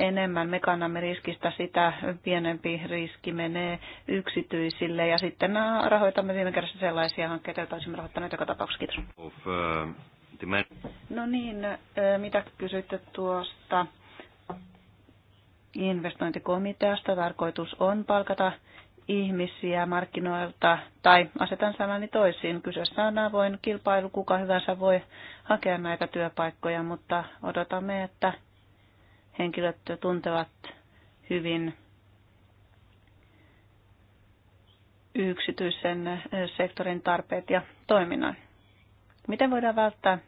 enemmän me kannamme riskistä, sitä pienempi riski menee yksityisille. Ja sitten rahoitamme viime kädessä sellaisia hankkeita, joita olisimme rahoittaneet joka tapauksessa. Kiitos. Of, uh sentiment. No niin, mitä kysyitte tuosta investointikomiteasta? Tarkoitus on palkata ihmisiä markkinoilta, tai asetan sanani toisiin. Kyseessä on avoin kilpailu, kuka hyvänsä voi hakea näitä työpaikkoja, mutta odotamme, että henkilöt tuntevat hyvin yksityisen sektorin tarpeet ja toiminnan. Miten voidaan välttää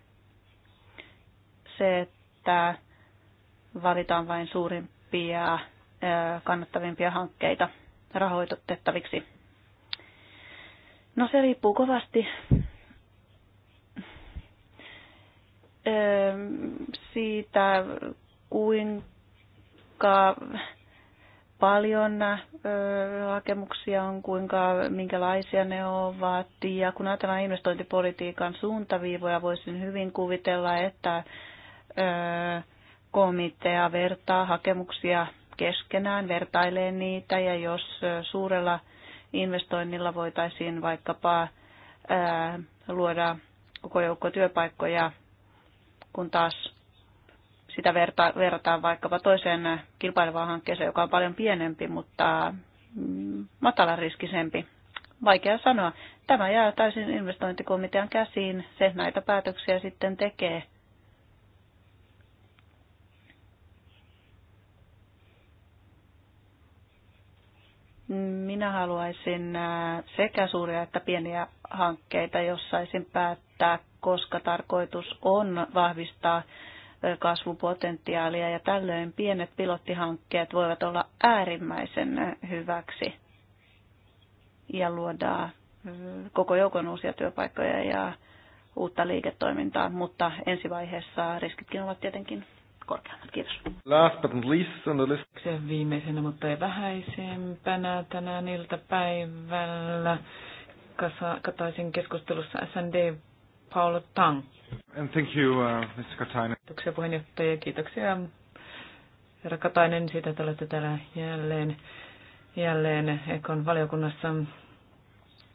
se, että valitaan vain suurimpia kannattavimpia hankkeita rahoitettaviksi. No se riippuu kovasti siitä, kuinka paljon hakemuksia on, kuinka, minkälaisia ne ovat. Ja kun ajatellaan investointipolitiikan suuntaviivoja, voisin hyvin kuvitella, että komitea vertaa hakemuksia keskenään, vertailee niitä ja jos suurella investoinnilla voitaisiin vaikkapa luoda koko joukko työpaikkoja, kun taas sitä verta, verrataan vaikkapa toiseen kilpailevaan hankkeeseen, joka on paljon pienempi, mutta mm, matalariskisempi. Vaikea sanoa. Tämä jää täysin investointikomitean käsiin. Se näitä päätöksiä sitten tekee. Minä haluaisin äh, sekä suuria että pieniä hankkeita, jos saisin päättää, koska tarkoitus on vahvistaa äh, kasvupotentiaalia ja tällöin pienet pilottihankkeet voivat olla äärimmäisen äh, hyväksi ja luoda koko joukon uusia työpaikkoja ja uutta liiketoimintaa, mutta ensivaiheessa riskitkin ovat tietenkin korkeammat. Kiitos. Last but not least on the list. viimeisenä, mutta ei vähäisempänä tänään iltapäivällä. Kasa, keskustelussa SND Paul Tang. And thank you, uh, Mr. Katainen. Kiitoksia puheenjohtaja, kiitoksia herra Katainen siitä, että olette täällä jälleen, jälleen Ekon valiokunnassa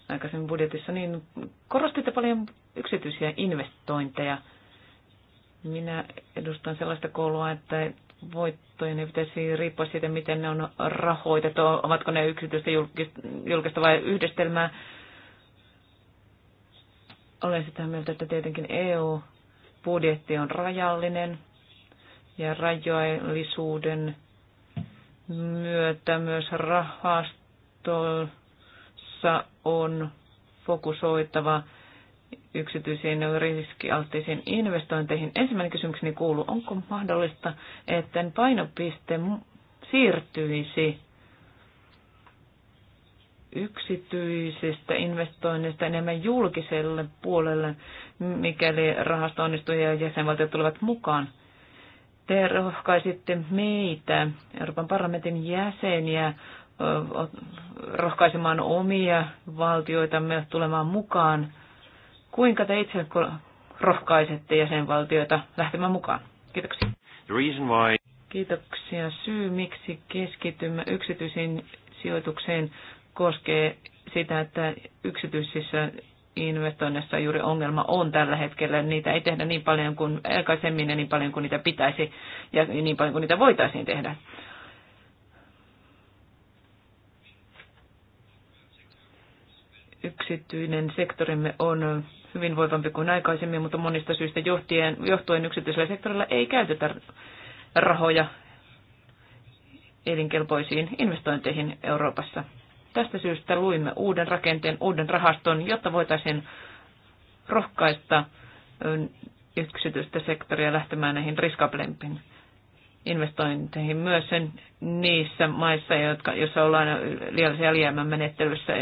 aikaisemmin budjetissa, niin korostitte paljon yksityisiä investointeja – minä edustan sellaista koulua, että voittojen ei pitäisi riippua siitä, miten ne on rahoitettu, ovatko ne yksityistä julkista vai yhdistelmää. Olen sitä mieltä, että tietenkin EU-budjetti on rajallinen ja rajallisuuden myötä myös rahastossa on fokusoitava yksityisiin riskialttiisiin investointeihin. Ensimmäinen kysymykseni kuuluu, onko mahdollista, että painopiste siirtyisi yksityisistä investoinneista enemmän julkiselle puolelle, mikäli rahasto onnistuu ja jäsenvaltiot tulevat mukaan. Te rohkaisitte meitä, Euroopan parlamentin jäseniä, rohkaisemaan omia valtioitamme tulemaan mukaan Kuinka te itse rohkaisette jäsenvaltioita lähtemään mukaan? Kiitoksia. The reason why... Kiitoksia. Syy, miksi keskitymme yksityisiin sijoitukseen, koskee sitä, että yksityisissä investoinneissa juuri ongelma on tällä hetkellä. Niitä ei tehdä niin paljon kuin aikaisemmin ja niin paljon kuin niitä pitäisi ja niin paljon kuin niitä voitaisiin tehdä. Yksityinen sektorimme on Hyvin voivampi kuin aikaisemmin, mutta monista syistä johtien, johtuen yksityisellä sektorilla ei käytetä rahoja elinkelpoisiin investointeihin Euroopassa. Tästä syystä luimme uuden rakenteen, uuden rahaston, jotta voitaisiin rohkaista yksityistä sektoria lähtemään näihin riskablempiin investointeihin myös sen niissä maissa, jotka, joissa ollaan liiallisen alijäämän menettelyssä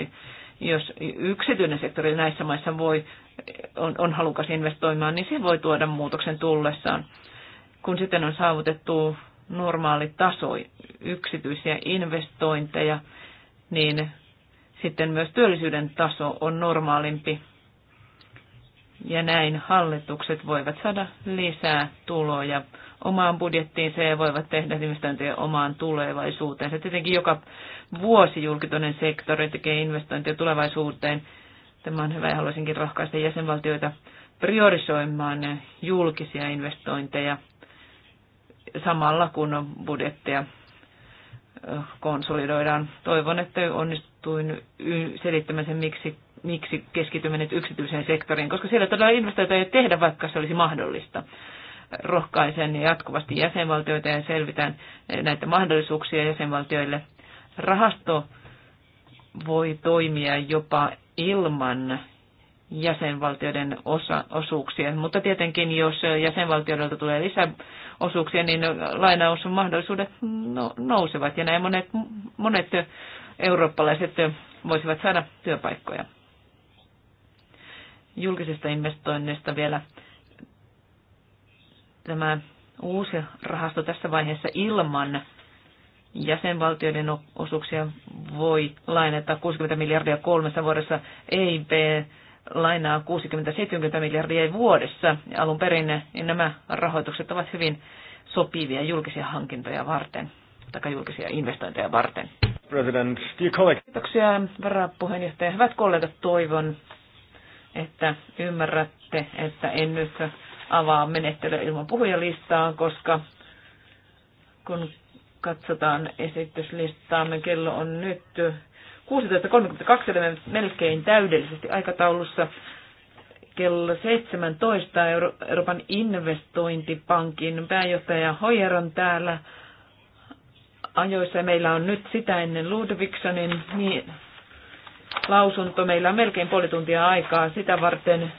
jos yksityinen sektori näissä maissa voi, on, on halukas investoimaan, niin se voi tuoda muutoksen tullessaan. Kun sitten on saavutettu normaali taso yksityisiä investointeja, niin sitten myös työllisyyden taso on normaalimpi. Ja näin hallitukset voivat saada lisää tuloja omaan budjettiinsa ja voivat tehdä investointeja omaan tulevaisuuteensa. Tietenkin joka vuosi julkitoinen sektori tekee investointia tulevaisuuteen. Tämä on hyvä ja haluaisinkin rohkaista jäsenvaltioita priorisoimaan julkisia investointeja samalla kun budjettia konsolidoidaan. Toivon, että onnistuin selittämään sen, miksi, miksi keskitymme nyt yksityiseen sektoriin, koska siellä todella investoita ei tehdä, vaikka se olisi mahdollista. Rohkaisen jatkuvasti jäsenvaltioita ja selvitään e, näitä mahdollisuuksia jäsenvaltioille rahasto voi toimia jopa ilman jäsenvaltioiden osa, osuuksia. Mutta tietenkin, jos jäsenvaltioilta tulee lisää osuuksia, niin lainausmahdollisuudet no, nousevat ja näin monet, monet eurooppalaiset voisivat saada työpaikkoja. Julkisista investoinneista vielä tämä uusi rahasto tässä vaiheessa ilman jäsenvaltioiden osuuksia voi lainata 60 miljardia kolmessa vuodessa. EIP lainaa 60-70 miljardia vuodessa. Ja alun perin niin nämä rahoitukset ovat hyvin sopivia julkisia hankintoja varten tai julkisia investointeja varten. President, Kiitoksia varapuheenjohtaja. Hyvät kollegat, toivon, että ymmärrätte, että en nyt avaa menettelyä ilman puhujalistaa, koska kun katsotaan Me kello on nyt 16.32, olemme melkein täydellisesti aikataulussa. Kello 17 Euro- Euroopan investointipankin pääjohtaja Hoyer on täällä ajoissa. Meillä on nyt sitä ennen Ludvigsonin niin- lausunto. Meillä on melkein puoli tuntia aikaa sitä varten.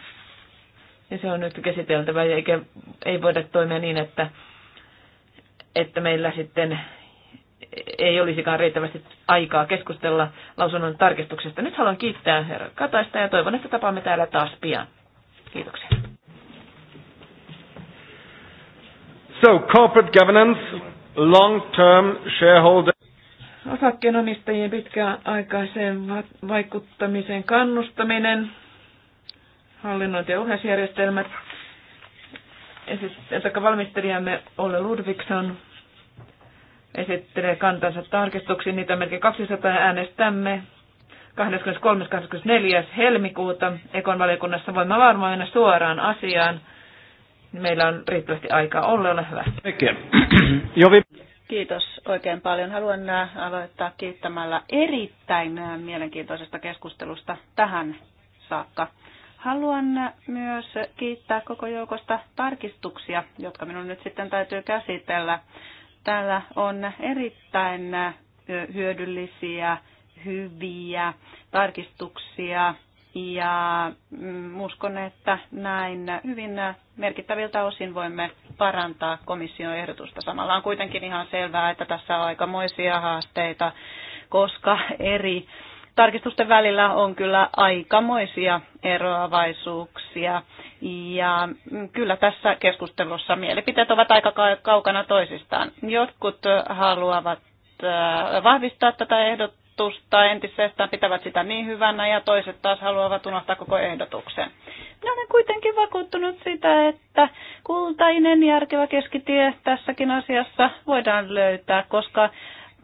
Ja se on nyt käsiteltävä, eikä ei voida toimia niin, että, että meillä sitten ei olisikaan riittävästi aikaa keskustella lausunnon tarkistuksesta. Nyt haluan kiittää herra Kataista ja toivon, että tapaamme täällä taas pian. Kiitoksia. So, corporate governance, long-term shareholder. Osakkeenomistajien pitkäaikaiseen vaikuttamiseen kannustaminen, hallinnointi- ja ohjausjärjestelmät. Valmistelijamme Olle Ludvigsson esittelee kantansa tarkistuksiin. Niitä on melkein 200 äänestämme 23.24. helmikuuta Ekon valiokunnassa. Voimme varmaan mennä suoraan asiaan. Meillä on riittävästi aikaa olla, ole hyvä. (clears throat) Kiitos oikein paljon. Haluan äh, aloittaa kiittämällä erittäin äh, mielenkiintoisesta keskustelusta tähän saakka. Haluan äh, myös kiittää koko joukosta tarkistuksia, jotka minun nyt sitten täytyy käsitellä. Täällä on erittäin hyödyllisiä, hyviä tarkistuksia ja mm, uskon, että näin hyvin merkittäviltä osin voimme parantaa komission ehdotusta. Samalla on kuitenkin ihan selvää, että tässä on aikamoisia haasteita, koska eri tarkistusten välillä on kyllä aikamoisia eroavaisuuksia. Ja kyllä tässä keskustelussa mielipiteet ovat aika kaukana toisistaan. Jotkut haluavat äh, vahvistaa tätä ehdotusta entisestään, pitävät sitä niin hyvänä ja toiset taas haluavat unohtaa koko ehdotuksen. Minä olen kuitenkin vakuuttunut sitä, että kultainen järkevä keskitie tässäkin asiassa voidaan löytää, koska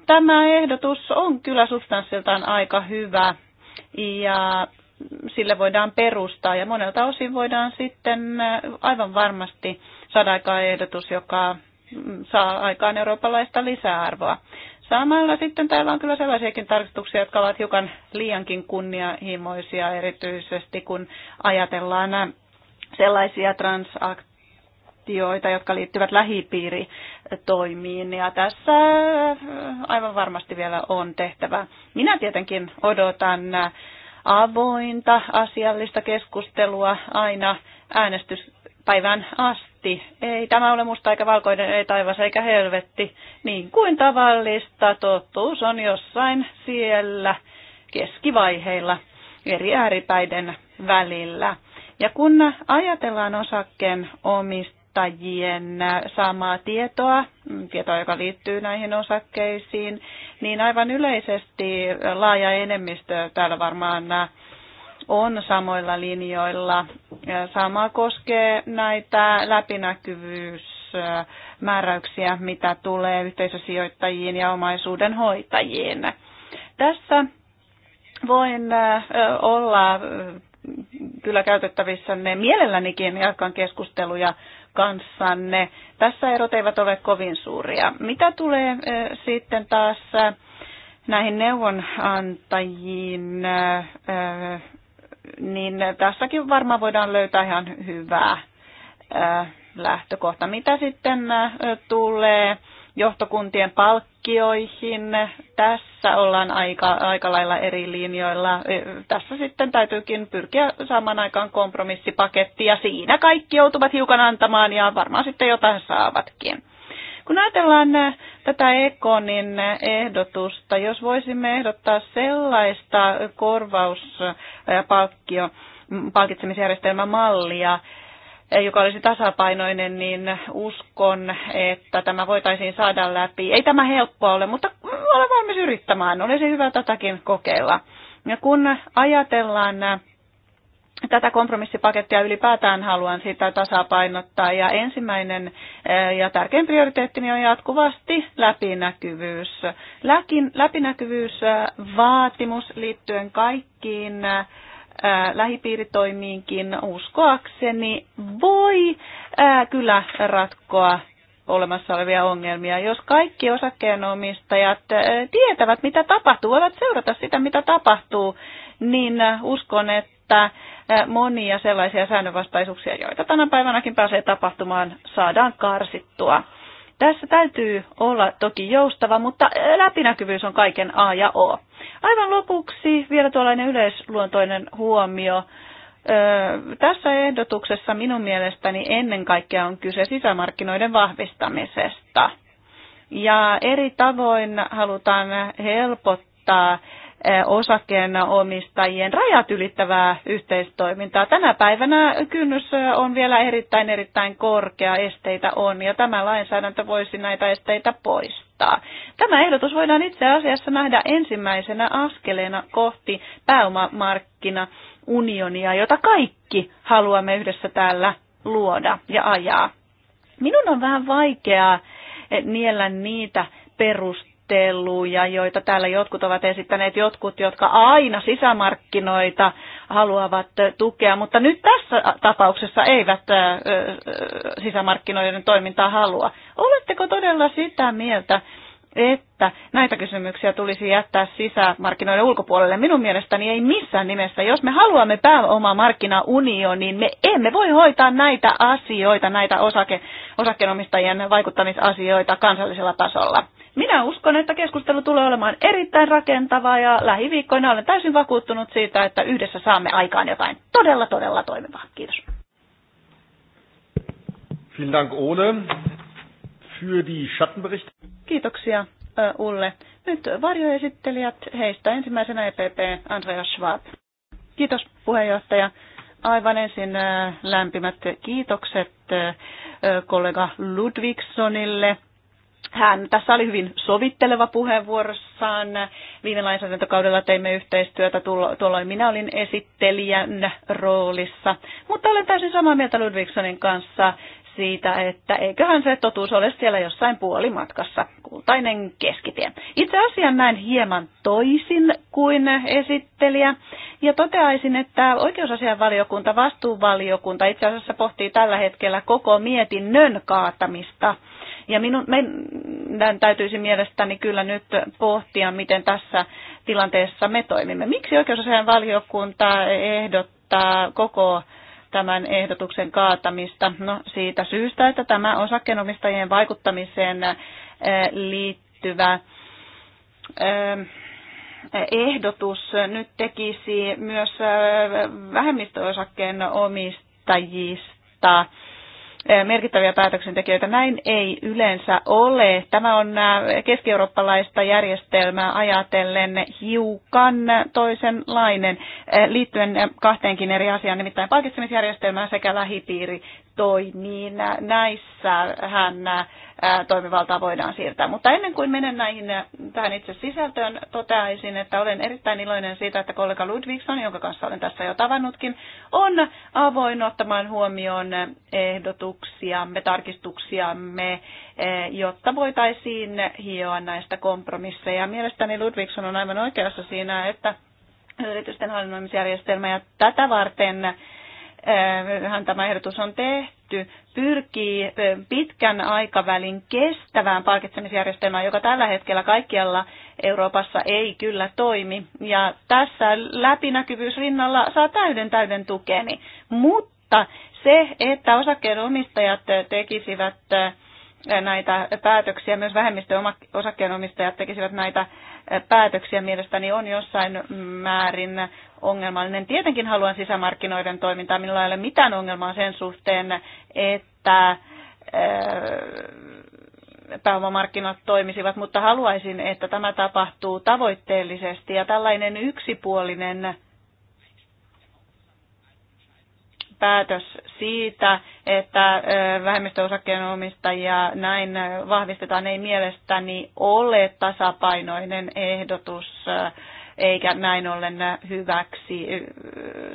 tämä ehdotus on kyllä substanssiltaan aika hyvä. Ja sille voidaan perustaa ja monelta osin voidaan sitten äh, aivan varmasti saada aikaan ehdotus, joka mm, saa aikaan eurooppalaista lisäarvoa. Samalla sitten täällä on kyllä sellaisiakin tarkistuksia, jotka ovat hiukan liiankin kunnianhimoisia, erityisesti kun ajatellaan äh, sellaisia transaktioita, jotka liittyvät lähipiiritoimiin. Ja tässä äh, aivan varmasti vielä on tehtävä. Minä tietenkin odotan avointa asiallista keskustelua aina äänestyspäivän asti. Ei tämä ole musta eikä valkoinen, ei taivas eikä helvetti. Niin kuin tavallista, totuus on jossain siellä keskivaiheilla eri ääripäiden välillä. Ja kun ajatellaan osakkeen omista, sijoittajien äh, saamaa tietoa, mm, tietoa, joka liittyy näihin osakkeisiin, niin aivan yleisesti äh, laaja enemmistö täällä varmaan äh, on samoilla linjoilla. Sama koskee näitä läpinäkyvyysmääräyksiä, mitä tulee yhteisösijoittajiin ja omaisuuden hoitajiin. Tässä voin olla kyllä käytettävissä ne mielellänikin jatkan keskusteluja kanssanne. Tässä erot eivät ole kovin suuria. Mitä tulee sitten taas näihin neuvonantajiin, niin tässäkin varmaan voidaan löytää ihan hyvää lähtökohta. Mitä sitten tulee johtokuntien palkkioihin. Tässä ollaan aika, aika lailla eri linjoilla. E, tässä sitten täytyykin pyrkiä saamaan aikaan kompromissipaketti ja siinä kaikki joutuvat hiukan antamaan ja varmaan sitten jotain saavatkin. Kun ajatellaan e, tätä Ekonin ehdotusta, jos voisimme ehdottaa sellaista korvauspalkkio, palkitsemisjärjestelmämallia, mallia, Eh, joka olisi tasapainoinen, niin uskon, että tämä voitaisiin saada läpi. Ei tämä helppoa ole, mutta olen valmis yrittämään. Olisi hyvä tätäkin kokeilla. Ja kun ajatellaan eh, tätä kompromissipakettia ylipäätään haluan sitä tasapainottaa. Ja ensimmäinen eh, ja tärkein prioriteettini on jatkuvasti läpinäkyvyys. Läkin, läpinäkyvyysvaatimus liittyen kaikkiin lähipiiritoimiinkin uskoakseni voi kyllä ratkoa olemassa olevia ongelmia. Jos kaikki osakkeenomistajat tietävät, mitä tapahtuu, voivat seurata sitä, mitä tapahtuu, niin uskon, että monia sellaisia säännönvastaisuuksia, joita tänä päivänäkin pääsee tapahtumaan, saadaan karsittua. Tässä täytyy olla toki joustava, mutta läpinäkyvyys on kaiken A ja O. Aivan lopuksi vielä tuollainen yleisluontoinen huomio. Tässä ehdotuksessa minun mielestäni ennen kaikkea on kyse sisämarkkinoiden vahvistamisesta. Ja eri tavoin halutaan helpottaa Eh, osakkeenomistajien rajat ylittävää yhteistoimintaa. Tänä päivänä kynnys eh, on vielä erittäin erittäin korkea, esteitä on ja tämä lainsäädäntö voisi näitä esteitä poistaa. Tämä ehdotus voidaan itse asiassa nähdä ensimmäisenä askeleena kohti pääomamarkkinaunionia, unionia, jota kaikki haluamme yhdessä täällä luoda ja ajaa. Minun on vähän vaikeaa eh, niellä niitä perusteita, ajatteluja, joita täällä jotkut ovat esittäneet, jotkut, jotka aina sisämarkkinoita haluavat tukea, mutta nyt tässä tapauksessa eivät sisämarkkinoiden toimintaa halua. Oletteko todella sitä mieltä, että näitä kysymyksiä tulisi jättää sisämarkkinoiden ulkopuolelle. Minun mielestäni ei missään nimessä. Jos me haluamme pääomaa niin me emme voi hoitaa näitä asioita, näitä osake, osakkeenomistajien vaikuttamisasioita kansallisella tasolla. Minä uskon, että keskustelu tulee olemaan erittäin rakentavaa ja lähiviikkoina olen täysin vakuuttunut siitä, että yhdessä saamme aikaan jotain todella, todella toimivaa. Kiitos. Kiitoksia, Ulle. Nyt varjoesittelijät, heistä ensimmäisenä EPP Andreas Schwab. Kiitos, puheenjohtaja. Aivan ensin lämpimät kiitokset kollega Ludvigsonille hän tässä oli hyvin sovitteleva puheenvuorossaan. Viime lainsäädäntökaudella teimme yhteistyötä, tuolloin minä olin esittelijän roolissa. Mutta olen täysin samaa mieltä Ludvigsonin kanssa siitä, että eiköhän se totuus ole siellä jossain puolimatkassa, kultainen keskitie. Itse asian näin hieman toisin kuin esittelijä, ja toteaisin, että oikeusasianvaliokunta, vastuuvaliokunta itse asiassa pohtii tällä hetkellä koko mietinnön kaatamista ja minun, meidän täytyisi mielestäni kyllä nyt pohtia, miten tässä tilanteessa me toimimme. Miksi oikeusasian valiokunta ehdottaa koko tämän ehdotuksen kaatamista? No siitä syystä, että tämä osakkeenomistajien vaikuttamiseen äh, liittyvä äh, ehdotus nyt tekisi myös äh, vähemmistöosakkeen omistajista merkittäviä päätöksentekijöitä. Näin ei yleensä ole. Tämä on keskieurooppalaista järjestelmää ajatellen hiukan toisenlainen liittyen kahteenkin eri asiaan, nimittäin palkitsemisjärjestelmään sekä lähipiiri toimiin. hän toimivaltaa voidaan siirtää. Mutta ennen kuin menen näihin, tähän itse sisältöön, toteaisin, että olen erittäin iloinen siitä, että kollega Ludvigson, jonka kanssa olen tässä jo tavannutkin, on avoin ottamaan huomioon ehdotuksiamme, tarkistuksiamme, jotta voitaisiin hioa näistä kompromisseja. Mielestäni Ludvigson on aivan oikeassa siinä, että yritysten hallinnoimisjärjestelmä ja tätä varten hän tämä ehdotus on tehty, pyrkii pitkän aikavälin kestävään palkitsemisjärjestelmään, joka tällä hetkellä kaikkialla Euroopassa ei kyllä toimi. Ja tässä läpinäkyvyys rinnalla saa täyden täyden tukeni. Mutta se, että osakkeenomistajat tekisivät näitä päätöksiä, myös vähemmistöosakkeenomistajat tekisivät näitä päätöksiä mielestäni on jossain määrin ongelmallinen. Tietenkin haluan sisämarkkinoiden toimintaa. Minulla ei ole mitään ongelmaa sen suhteen, että pääomamarkkinat toimisivat, mutta haluaisin, että tämä tapahtuu tavoitteellisesti ja tällainen yksipuolinen päätös siitä, että vähemmistöosakkeen omistajia näin vahvistetaan, ei mielestäni ole tasapainoinen ehdotus eikä näin ollen hyväksi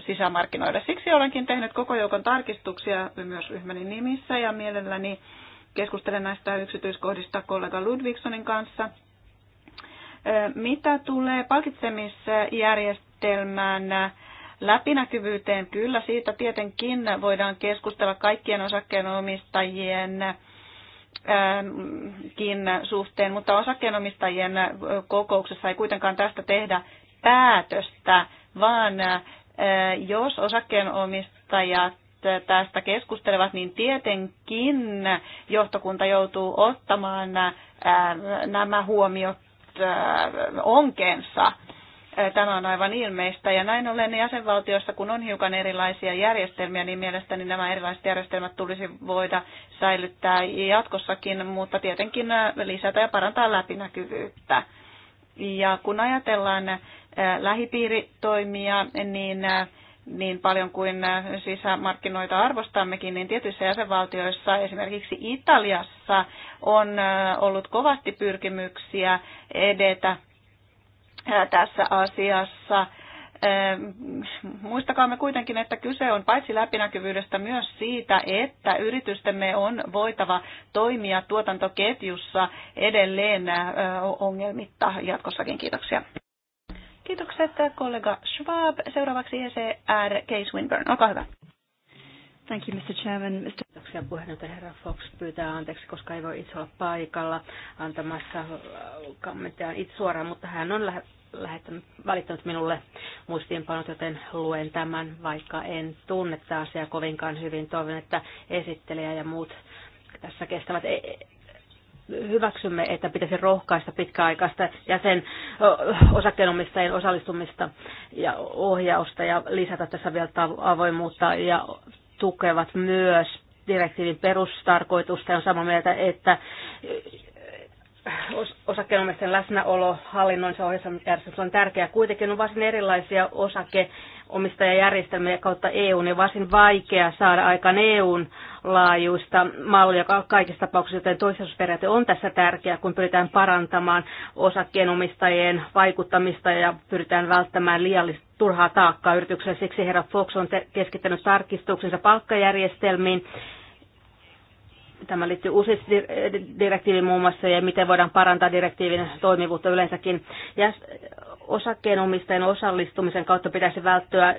sisämarkkinoille. Siksi olenkin tehnyt koko joukon tarkistuksia myös ryhmäni nimissä ja mielelläni keskustelen näistä yksityiskohdista kollega Ludvigsonin kanssa. Mitä tulee palkitsemisjärjestelmään, Läpinäkyvyyteen kyllä siitä tietenkin voidaan keskustella kaikkien osakkeenomistajien suhteen, mutta osakkeenomistajien kokouksessa ei kuitenkaan tästä tehdä päätöstä, vaan jos osakkeenomistajat tästä keskustelevat, niin tietenkin johtokunta joutuu ottamaan nämä huomiot onkeensa. Tämä on aivan ilmeistä ja näin ollen jäsenvaltioissa, kun on hiukan erilaisia järjestelmiä, niin mielestäni nämä erilaiset järjestelmät tulisi voida säilyttää jatkossakin, mutta tietenkin lisätä ja parantaa läpinäkyvyyttä. Ja kun ajatellaan lähipiiritoimia, niin niin paljon kuin sisämarkkinoita arvostammekin, niin tietyissä jäsenvaltioissa, esimerkiksi Italiassa, on ollut kovasti pyrkimyksiä edetä tässä asiassa. Muistakaamme kuitenkin, että kyse on paitsi läpinäkyvyydestä myös siitä, että yritystemme on voitava toimia tuotantoketjussa edelleen ongelmitta jatkossakin. Kiitoksia. Kiitokset kollega Schwab. Seuraavaksi ECR Case Winburn. Olkaa hyvä. Thank you, Mr. Chairman. Mr. Kiitoksia puheenjohtaja herra Fox pyytää anteeksi, koska ei voi itse olla paikalla antamassa äh, kommenttia itse suoraan, mutta hän on lähe, lähettänyt, välittänyt minulle muistiinpanot, joten luen tämän, vaikka en tunne tätä asiaa kovinkaan hyvin. Toivon, että esittelijä ja muut tässä kestävät e, hyväksymme, että pitäisi rohkaista pitkäaikaista jäsen osakkeenomistajien osallistumista ja ohjausta ja lisätä tässä vielä avoimuutta ja tukevat myös direktiivin perustarkoitusta. On samaa mieltä, että osakkeenomistajan läsnäolo hallinnoinsa ohjelmassa on tärkeää. Kuitenkin on varsin erilaisia osakeomistajajärjestelmiä kautta EUn niin ja varsin vaikea saada aikaan EUn laajuista mallia kaikissa tapauksissa, joten toisellisuusperiaate on tässä tärkeä, kun pyritään parantamaan osakkeenomistajien vaikuttamista ja pyritään välttämään liiallista turhaa taakkaa yritykselle. Siksi herra Fox on keskittänyt tarkistuksensa palkkajärjestelmiin. Tämä liittyy uusiin direktiiviin muun muassa ja miten voidaan parantaa direktiivin toimivuutta yleensäkin. Ja osakkeenomistajan osallistumisen kautta pitäisi välttyä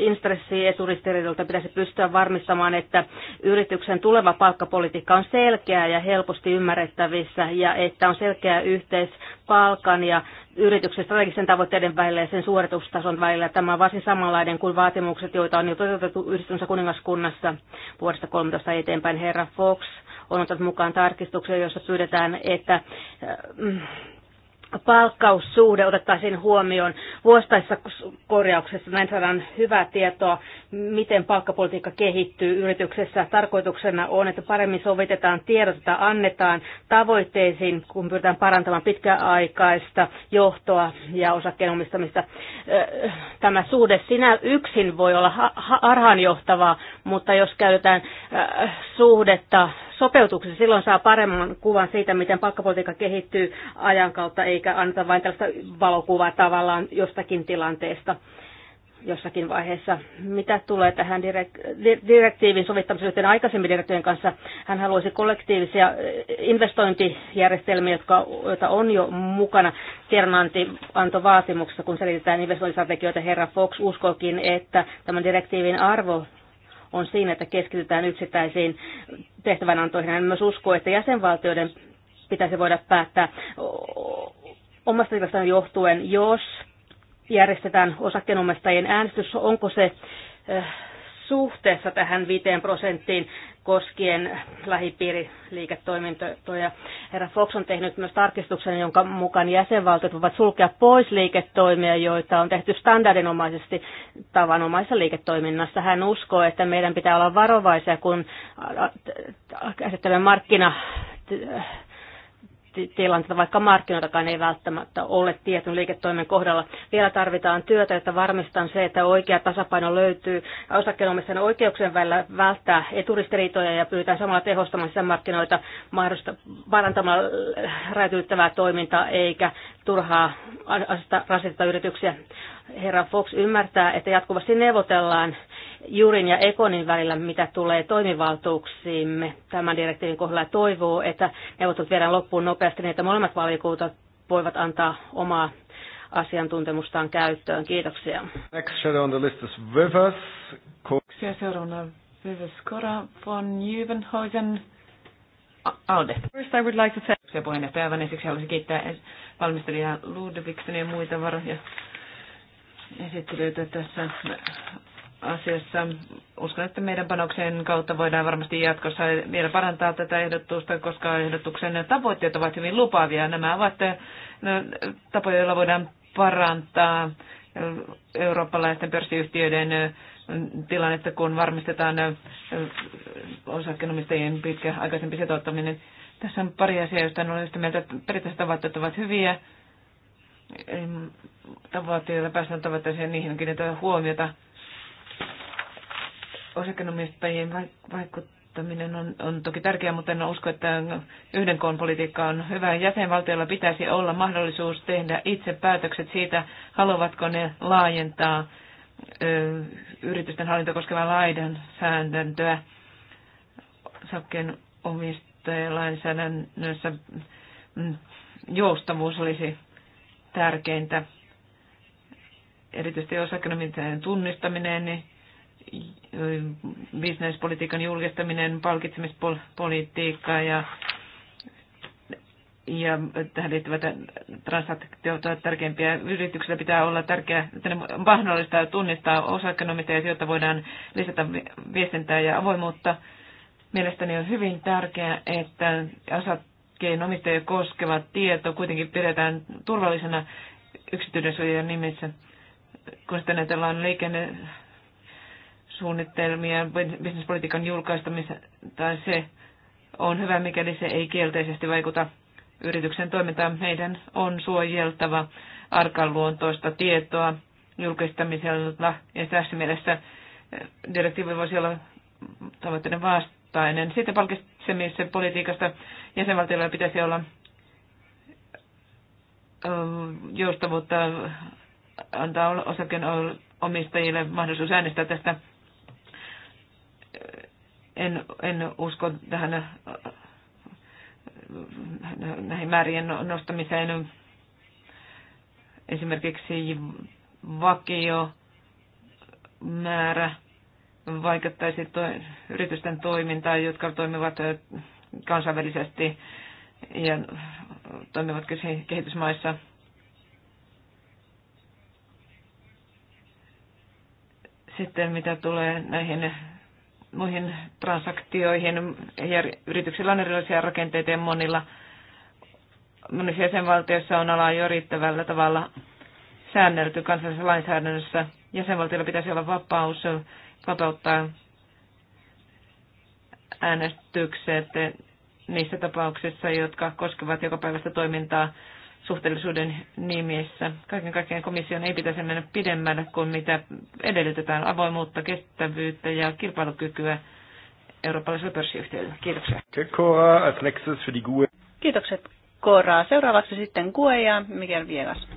instressi äh, eturistiriidolta pitäisi pystyä varmistamaan, että yrityksen tuleva palkkapolitiikka on selkeää ja helposti ymmärrettävissä ja että on selkeä yhteys palkan ja yrityksen strategisen tavoitteiden välillä ja sen suoritustason välillä. Tämä on varsin samanlainen kuin vaatimukset, joita on jo toteutettu yhdistönsä kuningaskunnassa vuodesta 13 eteenpäin. Herra Fox on ottanut mukaan tarkistuksia, jossa pyydetään, että äh, palkkaussuhde otettaisiin huomioon vuosittaisessa korjauksessa. Näin saadaan hyvää tietoa, miten palkkapolitiikka kehittyy yrityksessä. Tarkoituksena on, että paremmin sovitetaan tiedot, joita annetaan tavoitteisiin, kun pyritään parantamaan pitkäaikaista johtoa ja osakkeenomistamista. Tämä suhde sinä yksin voi olla arhaanjohtavaa, mutta jos käytetään suhdetta sopeutuksessa, silloin saa paremman kuvan siitä, miten palkkapolitiikka kehittyy ajan kautta, ei eikä anneta vain tällaista valokuvaa tavallaan jostakin tilanteesta jossakin vaiheessa. Mitä tulee tähän direktiivin sovittamiseen aikaisemmin direktiivin kanssa, hän haluaisi kollektiivisia eh, investointijärjestelmiä, jotka, joita on jo mukana. Kernanti antoi vaatimuksessa, kun selitetään investointistrategioita. Herra Fox uskokin, että tämän direktiivin arvo on siinä, että keskitytään yksittäisiin tehtävänantoihin. Hän myös uskoo, että jäsenvaltioiden pitäisi voida päättää omasta tilastani johtuen, jos järjestetään osakkeenomistajien äänestys, onko se eh, suhteessa tähän 5 prosenttiin koskien lähipiiriliiketoimintoja. Herra Fox on tehnyt myös tarkistuksen, jonka mukaan jäsenvaltiot voivat sulkea pois liiketoimia, joita on tehty standardinomaisesti tavanomaisessa liiketoiminnassa. Hän uskoo, että meidän pitää olla varovaisia, kun käsittelemme markkina tilanteita, vaikka markkinoitakaan ei välttämättä ole tietyn liiketoimen kohdalla. Vielä tarvitaan työtä, että varmistetaan se, että oikea tasapaino löytyy osakkeenomistajan oikeuksien välillä välttää eturistiriitoja ja pyritään samalla tehostamaan sisämarkkinoita mahdollista parantamaan räätyyttävää toimintaa eikä turhaa rasittaa yrityksiä. Herra Fox ymmärtää, että jatkuvasti neuvotellaan Jurin ja Ekonin välillä, mitä tulee toimivaltuuksiimme tämän direktiivin kohdalla. Toivoo, että neuvottelut viedään loppuun nopeasti niin, että molemmat valiokunnat voivat antaa omaa asiantuntemustaan käyttöön. Kiitoksia. Next shadow on the list is Vivas. Kiitoksia seuraavana Vivas Kora von Jyvenhoisen. Aude. First I would like to thank... Se puheenjohtaja aivan ensiksi haluaisin kiittää valmistelijaa Ludvigsen ja muita varoja esittelyitä tässä asiassa. Uskon, että meidän panoksen kautta voidaan varmasti jatkossa vielä parantaa tätä ehdotusta, koska ehdotuksen tavoitteet ovat hyvin lupaavia. Nämä ovat no, tapoja, joilla voidaan parantaa eurooppalaisten pörssiyhtiöiden tilannetta, kun varmistetaan osakkeenomistajien aikaisempi sitouttaminen. Tässä on pari asiaa, joista olen yhtä mieltä, että periaatteessa tavoitteet ovat hyviä. Tavoitteilla päästään tavoitteeseen, niihinkin, että huomiota osakkeenomistajien vaikuttaminen on, on toki tärkeää, mutta en usko, että yhden koon politiikka on hyvä. Jäsenvaltiolla pitäisi olla mahdollisuus tehdä itse päätökset siitä, haluavatko ne laajentaa ö, yritysten hallinto koskevaa laidan sääntöä osakkeen omistajalainsäädännössä mm, joustavuus olisi tärkeintä. Erityisesti osakkeenomistajien tunnistaminen, niin bisnespolitiikan julkistaminen, palkitsemispolitiikka ja, ja tähän liittyvät transaktiot ovat tärkeimpiä. Yrityksillä pitää olla tärkeää, että ne mahdollista tunnistaa osakkeenomistajat, jotta voidaan lisätä viestintää ja avoimuutta. Mielestäni on hyvin tärkeää, että osakkeenomistajia koskeva tieto kuitenkin pidetään turvallisena yksityisyyden nimissä kun sitten ajatellaan liikenne, suunnitelmia bisnespolitiikan julkaistamista, tai se on hyvä, mikäli se ei kielteisesti vaikuta yrityksen toimintaan. Meidän on suojeltava arkaluontoista tietoa julkistamisella, ja tässä mielessä eh, direktiivi voisi olla tavoitteiden vastainen. Sitten palkitsemisen politiikasta jäsenvaltioilla pitäisi olla eh, joustavuutta antaa omistajille mahdollisuus äänestää tästä en, en usko tähän äh, näihin määrien no-, nostamiseen. Esimerkiksi vakio määrä vaikuttaisi to, yritysten toimintaan, jotka toimivat äh, kansainvälisesti ja toimivat kehitysmaissa. Sitten mitä tulee näihin muihin transaktioihin. Yrityksillä on erilaisia rakenteita ja monilla monissa jäsenvaltioissa on ala jo riittävällä tavalla säännelty kansallisessa lainsäädännössä. jäsenvaltioilla pitäisi olla vapaus vapauttaa äänestykset niissä tapauksissa, jotka koskevat jokapäiväistä toimintaa suhteellisuuden nimissä. Kaiken kaikkiaan komission ei pitäisi mennä pidemmälle kuin mitä edellytetään avoimuutta, kestävyyttä ja kilpailukykyä eurooppalaisella pörssiyhtiöllä. Kiitoksia. E. Kiitokset Koraa. Seuraavaksi sitten Kue ja Miguel Viegas.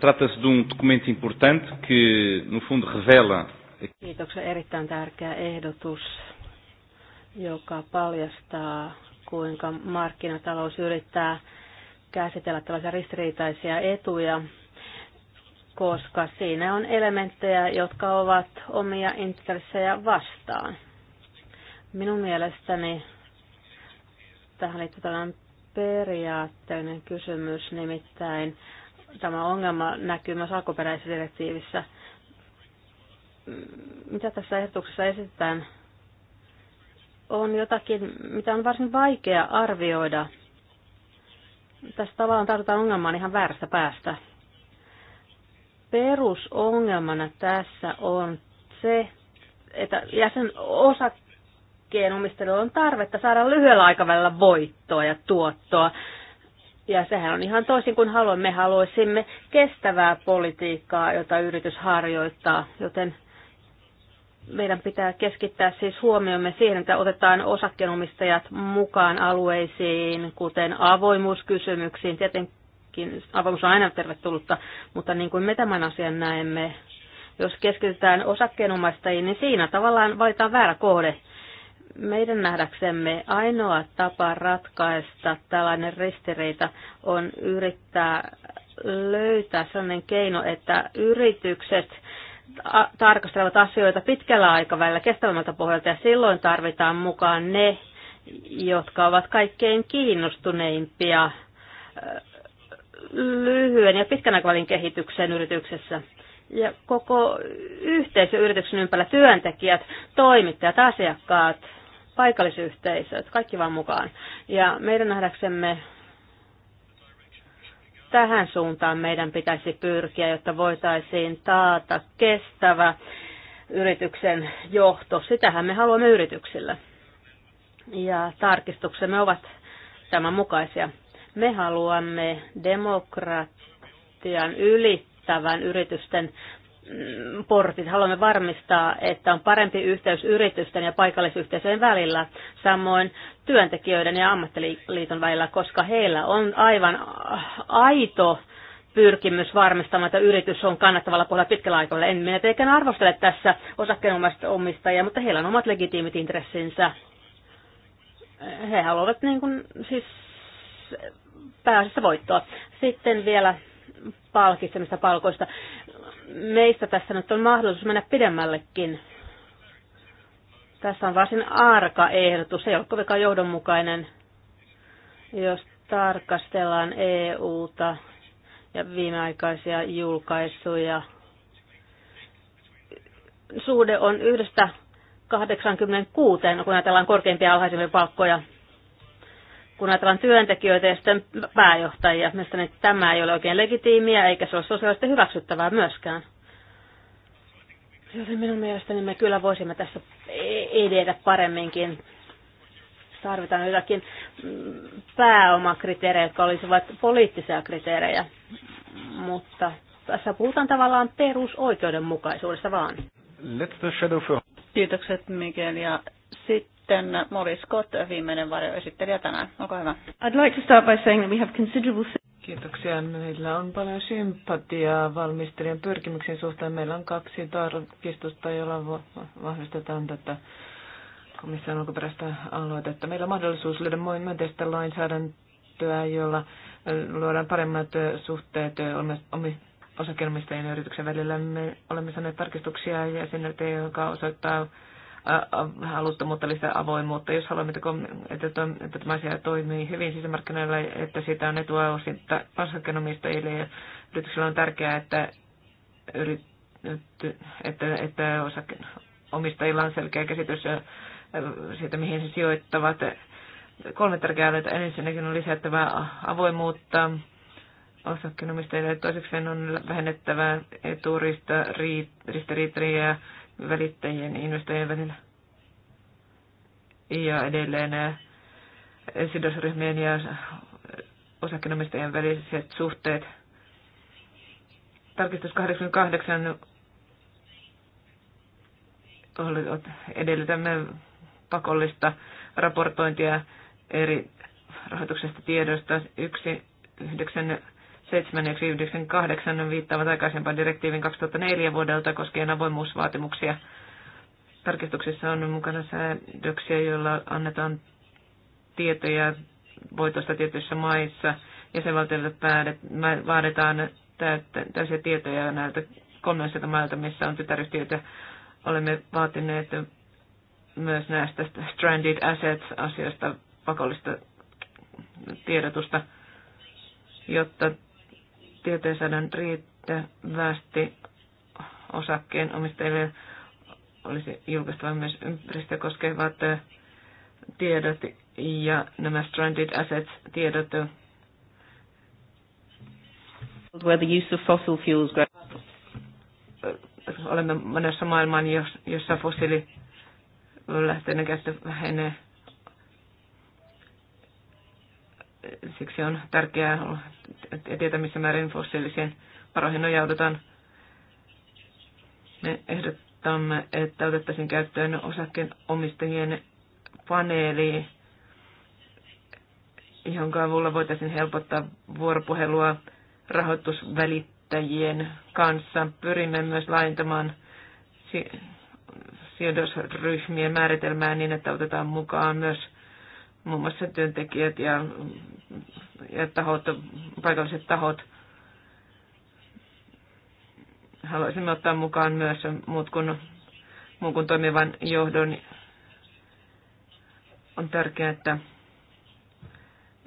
trata-se de um documento importante que, no fundo, revela. Kiitoksia. Erittäin tärkeä ehdotus, joka paljastaa kuinka markkinatalous yrittää käsitellä tällaisia ristiriitaisia etuja, koska siinä on elementtejä, jotka ovat omia intressejä vastaan. Minun mielestäni tähän liittyy tällainen periaatteellinen kysymys, nimittäin tämä ongelma näkyy myös alkuperäisessä direktiivissä. Mitä tässä ehdotuksessa esitetään? on jotakin, mitä on varsin vaikea arvioida. Tässä tavallaan tartutaan ongelmaan ihan väärästä päästä. Perusongelmana tässä on se, että jäsen osakkeenomistajilla on tarvetta saada lyhyellä aikavälillä voittoa ja tuottoa. Ja sehän on ihan toisin kuin haluamme. Me haluaisimme kestävää politiikkaa, jota yritys harjoittaa, joten meidän pitää keskittää siis huomiomme siihen, että otetaan osakkeenomistajat mukaan alueisiin, kuten avoimuuskysymyksiin. Tietenkin avoimuus on aina tervetullutta, mutta niin kuin me tämän asian näemme, jos keskitytään osakkeenomistajiin, niin siinä tavallaan valitaan väärä kohde. Meidän nähdäksemme ainoa tapa ratkaista tällainen ristiriita on yrittää löytää sellainen keino, että yritykset – tarkastelevat asioita pitkällä aikavälillä kestävämmältä pohjalta ja silloin tarvitaan mukaan ne, jotka ovat kaikkein kiinnostuneimpia lyhyen ja pitkän aikavälin kehitykseen yrityksessä. Ja koko yhteisö yrityksen ympärillä, työntekijät, toimittajat, asiakkaat, paikallisyhteisöt, kaikki vaan mukaan. Ja meidän nähdäksemme tähän suuntaan meidän pitäisi pyrkiä, jotta voitaisiin taata kestävä yrityksen johto. Sitähän me haluamme yrityksillä Ja tarkistuksemme ovat tämän mukaisia. Me haluamme demokratian ylittävän yritysten Mm, portit. Haluamme varmistaa, että on parempi yhteys yritysten ja paikallisyhteisöjen välillä, samoin työntekijöiden ja ammattiliiton välillä, koska heillä on aivan aito pyrkimys varmistamaan, että yritys on kannattavalla puolella pitkällä aikavälillä. En minä teikään arvostele tässä osakkeenomistajia, mutta heillä on omat legitiimit intressinsä. He haluavat niin kuin, siis pääasiassa voittoa. Sitten vielä palkitsemista palkoista meistä tässä nyt on mahdollisuus mennä pidemmällekin. Tässä on varsin arka ehdotus, ei ole kovinkaan johdonmukainen, jos tarkastellaan EUta ja viimeaikaisia julkaisuja. Suhde on yhdestä 86, kun ajatellaan korkeimpia ja alhaisimpia palkkoja kun ajatellaan työntekijöitä ja sitten pääjohtajia. Mielestäni tämä ei ole oikein legitiimiä, eikä se ole sosiaalisesti hyväksyttävää myöskään. Joten minun mielestäni me kyllä voisimme tässä e- edetä paremminkin. Tarvitaan jotakin mm, pääomakriteerejä, jotka olisivat poliittisia kriteerejä, mutta tässä puhutaan tavallaan perusoikeudenmukaisuudesta vaan. Kiitokset Mikael ja sitten sitten Molly Scott, viimeinen varjoesittelijä tänään. Olkaa hyvä. I'd like to start by saying that we have considerable... Kiitoksia. Meillä on paljon sympatiaa valmistelijan pyrkimyksen suhteen. Meillä on kaksi tarkistusta, joilla vahvistetaan tätä komission alkuperäistä aloitetta. Meillä on mahdollisuus löydä myönteistä lainsäädäntöä, jolla luodaan paremmat suhteet osakkeenomistajien ja yrityksen välillä. Me olemme saaneet tarkistuksia ja jäseniltä, joka osoittaa haluttomuutta, lisää avoimuutta. Jos haluamme, että, että tämä asia toimii hyvin sisämarkkinoilla, että siitä on etua osin osakkeenomistajille ja yrityksillä on tärkeää, että, että, että osakkeenomistajilla on selkeä käsitys siitä, mihin se sijoittavat. Kolme tärkeää että Ensinnäkin on lisättävää avoimuutta osakkeenomistajille. toiseksi on vähennettävä ristiriitriä välittäjien ja investoijien välillä. Ja edelleen eh, sidosryhmien ja osakkeenomistajien väliset suhteet. Tarkistus 88 edellytämme pakollista raportointia eri rahoituksesta tiedosta. Yksi yhdeksän 7198 viittaavat aikaisempaan direktiivin 2004 vuodelta koskien avoimuusvaatimuksia. Tarkistuksissa on mukana säädöksiä, joilla annetaan tietoja voitosta tietyissä maissa. Jäsenvaltioille vaaditaan täysiä tietoja näiltä kolmensilta mailta, missä on tytäryhtiöitä. Olemme vaatineet myös näistä stranded assets-asioista pakollista tiedotusta, jotta tietoja saadaan riittävästi osakkeen omistajille olisi julkaistava myös ympäristöä koskevat tiedot ja nämä stranded assets-tiedot. Where the use of fossil fuels Olemme menossa maailmaan, jossa fossiililähteiden käyttö vähenee Siksi on tärkeää tietää, missä määrin fossiilisiin varoihin nojaudutaan. Me ehdottamme, että otettaisiin käyttöön osakkeen omistajien paneeli, jonka avulla voitaisiin helpottaa vuoropuhelua rahoitusvälittäjien kanssa. Pyrimme myös laajentamaan si- sijoitusryhmien määritelmää niin, että otetaan mukaan myös muun muassa työntekijät ja, ja tahot, paikalliset tahot. Haluaisimme ottaa mukaan myös muut kuin, muun kuin toimivan johdon. On tärkeää, että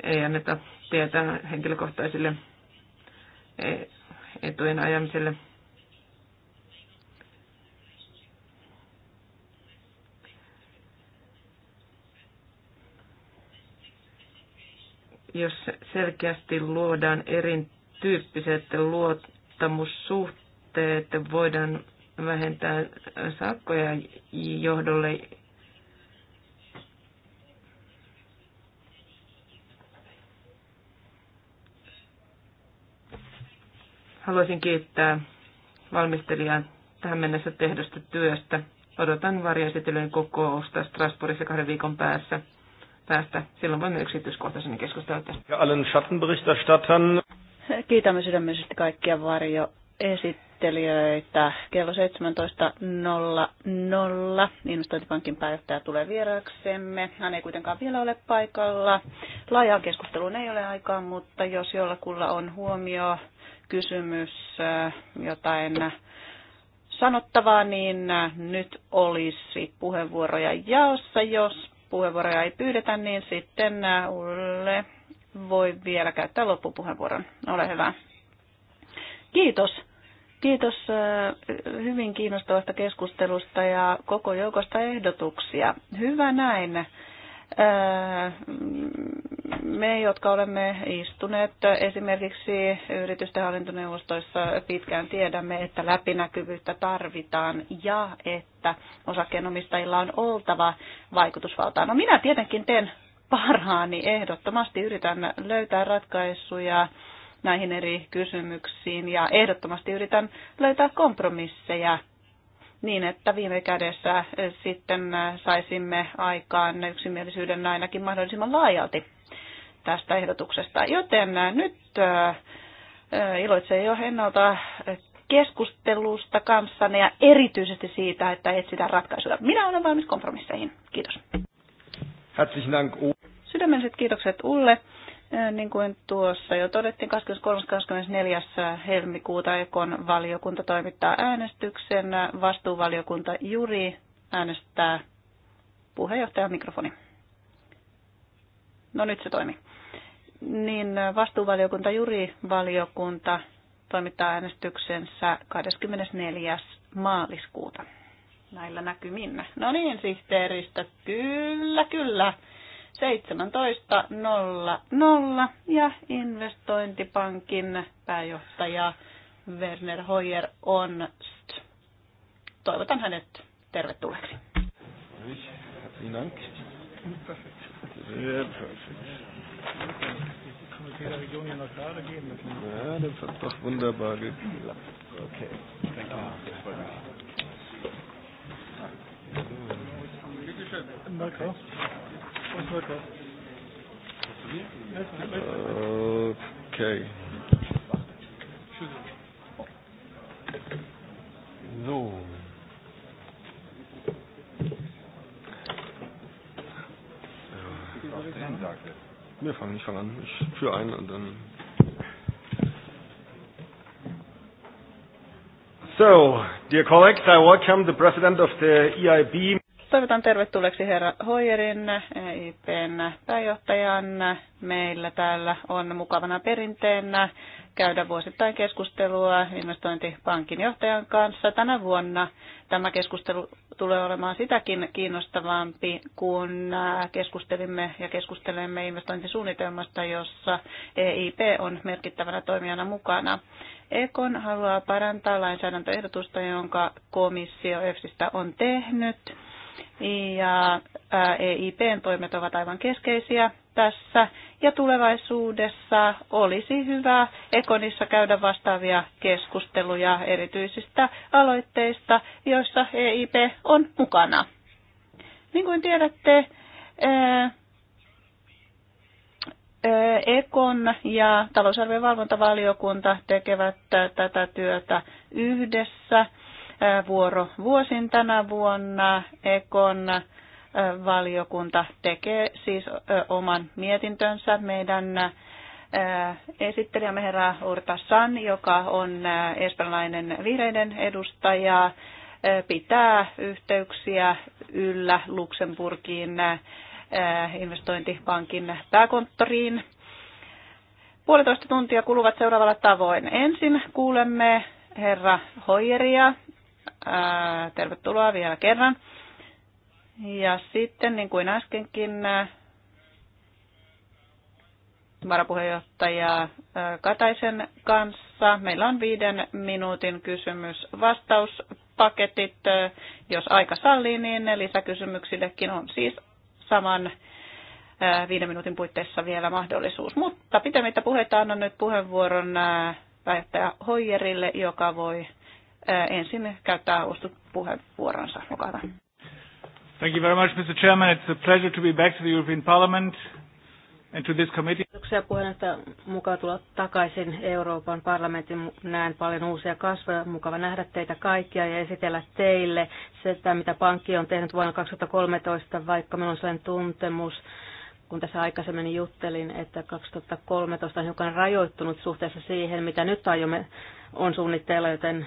ei anneta tietää henkilökohtaisille e- etujen ajamiselle. jos selkeästi luodaan erityyppiset luottamussuhteet, voidaan vähentää sakkoja johdolle. Haluaisin kiittää valmistelijaa tähän mennessä tehdystä työstä. Odotan varjoesitelyn kokousta Strasbourgissa kahden viikon päässä päästä. Silloin voimme yksityiskohtaisemmin keskustella tästä. Ja allen Schattenberichterstattern. Kiitämme sydämisesti kaikkia varjo esittelijöitä. Kello 17.00 Investointipankin pääjohtaja tulee vieraaksemme. Hän ei kuitenkaan vielä ole paikalla. Laajaan keskusteluun ei ole aikaa, mutta jos jollakulla on huomio, kysymys, äh, jotain sanottavaa, niin äh, nyt olisi puheenvuoroja jaossa, jos puheenvuoroja ei pyydetä, niin sitten äh, Ulle voi vielä käyttää loppupuheenvuoron. Ole hyvä. Kiitos. Kiitos äh, hyvin kiinnostavasta keskustelusta ja koko joukosta ehdotuksia. Hyvä näin. Öö, me, jotka olemme istuneet esimerkiksi yritysten hallintoneuvostoissa pitkään, tiedämme, että läpinäkyvyyttä tarvitaan ja että osakkeenomistajilla on oltava vaikutusvaltaa. No minä tietenkin teen parhaani ehdottomasti, yritän löytää ratkaisuja näihin eri kysymyksiin ja ehdottomasti yritän löytää kompromisseja niin, että viime kädessä eh, sitten eh, saisimme aikaan yksimielisyyden ainakin mahdollisimman laajalti tästä ehdotuksesta. Joten eh, nyt iloitsen jo ennalta keskustelusta kanssanne ja erityisesti siitä, että etsitään ratkaisuja. Minä olen valmis kompromisseihin. Kiitos. Sydämelliset kiitokset Ulle niin kuin tuossa jo todettiin, 23.24. helmikuuta Ekon valiokunta toimittaa äänestyksen. Vastuuvaliokunta Juri äänestää puheenjohtajan mikrofoni. No nyt se toimii. Niin vastuuvaliokunta Juri valiokunta toimittaa äänestyksensä 24. maaliskuuta. Näillä minne. No niin, sihteeristä. Kyllä, kyllä. 17.00 ja investointipankin pääjohtaja Werner Hoyer on. Toivotan hänet tervetulleeksi. Okay. Dank. Perfekt. Sehr perfekt. der Region hier noch Ja, das hat doch wunderbar geklappt. Okay. Danke. Danke. Äh, Okay. So. Äh, wir fangen nicht an. Ich führe ein und dann. So, dear colleagues, I welcome the president of the EIB. Toivotan tervetulleeksi herra Hoyerin, EIPn pääjohtajan. Meillä täällä on mukavana perinteenä käydä vuosittain keskustelua investointipankin johtajan kanssa. Tänä vuonna tämä keskustelu tulee olemaan sitäkin kiinnostavampi, kun keskustelimme ja keskustelemme investointisuunnitelmasta, jossa EIP on merkittävänä toimijana mukana. Ekon haluaa parantaa lainsäädäntöehdotusta, jonka komissio EFSistä on tehnyt ja EIPn toimet ovat aivan keskeisiä tässä. Ja tulevaisuudessa olisi hyvä Ekonissa käydä vastaavia keskusteluja erityisistä aloitteista, joissa EIP on mukana. Niin kuin tiedätte, Ekon ja talousarvion valvontavaliokunta tekevät tätä työtä yhdessä – vuoro vuosin tänä vuonna. Ekon valiokunta tekee siis oman mietintönsä meidän esittelijämme herra Urta San, joka on espanjalainen vihreiden edustaja, pitää yhteyksiä yllä Luxemburgin investointipankin pääkonttoriin. Puolitoista tuntia kuluvat seuraavalla tavoin. Ensin kuulemme herra Hoyeria, tervetuloa vielä kerran. Ja sitten, niin kuin äskenkin, varapuheenjohtaja Kataisen kanssa. Meillä on viiden minuutin kysymys-vastauspaketit. Jos aika sallii, niin lisäkysymyksillekin on siis saman viiden minuutin puitteissa vielä mahdollisuus. Mutta pitämättä puheita annan nyt puheenvuoron päättäjä Hoijerille, joka voi ensin käyttää Austut puheenvuoronsa. mukaan. Thank you very much, Mr. Chairman. It's a pleasure to be back to the European Parliament and to this committee. Kiitoksia puheenjohtaja. Mukava tulla takaisin Euroopan parlamentin. Näen paljon uusia kasvoja. Mukava nähdä teitä kaikkia ja esitellä teille sitä, mitä pankki on tehnyt vuonna 2013, vaikka minulla on sellainen tuntemus, kun tässä aikaisemmin juttelin, että 2013 on hiukan rajoittunut suhteessa siihen, mitä nyt aiomme on suunnitteilla, joten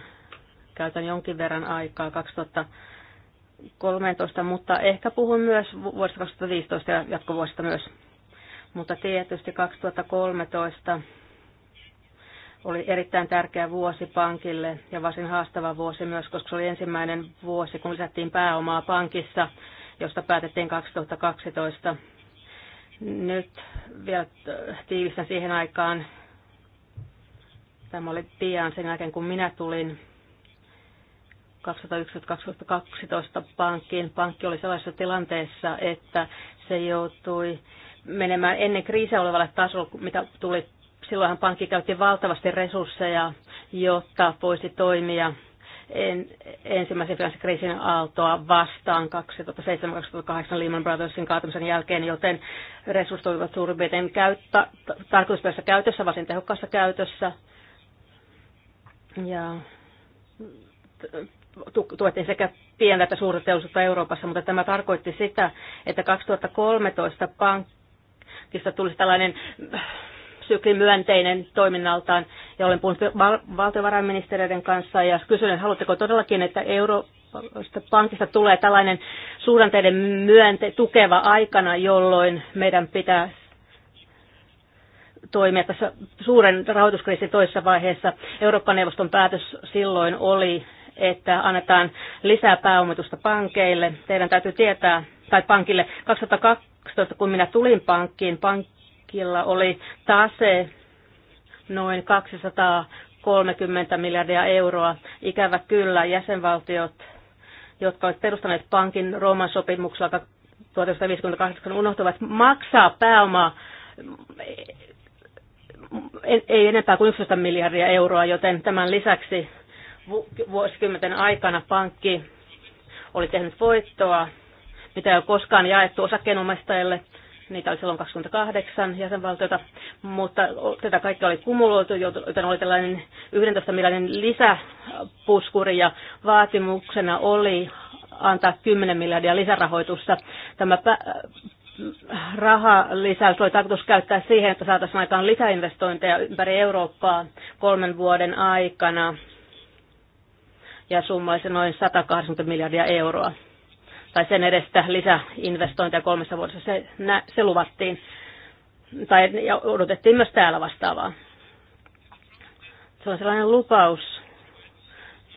käytän jonkin verran aikaa 2013, mutta ehkä puhun myös vuodesta 2015 ja jatkovuosista myös. Mutta tietysti 2013 oli erittäin tärkeä vuosi pankille ja varsin haastava vuosi myös, koska se oli ensimmäinen vuosi, kun lisättiin pääomaa pankissa, josta päätettiin 2012. Nyt vielä tiivistän siihen aikaan. Tämä oli pian sen jälkeen, kun minä tulin 2011-2012 pankkiin. Pankki oli sellaisessa tilanteessa, että se joutui menemään ennen kriisiä olevalle tasolle, mitä tuli. Silloinhan pankki käytti valtavasti resursseja, jotta voisi toimia en, ensimmäisen finanssikriisin aaltoa vastaan 2007-2008 Lehman Brothersin kaatumisen jälkeen, joten resurssit olivat suurin piirtein käy, tarkoitusperässä käytössä, varsin tehokkaassa käytössä. Ja tuettiin sekä pientä että suurta teollisuutta Euroopassa, mutta tämä tarkoitti sitä, että 2013 pankista tulisi tällainen syklimyönteinen toiminnaltaan, ja olen puhunut val- valtiovarainministeriöiden kanssa ja kysyin että haluatteko todellakin, että euro pankista tulee tällainen suhdanteiden myönte, tukeva aikana, jolloin meidän pitää toimia tässä suuren rahoituskriisin toisessa vaiheessa. Eurooppa-neuvoston päätös silloin oli, että annetaan lisää pääomitusta pankeille. Teidän täytyy tietää, tai pankille, 2012 kun minä tulin pankkiin, pankilla oli tase noin 230 miljardia euroa. Ikävä kyllä jäsenvaltiot, jotka ovat perustaneet pankin Rooman sopimuksella 1958, unohtuvat maksaa pääomaa ei enempää kuin 11 miljardia euroa, joten tämän lisäksi vuosikymmenten aikana pankki oli tehnyt voittoa, mitä ei ole koskaan jaettu osakkeenomistajille. Niitä oli silloin 28 jäsenvaltiota, mutta tätä kaikkea oli kumuloitu, joten oli tällainen 11 miljardin lisäpuskuri ja vaatimuksena oli antaa 10 miljardia lisärahoitusta. Tämä rahalisäys oli tarkoitus käyttää siihen, että saataisiin aikaan lisäinvestointeja ympäri Eurooppaa kolmen vuoden aikana ja olisi noin 180 miljardia euroa. Tai sen edestä lisäinvestointia kolmessa vuodessa se, nä, se luvattiin. Tai ja odotettiin myös täällä vastaavaa. Se on sellainen lupaus,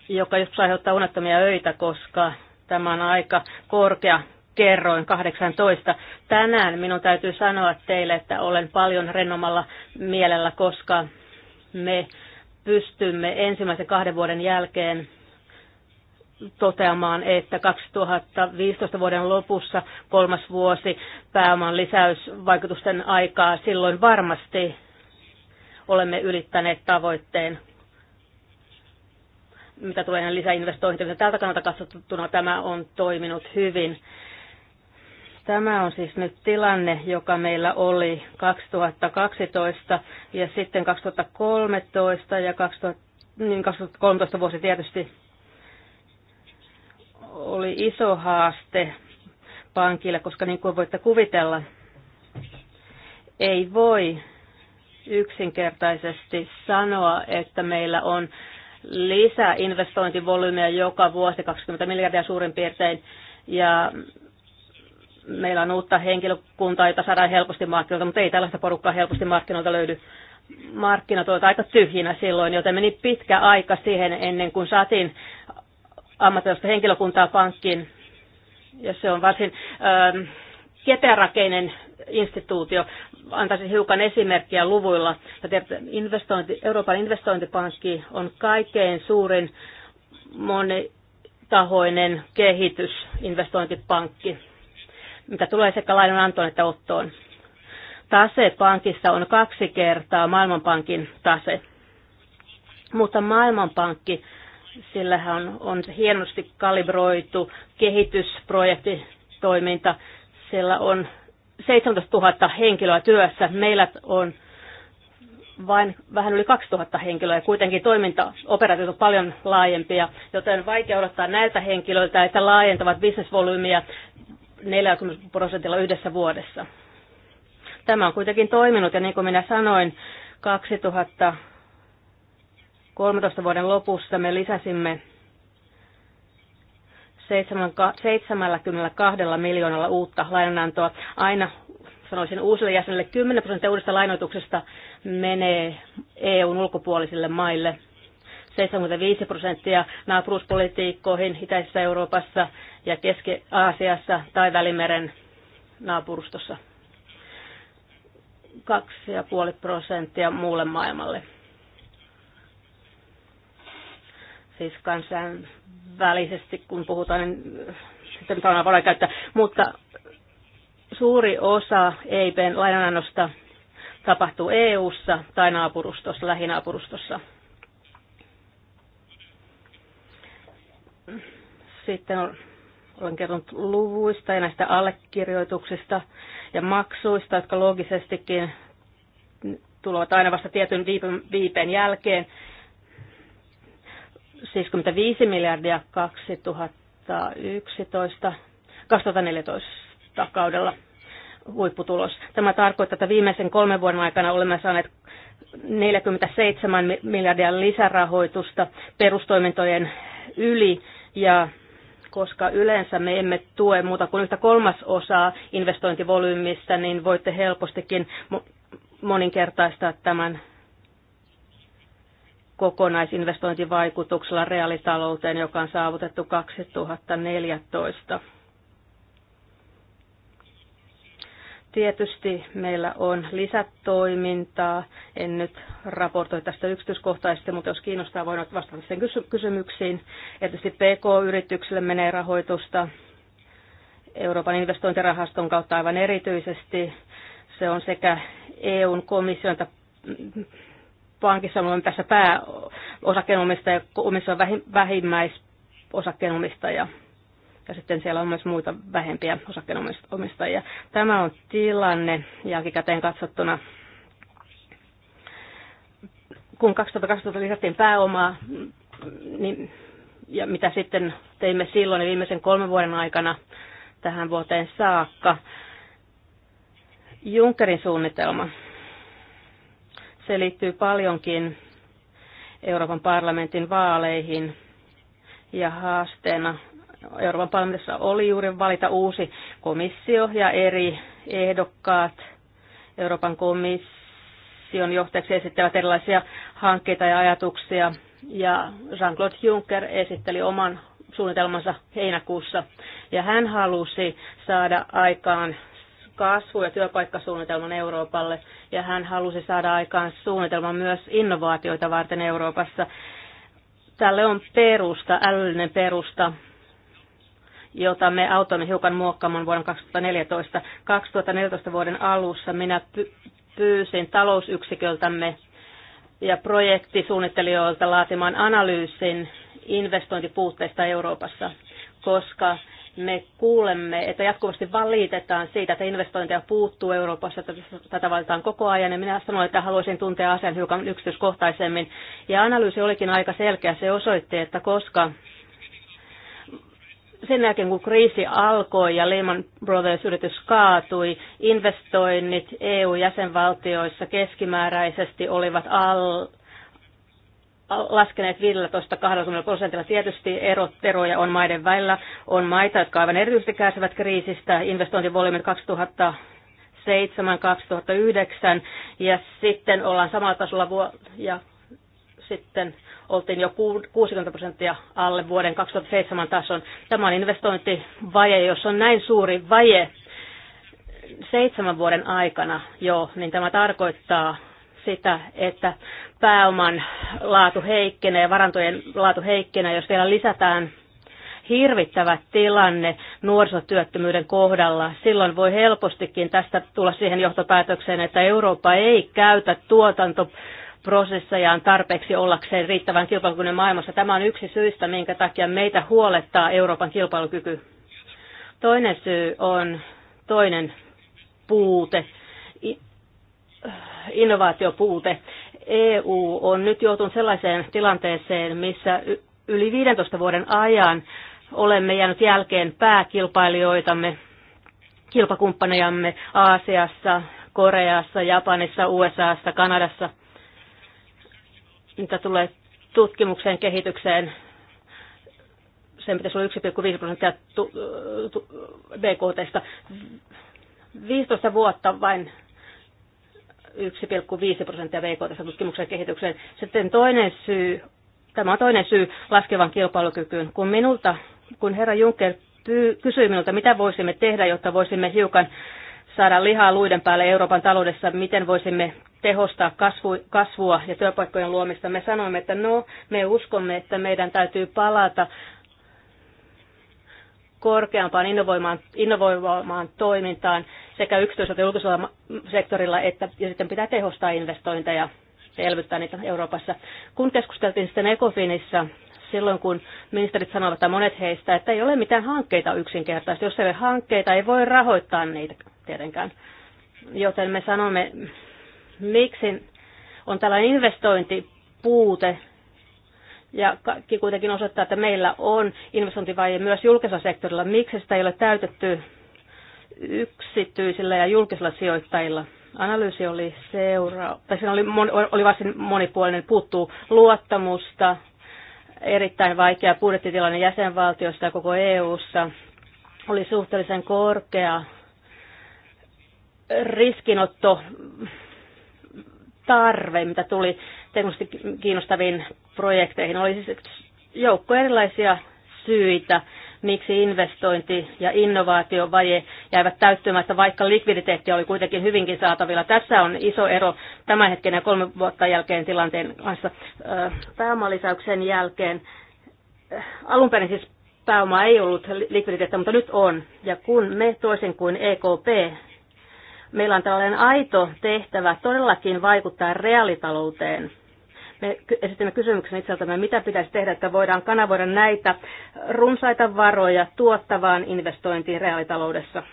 joka just aiheuttaa unettomia öitä, koska tämä on aika korkea kerroin 18. Tänään minun täytyy sanoa teille, että olen paljon rennomalla mielellä, koska me pystymme ensimmäisen kahden vuoden jälkeen toteamaan, että 2015 vuoden lopussa kolmas vuosi pääoman lisäysvaikutusten aikaa silloin varmasti olemme ylittäneet tavoitteen mitä tulee näihin lisäinvestointeihin. Tältä kannalta katsottuna tämä on toiminut hyvin. Tämä on siis nyt tilanne, joka meillä oli 2012 ja sitten 2013 ja 2000, niin 2013 vuosi tietysti oli iso haaste pankille, koska niin kuin voitte kuvitella, ei voi yksinkertaisesti sanoa, että meillä on lisää investointivolyymiä joka vuosi 20 miljardia suurin piirtein ja meillä on uutta henkilökuntaa, jota saadaan helposti markkinoilta, mutta ei tällaista porukkaa helposti markkinoilta löydy. Markkinat olivat aika tyhjinä silloin, joten meni pitkä aika siihen ennen kuin saatiin ammatillista henkilökuntaa pankkiin. Ja se on varsin ähm, keterakeinen instituutio. Antaisin hiukan esimerkkiä luvuilla. Investointi, Euroopan investointipankki on kaikkein suurin monitahoinen kehitysinvestointipankki, mitä tulee sekä lainanantoon että ottoon. Tase pankissa on kaksi kertaa Maailmanpankin tase, mutta Maailmanpankki Sillähän on, on hienosti kalibroitu kehitysprojektitoiminta. Siellä on 17 000 henkilöä työssä. Meillä on vain vähän yli 2000 henkilöä ja kuitenkin toimintaoperaatiot on paljon laajempia, joten vaikea odottaa näiltä henkilöiltä, että laajentavat bisnesvolyymiä 40 prosentilla yhdessä vuodessa. Tämä on kuitenkin toiminut ja niin kuin minä sanoin, 2000 13 vuoden lopussa me lisäsimme 72 miljoonalla uutta lainanantoa. Aina sanoisin uusille jäsenille 10 prosenttia uudesta lainoituksesta menee EUn ulkopuolisille maille. 75 prosenttia naapuruspolitiikkoihin Itäisessä Euroopassa ja Keski-Aasiassa tai Välimeren naapurustossa. 2,5 prosenttia muulle maailmalle. siis kansainvälisesti, kun puhutaan, niin sitten tavallaan voidaan käyttää. Mutta suuri osa EIPn lainanannosta tapahtuu EU-ssa tai naapurustossa, lähinaapurustossa. Sitten olen kertonut luvuista ja näistä allekirjoituksista ja maksuista, jotka loogisestikin tulevat aina vasta tietyn viipen jälkeen. 75 miljardia 2011, 2014 kaudella huipputulos. Tämä tarkoittaa, että viimeisen kolmen vuoden aikana olemme saaneet 47 miljardia lisärahoitusta perustoimintojen yli ja koska yleensä me emme tue muuta kuin yhtä kolmasosaa investointivolyymistä, niin voitte helpostikin moninkertaistaa tämän kokonaisinvestointivaikutuksella reaalitalouteen, joka on saavutettu 2014. Tietysti meillä on lisätoimintaa. En nyt raportoi tästä yksityiskohtaisesti, mutta jos kiinnostaa, voin vastata sen kysymyksiin. Tietysti PK-yrityksille menee rahoitusta Euroopan investointirahaston kautta aivan erityisesti. Se on sekä EUn komission että pankissa on tässä pääosakkeenomistaja, omissa on vähimmäisosakkeenomistaja ja sitten siellä on myös muita vähempiä osakkeenomistajia. Tämä on tilanne jälkikäteen katsottuna. Kun 2012 lisättiin pääomaa, niin, ja mitä sitten teimme silloin niin viimeisen kolmen vuoden aikana tähän vuoteen saakka, Junckerin suunnitelma se liittyy paljonkin Euroopan parlamentin vaaleihin ja haasteena Euroopan parlamentissa oli juuri valita uusi komissio ja eri ehdokkaat Euroopan komission johtajaksi esittävät erilaisia hankkeita ja ajatuksia. Ja Jean-Claude Juncker esitteli oman suunnitelmansa heinäkuussa. Ja hän halusi saada aikaan kasvu- ja työpaikkasuunnitelman Euroopalle, ja hän halusi saada aikaan suunnitelman myös innovaatioita varten Euroopassa. Tälle on perusta, älyllinen perusta, jota me autoimme hiukan muokkaamaan vuonna 2014. 2014 vuoden alussa minä pyysin talousyksiköltämme ja projektisuunnittelijoilta laatimaan analyysin investointipuutteista Euroopassa, koska me kuulemme, että jatkuvasti valitetaan siitä, että investointeja puuttuu Euroopassa, että tätä valitaan koko ajan. Ja minä sanoin, että haluaisin tuntea asian hiukan yksityiskohtaisemmin. Ja analyysi olikin aika selkeä. Se osoitti, että koska sen jälkeen, kun kriisi alkoi ja Lehman Brothers-yritys kaatui, investoinnit EU-jäsenvaltioissa keskimääräisesti olivat al, laskeneet 15-20 prosentilla. Tietysti erot, eroja on maiden välillä. On maita, jotka aivan erityisesti kärsivät kriisistä. Investointivolyymit 2000 2007-2009 ja sitten ollaan samalla tasolla vuo- ja sitten oltiin jo 60 prosenttia alle vuoden 2007 tason. Tämä on investointivaje, jos on näin suuri vaje seitsemän vuoden aikana jo, niin tämä tarkoittaa sitä, että pääoman laatu heikkenee, varantojen laatu heikkenee, jos vielä lisätään hirvittävä tilanne nuorisotyöttömyyden kohdalla. Silloin voi helpostikin tästä tulla siihen johtopäätökseen, että Eurooppa ei käytä tuotanto prosessejaan tarpeeksi ollakseen riittävän kilpailukyvyn maailmassa. Tämä on yksi syistä, minkä takia meitä huolettaa Euroopan kilpailukyky. Toinen syy on toinen puute innovaatiopuute. EU on nyt joutunut sellaiseen tilanteeseen, missä yli 15 vuoden ajan olemme jäänyt jälkeen pääkilpailijoitamme, kilpakumppanejamme Aasiassa, Koreassa, Japanissa, USAssa, Kanadassa, mitä tulee tutkimukseen, kehitykseen, sen pitäisi olla 1,5 prosenttia BKTstä. 15 vuotta vain 1,5 prosenttia vkt tutkimuksen kehitykseen. Sitten toinen syy, tämä on toinen syy laskevan kilpailukykyyn. Kun minulta, kun herra Juncker pyy, kysyi minulta, mitä voisimme tehdä, jotta voisimme hiukan saada lihaa luiden päälle Euroopan taloudessa, miten voisimme tehostaa kasvu, kasvua ja työpaikkojen luomista. Me sanoimme, että no, me uskomme, että meidän täytyy palata korkeampaan innovoimaan, innovoimaan toimintaan sekä yksityisellä ja julkisella sektorilla, että ja sitten pitää tehostaa investointeja ja elvyttää niitä Euroopassa. Kun keskusteltiin sitten Ecofinissa silloin, kun ministerit sanoivat, että monet heistä, että ei ole mitään hankkeita yksinkertaisesti. Jos ei ole hankkeita, ei voi rahoittaa niitä tietenkään. Joten me sanomme, miksi on tällainen investointipuute ja kaikki kuitenkin osoittaa, että meillä on investointivaje myös julkisella sektorilla. Miksi sitä ei ole täytetty yksityisillä ja julkisilla sijoittajilla? Analyysi oli seuraava, tai siinä oli, oli varsin monipuolinen, puuttuu luottamusta, erittäin vaikea budjettitilanne jäsenvaltiossa ja koko EU:ssa oli suhteellisen korkea riskinotto tarve, mitä tuli teknisesti kiinnostaviin projekteihin. Oli siis joukko erilaisia syitä, miksi investointi- ja innovaatiovaje jäivät täyttymättä, vaikka likviditeetti oli kuitenkin hyvinkin saatavilla. Tässä on iso ero tämän hetken ja kolme vuotta jälkeen tilanteen kanssa pääomalisäyksen jälkeen. Alun perin siis pääoma ei ollut likviditeettä, mutta nyt on. Ja kun me toisin kuin EKP, meillä on tällainen aito tehtävä todellakin vaikuttaa reaalitalouteen – me esitimme kysymyksen itseltämme, mitä pitäisi tehdä, että voidaan kanavoida näitä runsaita varoja tuottavaan investointiin reaalitaloudessa.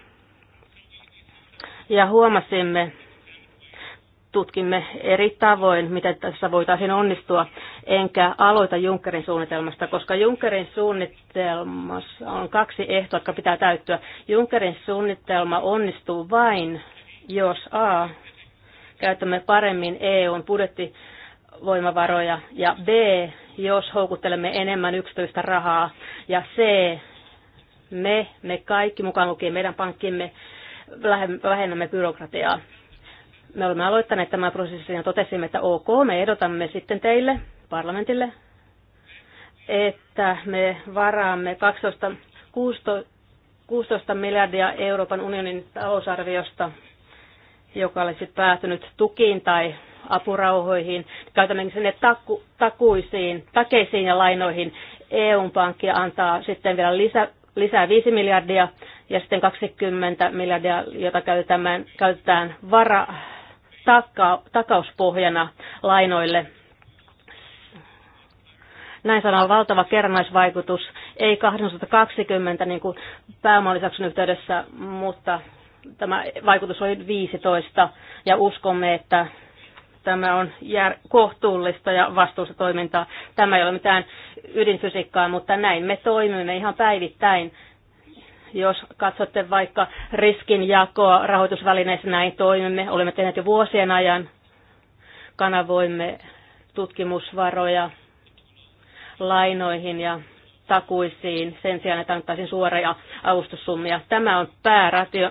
Ja huomasimme, tutkimme eri tavoin, miten tässä voitaisiin onnistua, enkä aloita Junckerin suunnitelmasta, koska Junckerin suunnitelmassa on kaksi ehtoa, jotka pitää täyttyä. Junckerin suunnitelma onnistuu vain, jos A, käytämme paremmin EUn budjetti voimavaroja ja B, jos houkuttelemme enemmän yksityistä rahaa ja C, me, me kaikki mukaan lukien meidän pankkimme vähennämme byrokratiaa. Me olemme aloittaneet tämän prosessin ja totesimme, että ok, me ehdotamme sitten teille, parlamentille, että me varaamme 12, 16, 16 miljardia Euroopan unionin talousarviosta, joka olisi päätynyt tukiin tai apurauhoihin, käytännössä sinne taku, takuisiin, takeisiin ja lainoihin. EU-pankki antaa sitten vielä lisä, lisää 5 miljardia ja sitten 20 miljardia, jota käytetään, käytetään vara, taka, takauspohjana lainoille. Näin sanoo valtava kerrannaisvaikutus, ei 220 niin kuin pääomalisäyksen yhteydessä, mutta tämä vaikutus oli 15 ja uskomme, että Tämä on jär- kohtuullista ja vastuullista toimintaa. Tämä ei ole mitään ydinfysiikkaa, mutta näin me toimimme ihan päivittäin. Jos katsotte vaikka riskinjakoa rahoitusvälineissä, näin toimimme. Olemme tehneet jo vuosien ajan. Kanavoimme tutkimusvaroja lainoihin ja takuisiin sen sijaan, että annettaisiin suoria avustussummia. Tämä on pääratio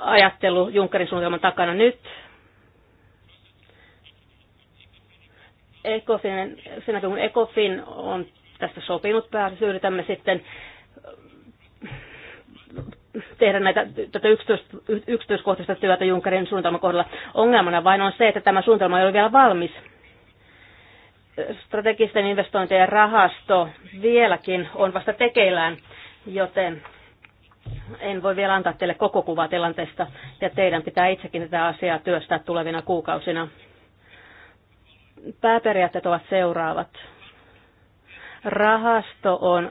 ajattelu Junckerin suunnitelman takana nyt. ECOFIN, sen kun ECOFIN on tästä sopinut päässä, yritämme sitten äh, tehdä näitä, tätä yksityiskohtaista työtä Junckerin suunnitelman kohdalla. Ongelmana vain on se, että tämä suunnitelma ei ole vielä valmis. Strategisten investointien rahasto vieläkin on vasta tekeillään, joten en voi vielä antaa teille koko kuvaa tilanteesta, ja teidän pitää itsekin tätä asiaa työstää tulevina kuukausina pääperiaatteet ovat seuraavat. Rahasto on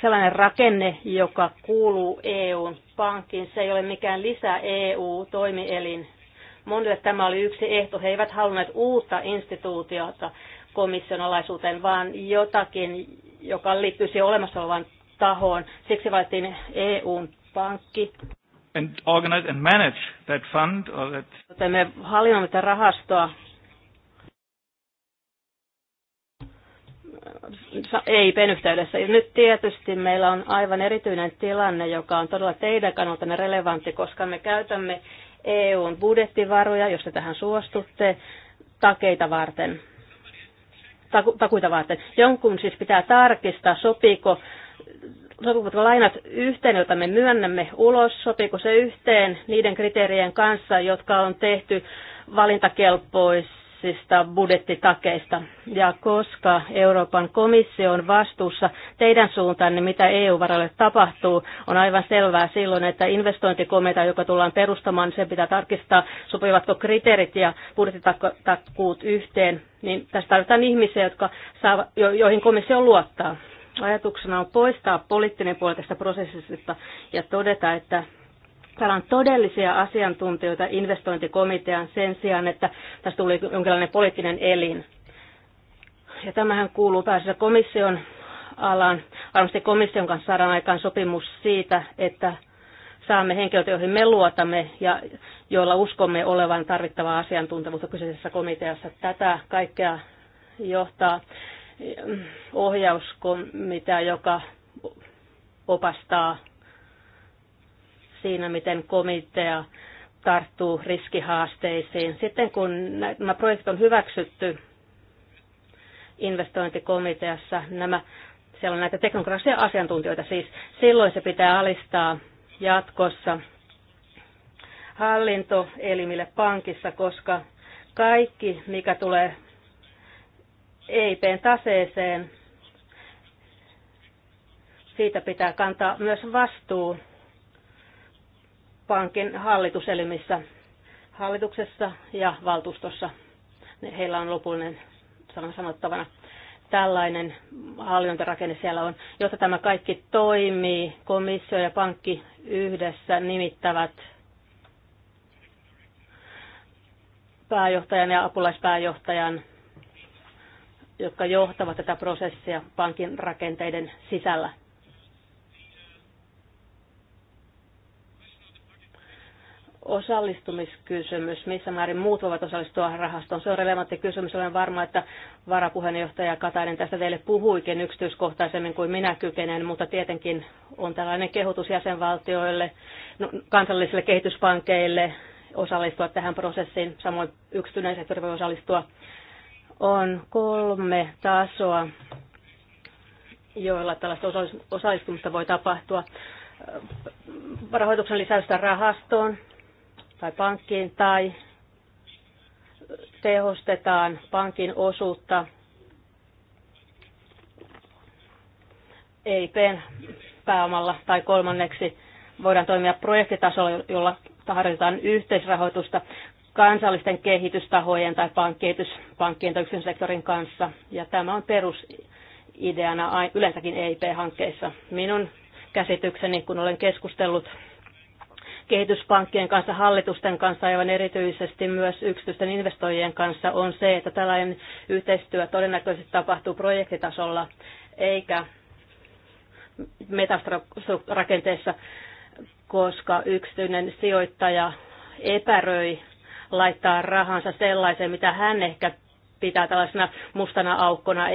sellainen rakenne, joka kuuluu EUn pankkiin. Se ei ole mikään lisä EU-toimielin. Monille tämä oli yksi ehto. He eivät halunneet uutta instituutiota komission alaisuuteen, vaan jotakin, joka liittyisi olemassa olevaan tahoon. Siksi valittiin EUn pankki. And organize and manage that fund or that... Joten me hallinnoimme tätä rahastoa Ei yhteydessä. Ja nyt tietysti meillä on aivan erityinen tilanne, joka on todella teidän kannaltanne relevantti, koska me käytämme EUn budjettivaroja, jos te tähän suostutte, takeita varten, taku, takuita varten. Jonkun siis pitää tarkistaa, sopiiko sopivatko lainat yhteen, joita me myönnämme ulos, sopiiko se yhteen niiden kriteerien kanssa, jotka on tehty valintakelpois kansallisista budjettitakeista. Ja koska Euroopan komissio on vastuussa teidän suuntaanne, mitä EU-varalle tapahtuu, on aivan selvää silloin, että investointikomitea, joka tullaan perustamaan, sen pitää tarkistaa, sopivatko kriteerit ja budjettitakkuut yhteen. Niin tässä tarvitaan ihmisiä, jotka saa, jo, joihin komissio luottaa. Ajatuksena on poistaa poliittinen puoli tästä prosessista ja todeta, että Täällä on todellisia asiantuntijoita investointikomitean sen sijaan, että tästä tuli jonkinlainen poliittinen elin. Ja tämähän kuuluu pääsessä komission alaan. Varmasti komission kanssa saadaan aikaan sopimus siitä, että saamme henkilöitä, joihin me luotamme ja joilla uskomme olevan tarvittavaa asiantuntemusta kyseisessä komiteassa. Tätä kaikkea johtaa eh, ohjauskomitea, joka opastaa siinä, miten komitea tarttuu riskihaasteisiin. Sitten kun nämä projektit on hyväksytty investointikomiteassa, nämä, siellä on näitä teknokraattisia asiantuntijoita siis, silloin se pitää alistaa jatkossa hallintoelimille pankissa, koska kaikki, mikä tulee EIPn taseeseen, siitä pitää kantaa myös vastuu pankin hallituselimissä, hallituksessa ja valtuustossa. Heillä on lopullinen sanon sanottavana tällainen hallintorakenne siellä on. Jotta tämä kaikki toimii, komissio ja pankki yhdessä nimittävät pääjohtajan ja apulaispääjohtajan, jotka johtavat tätä prosessia pankin rakenteiden sisällä. osallistumiskysymys, missä määrin muut voivat osallistua rahastoon. Se on relevantti kysymys. Olen varma, että varapuheenjohtaja Katainen tästä teille puhuikin yksityiskohtaisemmin kuin minä kykenen, mutta tietenkin on tällainen kehotus jäsenvaltioille, no, kansallisille kehityspankeille osallistua tähän prosessiin. Samoin yksityinen sektori voi osallistua. On kolme tasoa, joilla tällaista osallistumista voi tapahtua rahoituksen lisäystä rahastoon, tai pankkiin tai tehostetaan pankin osuutta EIPn pääomalla tai kolmanneksi voidaan toimia projektitasolla, jolla tarjotaan yhteisrahoitusta kansallisten kehitystahojen tai pankkien tai yksityisen sektorin kanssa. Ja tämä on perusideana yleensäkin EIP-hankkeissa. Minun käsitykseni, kun olen keskustellut kehityspankkien kanssa, hallitusten kanssa, aivan erityisesti myös yksityisten investoijien kanssa, on se, että tällainen yhteistyö todennäköisesti tapahtuu projektitasolla eikä metastrukturakenteessa, koska yksityinen sijoittaja epäröi laittaa rahansa sellaiseen, mitä hän ehkä pitää tällaisena mustana aukkona,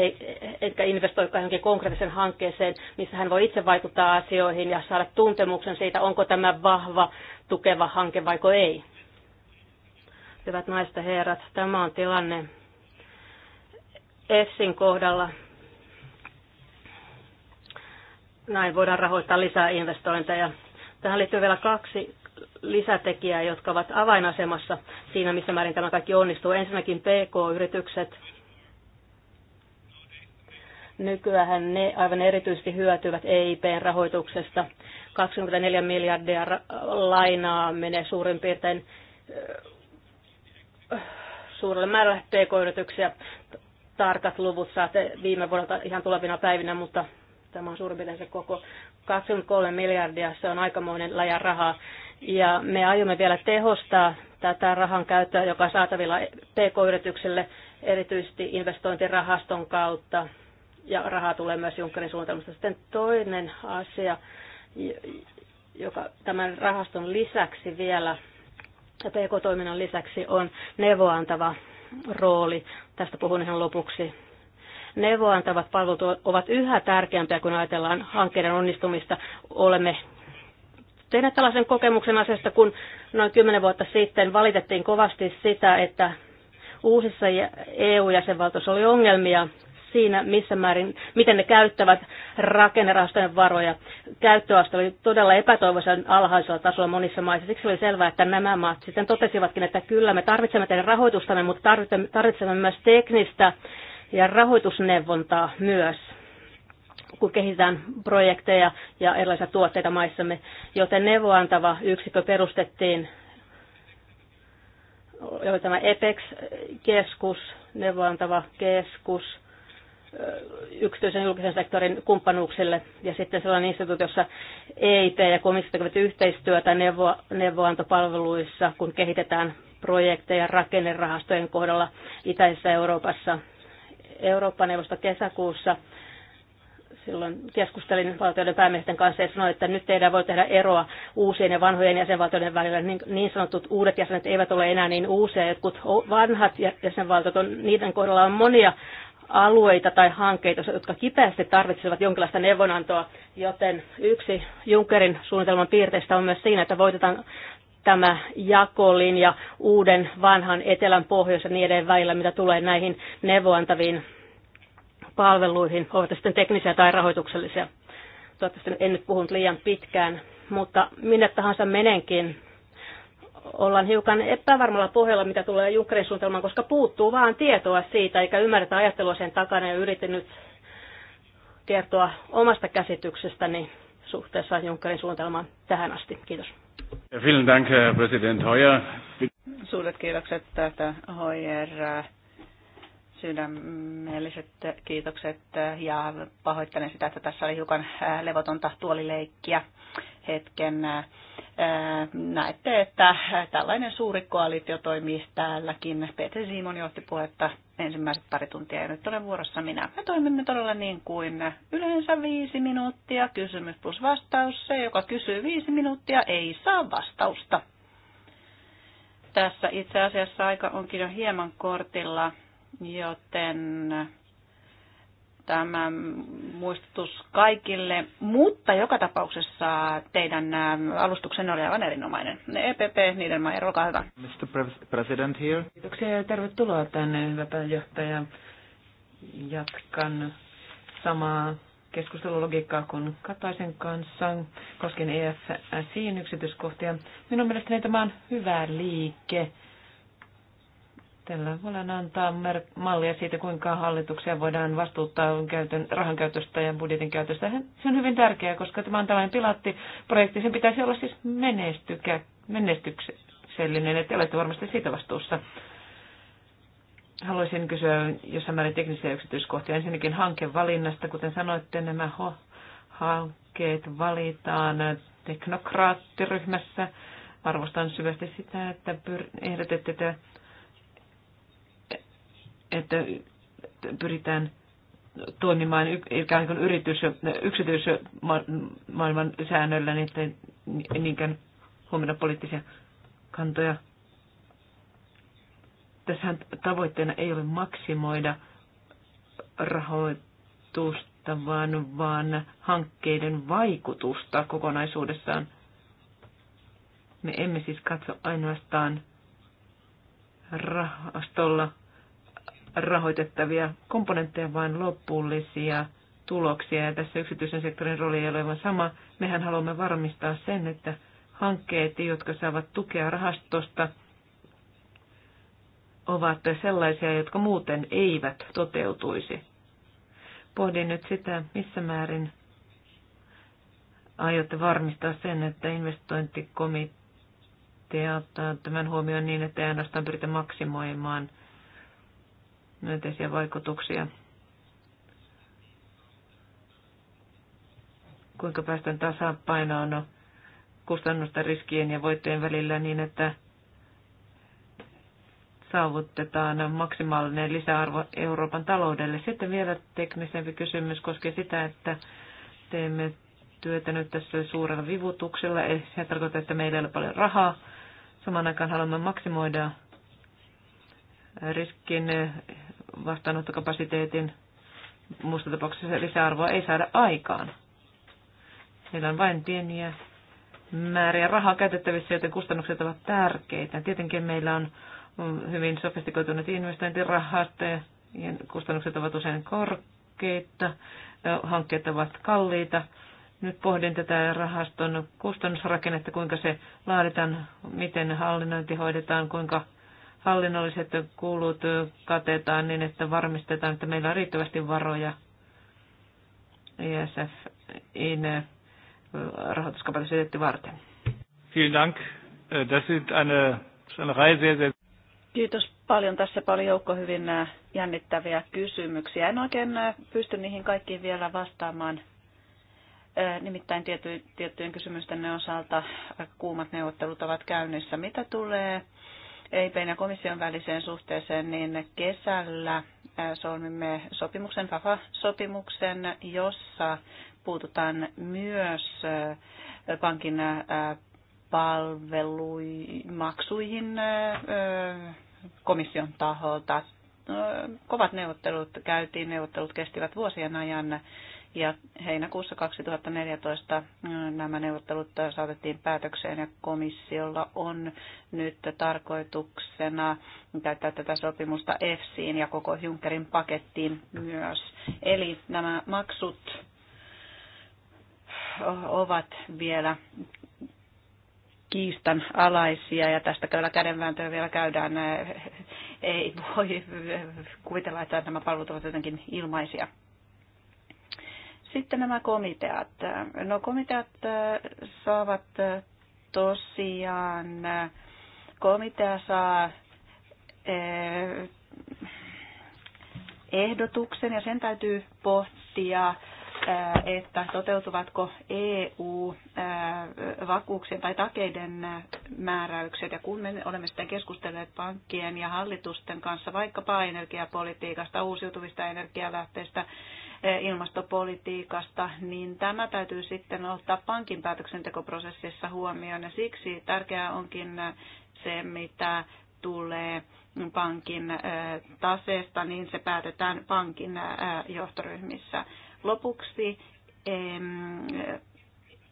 etkä investoi johonkin konkreettiseen hankkeeseen, missä hän voi itse vaikuttaa asioihin ja saada tuntemuksen siitä, onko tämä vahva, tukeva hanke vai ei. Hyvät naiset ja herrat, tämä on tilanne EFSin kohdalla. Näin voidaan rahoittaa lisää investointeja. Tähän liittyy vielä kaksi lisätekijää, jotka ovat avainasemassa siinä, missä määrin tämä kaikki onnistuu. Ensinnäkin PK-yritykset. Nykyään ne aivan erityisesti hyötyvät EIPn rahoituksesta. 24 miljardia lainaa menee suurin piirtein äh, suurelle määrälle PK-yrityksiä. Tarkat luvut saatte viime vuodelta ihan tulevina päivinä, mutta Tämä on suurin piirtein se koko 23 miljardia, se on aikamoinen laja rahaa. Ja me aiomme vielä tehostaa tätä rahan käyttöä, joka on saatavilla pk yrityksille erityisesti investointirahaston kautta. Ja rahaa tulee myös Junckerin suunnitelmasta. Sitten toinen asia, joka tämän rahaston lisäksi vielä ja PK-toiminnan lisäksi on neuvoantava rooli. Tästä puhun ihan lopuksi Neuvoantavat palvelut ovat yhä tärkeämpiä, kun ajatellaan hankkeiden onnistumista. Olemme tehneet tällaisen kokemuksen asiasta, kun noin kymmenen vuotta sitten valitettiin kovasti sitä, että uusissa EU-jäsenvaltioissa oli ongelmia siinä, missä määrin, miten ne käyttävät rakennerahastojen varoja. Käyttöaste oli todella epätoivoisen alhaisella tasolla monissa maissa. Siksi oli selvää, että nämä maat sitten totesivatkin, että kyllä me tarvitsemme teidän rahoitustamme, mutta tarvitsemme, tarvitsemme myös teknistä ja rahoitusneuvontaa myös kun kehitetään projekteja ja erilaisia tuotteita maissamme, joten neuvoantava yksikkö perustettiin, oli tämä EPEX-keskus, neuvoantava keskus yksityisen julkisen sektorin kumppanuuksille ja sitten sellainen instituutio, jossa EIT ja komissio tekevät yhteistyötä neuvo, neuvoantopalveluissa, kun kehitetään projekteja rakennerahastojen kohdalla Itäisessä Euroopassa Eurooppa-neuvosto kesäkuussa silloin keskustelin valtioiden päämiesten kanssa ja sanoin, että nyt teidän voi tehdä eroa uusien ja vanhojen jäsenvaltioiden välillä. Niin, niin sanotut uudet jäsenet eivät ole enää niin uusia. Jotkut vanhat jäsenvaltiot, on, niiden kohdalla on monia alueita tai hankkeita, jotka kipeästi tarvitsevat jonkinlaista neuvonantoa, joten yksi Junckerin suunnitelman piirteistä on myös siinä, että voitetaan tämä jakolinja uuden, vanhan, etelän, pohjoisen ja niin edelleen välillä, mitä tulee näihin neuvoantaviin palveluihin, ovat sitten teknisiä tai rahoituksellisia. Toivottavasti en nyt puhunut liian pitkään, mutta minne tahansa menenkin, ollaan hiukan epävarmalla pohjalla, mitä tulee Junckerin suunnitelmaan, koska puuttuu vaan tietoa siitä, eikä ymmärretä ajattelua sen takana ja yritin nyt kertoa omasta käsityksestäni suhteessa Junckerin suunnitelmaan tähän asti. Kiitos. Vielen Dank, Herr Präsident Heuer. Suuret kiitokset tätä Heuer sydämelliset kiitokset ja pahoittelen sitä, että tässä oli hiukan levotonta tuolileikkiä hetken. Näette, että tällainen suuri koalitio toimii täälläkin. Peter Simon johti puhetta ensimmäiset pari tuntia ja nyt olen vuorossa minä. Me toimimme todella niin kuin yleensä viisi minuuttia, kysymys plus vastaus. Se, joka kysyy viisi minuuttia, ei saa vastausta. Tässä itse asiassa aika onkin jo hieman kortilla joten tämä muistutus kaikille, mutta joka tapauksessa teidän alustuksen oli aivan erinomainen. EPP, niiden maa, olkaa hyvä. Mr. President here. Kiitoksia ja tervetuloa tänne, hyvä pääjohtaja. Jatkan samaa keskustelulogiikkaa kuin Kataisen kanssa koskien EFSin yksityiskohtia. Minun mielestäni tämä on hyvä liike Tällä voidaan antaa mallia siitä, kuinka hallituksia voidaan vastuuttaa käytön, rahan käytöstä ja budjetin käytöstä. Se on hyvin tärkeää, koska tämä on tällainen pilattiprojekti. Sen pitäisi olla siis menestykä, menestyksellinen, että olette varmasti siitä vastuussa. Haluaisin kysyä jossain määrin teknisiä yksityiskohtia. Ensinnäkin hankevalinnasta, kuten sanoitte, nämä ho- hankkeet valitaan teknokraattiryhmässä. Arvostan syvästi sitä, että pyr- ehdotettu että pyritään toimimaan ikään kuin yritys, yksityismaailman säännöllä, niin ettei niinkään huomioida poliittisia kantoja. Tässähän tavoitteena ei ole maksimoida rahoitusta, vaan, vaan hankkeiden vaikutusta kokonaisuudessaan. Me emme siis katso ainoastaan rahastolla rahoitettavia komponentteja, vaan loppullisia tuloksia. Ja tässä yksityisen sektorin rooli ei ole sama. Mehän haluamme varmistaa sen, että hankkeet, jotka saavat tukea rahastosta, ovat sellaisia, jotka muuten eivät toteutuisi. Pohdin nyt sitä, missä määrin aiotte varmistaa sen, että investointikomitea ottaa tämän huomioon niin, että ei ainoastaan pyritä maksimoimaan – myönteisiä vaikutuksia. Kuinka päästään tasapainoon kustannusten, riskien ja voittojen välillä niin, että saavutetaan maksimaalinen lisäarvo Euroopan taloudelle. Sitten vielä teknisempi kysymys koskee sitä, että teemme työtä nyt tässä suurella vivutuksella. Se tarkoittaa, että meillä ei ole paljon rahaa. Saman aikaan haluamme maksimoida riskin eh, vastaanottokapasiteetin muusta tapauksessa lisäarvoa ei saada aikaan. Meillä on vain pieniä määriä rahaa käytettävissä, joten kustannukset ovat tärkeitä. Tietenkin meillä on hyvin sofistikoituneet investointirahat eh, ja kustannukset ovat usein korkeita, eh, hankkeet ovat kalliita. Nyt pohdin tätä rahaston kustannusrakennetta, kuinka se laaditaan, miten hallinnointi hoidetaan, kuinka hallinnolliset kulut katetaan niin, että varmistetaan, että meillä on riittävästi varoja e in äh, rahoituskapasiteetti varten. Vielen Dank. Äh, das ist eine, eine Reihe sehr, sehr Kiitos paljon. Tässä paljon joukko hyvin äh, jännittäviä kysymyksiä. En oikein pysty niihin kaikkiin vielä vastaamaan. Nimittäin tiettyjen kysymysten osalta kuumat neuvottelut ovat käynnissä. Mitä tulee EIPn ja komission väliseen suhteeseen, niin kesällä solmimme sopimuksen, FAFA-sopimuksen, jossa puututaan myös pankin palvelumaksuihin komission taholta. Kovat neuvottelut käytiin, neuvottelut kestivät vuosien ajan ja heinäkuussa 2014 mm, nämä neuvottelut saatettiin päätökseen ja komissiolla on nyt tarkoituksena käyttää tätä sopimusta EFSiin ja koko Junckerin pakettiin myös. Eli nämä maksut ovat vielä kiistan alaisia ja tästä kyllä kädenvääntöä vielä käydään. Ei voi kuvitella, että nämä palvelut ovat jotenkin ilmaisia sitten nämä komiteat. No komiteat äh, saavat äh, tosiaan, äh, komitea saa ehdotuksen ja sen täytyy pohtia, että toteutuvatko EU-vakuuksien tai takeiden määräykset. Ja kun me olemme sitten keskustelleet pankkien ja hallitusten kanssa vaikkapa energiapolitiikasta, uusiutuvista energialähteistä, ilmastopolitiikasta, niin tämä täytyy sitten ottaa pankin päätöksentekoprosessissa huomioon. Ja siksi tärkeää onkin se, mitä tulee pankin äh, taseesta, niin se päätetään pankin äh, johtoryhmissä. Lopuksi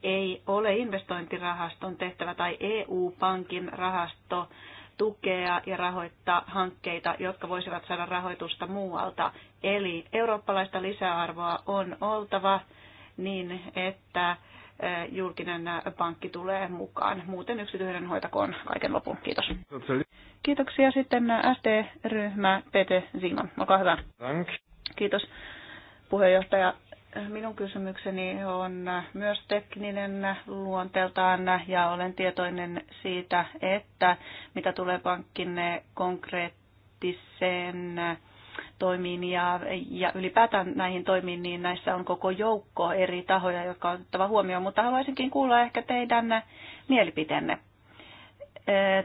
ei ole investointirahaston tehtävä tai EU-pankin rahasto tukea ja rahoittaa hankkeita, jotka voisivat saada rahoitusta muualta. Eli eurooppalaista lisäarvoa on oltava niin, että julkinen pankki tulee mukaan. Muuten yksityinen hoitakoon kaiken lopun. Kiitos. Kiitoksia sitten ST-ryhmä Pete Simon. Olkaa hyvä. Kiitos puheenjohtaja. Minun kysymykseni on myös tekninen luonteeltaan ja olen tietoinen siitä, että mitä tulee pankkinne konkreettiseen toimiin ja, ja ylipäätään näihin toimiin, niin näissä on koko joukko eri tahoja, jotka on otettava huomioon, mutta haluaisinkin kuulla ehkä teidän mielipiteenne.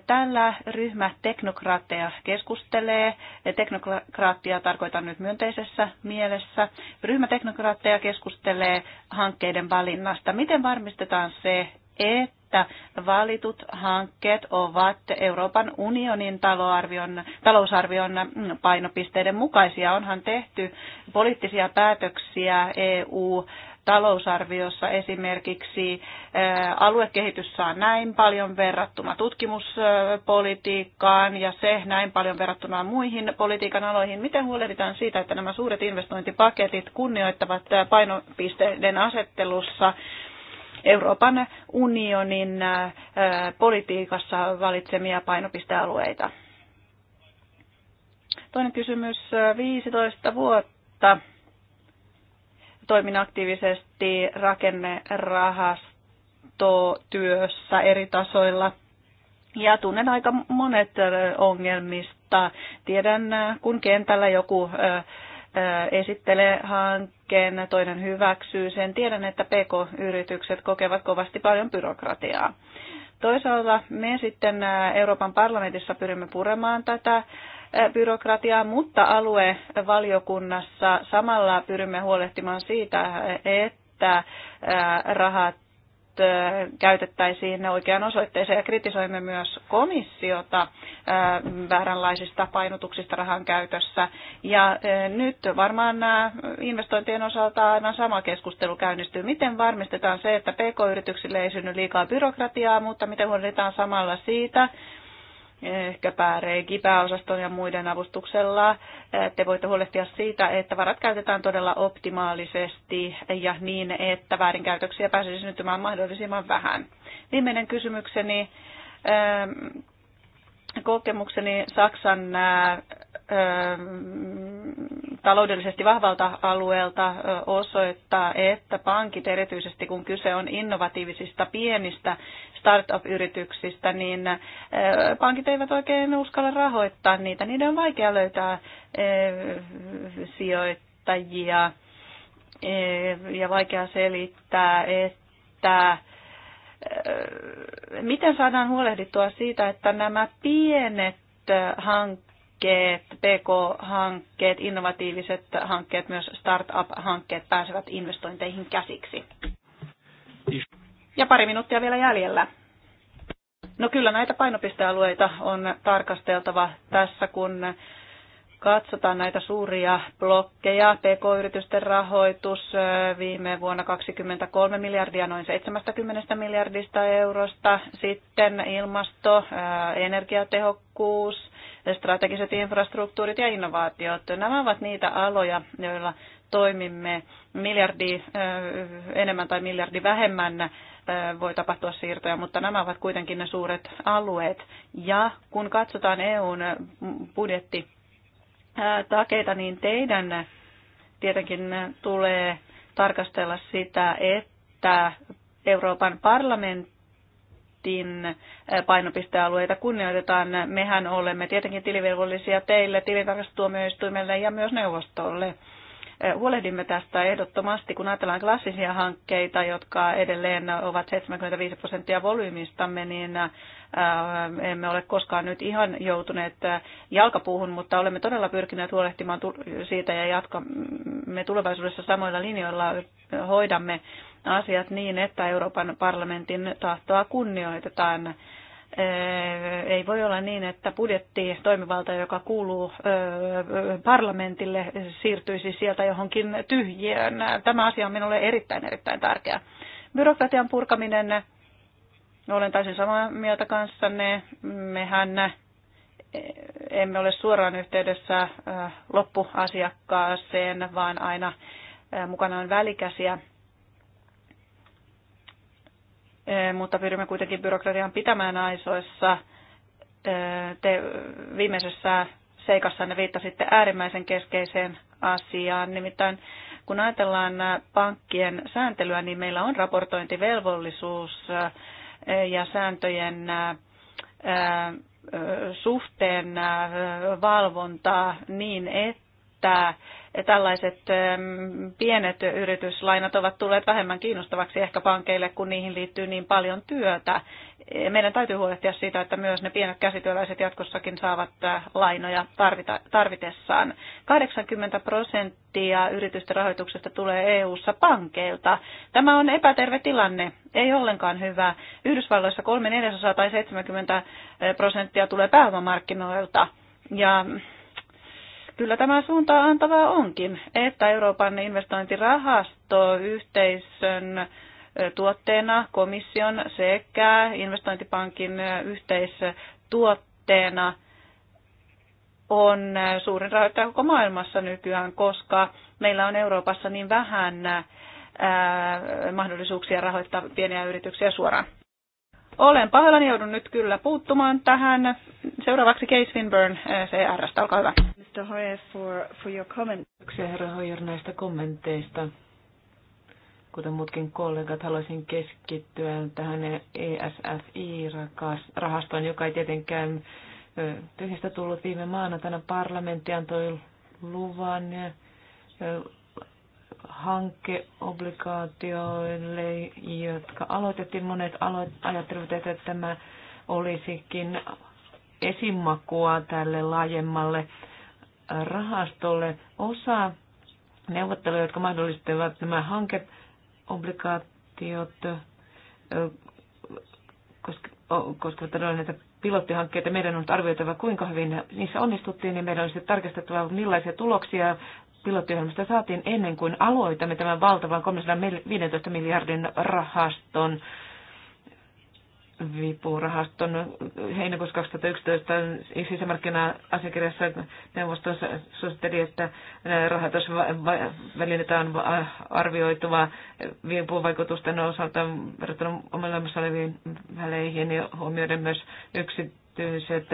Tällä ryhmä teknokraatteja keskustelee. Teknokraattia tarkoitan nyt myönteisessä mielessä. Ryhmä teknokraatteja keskustelee hankkeiden valinnasta. Miten varmistetaan se, että että valitut hankkeet ovat Euroopan unionin talousarvion painopisteiden mukaisia. Onhan tehty poliittisia päätöksiä EU talousarviossa esimerkiksi aluekehitys saa näin paljon verrattuna tutkimuspolitiikkaan ja se näin paljon verrattuna muihin politiikan aloihin. Miten huolehditaan siitä, että nämä suuret investointipaketit kunnioittavat painopisteiden asettelussa Euroopan unionin äh, politiikassa valitsemia painopistealueita. Toinen kysymys. 15 äh, vuotta toimin aktiivisesti rakennerahastotyössä eri tasoilla ja tunnen aika monet äh, ongelmista. Tiedän, kun kentällä joku esittelee hankkeen, toinen hyväksyy sen. Tiedän, että PK-yritykset kokevat kovasti paljon byrokratiaa. Toisaalta me sitten Euroopan parlamentissa pyrimme puremaan tätä byrokratiaa, mutta aluevaliokunnassa samalla pyrimme huolehtimaan siitä, että rahat käytettäisiin ne oikeaan osoitteeseen ja kritisoimme myös komissiota vääränlaisista painotuksista rahan käytössä. Ja nyt varmaan nämä investointien osalta aivan sama keskustelu käynnistyy. Miten varmistetaan se, että pk-yrityksille ei synny liikaa byrokratiaa, mutta miten huolehditaan samalla siitä, ehkäpä reiki pääosaston ja muiden avustuksella. Te voitte huolehtia siitä, että varat käytetään todella optimaalisesti ja niin, että väärinkäytöksiä pääsisi syntymään mahdollisimman vähän. Viimeinen kysymykseni. Ähm, kokemukseni Saksan äh, ähm, taloudellisesti vahvalta alueelta osoittaa, että pankit erityisesti kun kyse on innovatiivisista pienistä startup-yrityksistä, niin pankit eivät oikein uskalla rahoittaa niitä. Niiden on vaikea löytää sijoittajia ja vaikea selittää, että miten saadaan huolehdittua siitä, että nämä pienet hankkeet, PK-hankkeet, innovatiiviset hankkeet, myös startup-hankkeet pääsevät investointeihin käsiksi. Ja pari minuuttia vielä jäljellä. No kyllä näitä painopistealueita on tarkasteltava tässä, kun katsotaan näitä suuria blokkeja, pk-yritysten rahoitus viime vuonna 23 miljardia, noin 70 miljardista eurosta, sitten ilmasto, energiatehokkuus, strategiset infrastruktuurit ja innovaatiot. Nämä ovat niitä aloja, joilla toimimme miljardi enemmän tai miljardi vähemmän voi tapahtua siirtoja, mutta nämä ovat kuitenkin ne suuret alueet. Ja kun katsotaan EUn budjettitakeita, niin teidän tietenkin tulee tarkastella sitä, että Euroopan parlamentin painopistealueita kunnioitetaan. Mehän olemme tietenkin tilivelvollisia teille, tilintarkastustuomioistuimelle ja myös neuvostolle. Eh, huolehdimme tästä ehdottomasti, kun ajatellaan klassisia hankkeita, jotka edelleen ovat 75 prosenttia volyymistamme, niin eh, emme ole koskaan nyt ihan joutuneet eh, jalkapuuhun, mutta olemme todella pyrkineet huolehtimaan siitä ja jatkamme tulevaisuudessa samoilla linjoilla hoidamme asiat niin, että Euroopan parlamentin tahtoa kunnioitetaan ei voi olla niin, että budjetti toimivalta, joka kuuluu parlamentille, siirtyisi sieltä johonkin tyhjiöön. Tämä asia on minulle erittäin, erittäin tärkeä. Byrokratian purkaminen, olen täysin samaa mieltä kanssanne. Mehän emme ole suoraan yhteydessä loppuasiakkaaseen, vaan aina mukana on välikäsiä mutta pyrimme kuitenkin byrokratian pitämään aisoissa. Te viimeisessä ne viittasitte äärimmäisen keskeiseen asiaan, nimittäin kun ajatellaan pankkien sääntelyä, niin meillä on raportointivelvollisuus ja sääntöjen suhteen valvontaa niin, että tällaiset ähm, pienet yrityslainat ovat tulleet vähemmän kiinnostavaksi ehkä pankeille, kun niihin liittyy niin paljon työtä. Meidän täytyy huolehtia siitä, että myös ne pienet käsityöläiset jatkossakin saavat äh, lainoja tarvitessaan. 80 prosenttia yritysten rahoituksesta tulee EU-ssa pankeilta. Tämä on epäterve tilanne, ei ollenkaan hyvä. Yhdysvalloissa 3 neljäsosaa tai 70 äh, prosenttia tulee pääomamarkkinoilta. Ja Kyllä tämä suuntaa antavaa onkin, että Euroopan investointirahasto yhteisön tuotteena, komission sekä investointipankin yhteistuotteena on suurin rahoittaja koko maailmassa nykyään, koska meillä on Euroopassa niin vähän mahdollisuuksia rahoittaa pieniä yrityksiä suoraan. Olen pahoillani, joudun nyt kyllä puuttumaan tähän. Seuraavaksi Case Finburn CRstä, olkaa hyvä. Mr. Hoyer, for, your comment. Kiitoksia herra Hoyer näistä kommenteista. Kuten muutkin kollegat, haluaisin keskittyä tähän ESFI-rahastoon, joka ei tietenkään tyhjästä tullut viime maanantaina. Parlamentti antoi luvan hankeobligaatioille, jotka aloitettiin. Monet ajattelivat, että tämä olisikin esimakua tälle laajemmalle rahastolle osa neuvotteluja, jotka mahdollistavat nämä hanket, obligaatiot, koska todella näitä pilottihankkeita. Meidän on arvioitava, kuinka hyvin niissä onnistuttiin, niin meidän on sitten tarkastettava, millaisia tuloksia pilottiohjelmasta saatiin ennen kuin aloitamme tämän valtavan 315 miljardin rahaston vipurahaston heinäkuussa 2011 sisämarkkina-asiakirjassa neuvosto suositteli, että rahoitusvälineitä on viipuun vaikutusten osalta verrattuna olemassa oleviin väleihin ja huomioiden myös yksityiset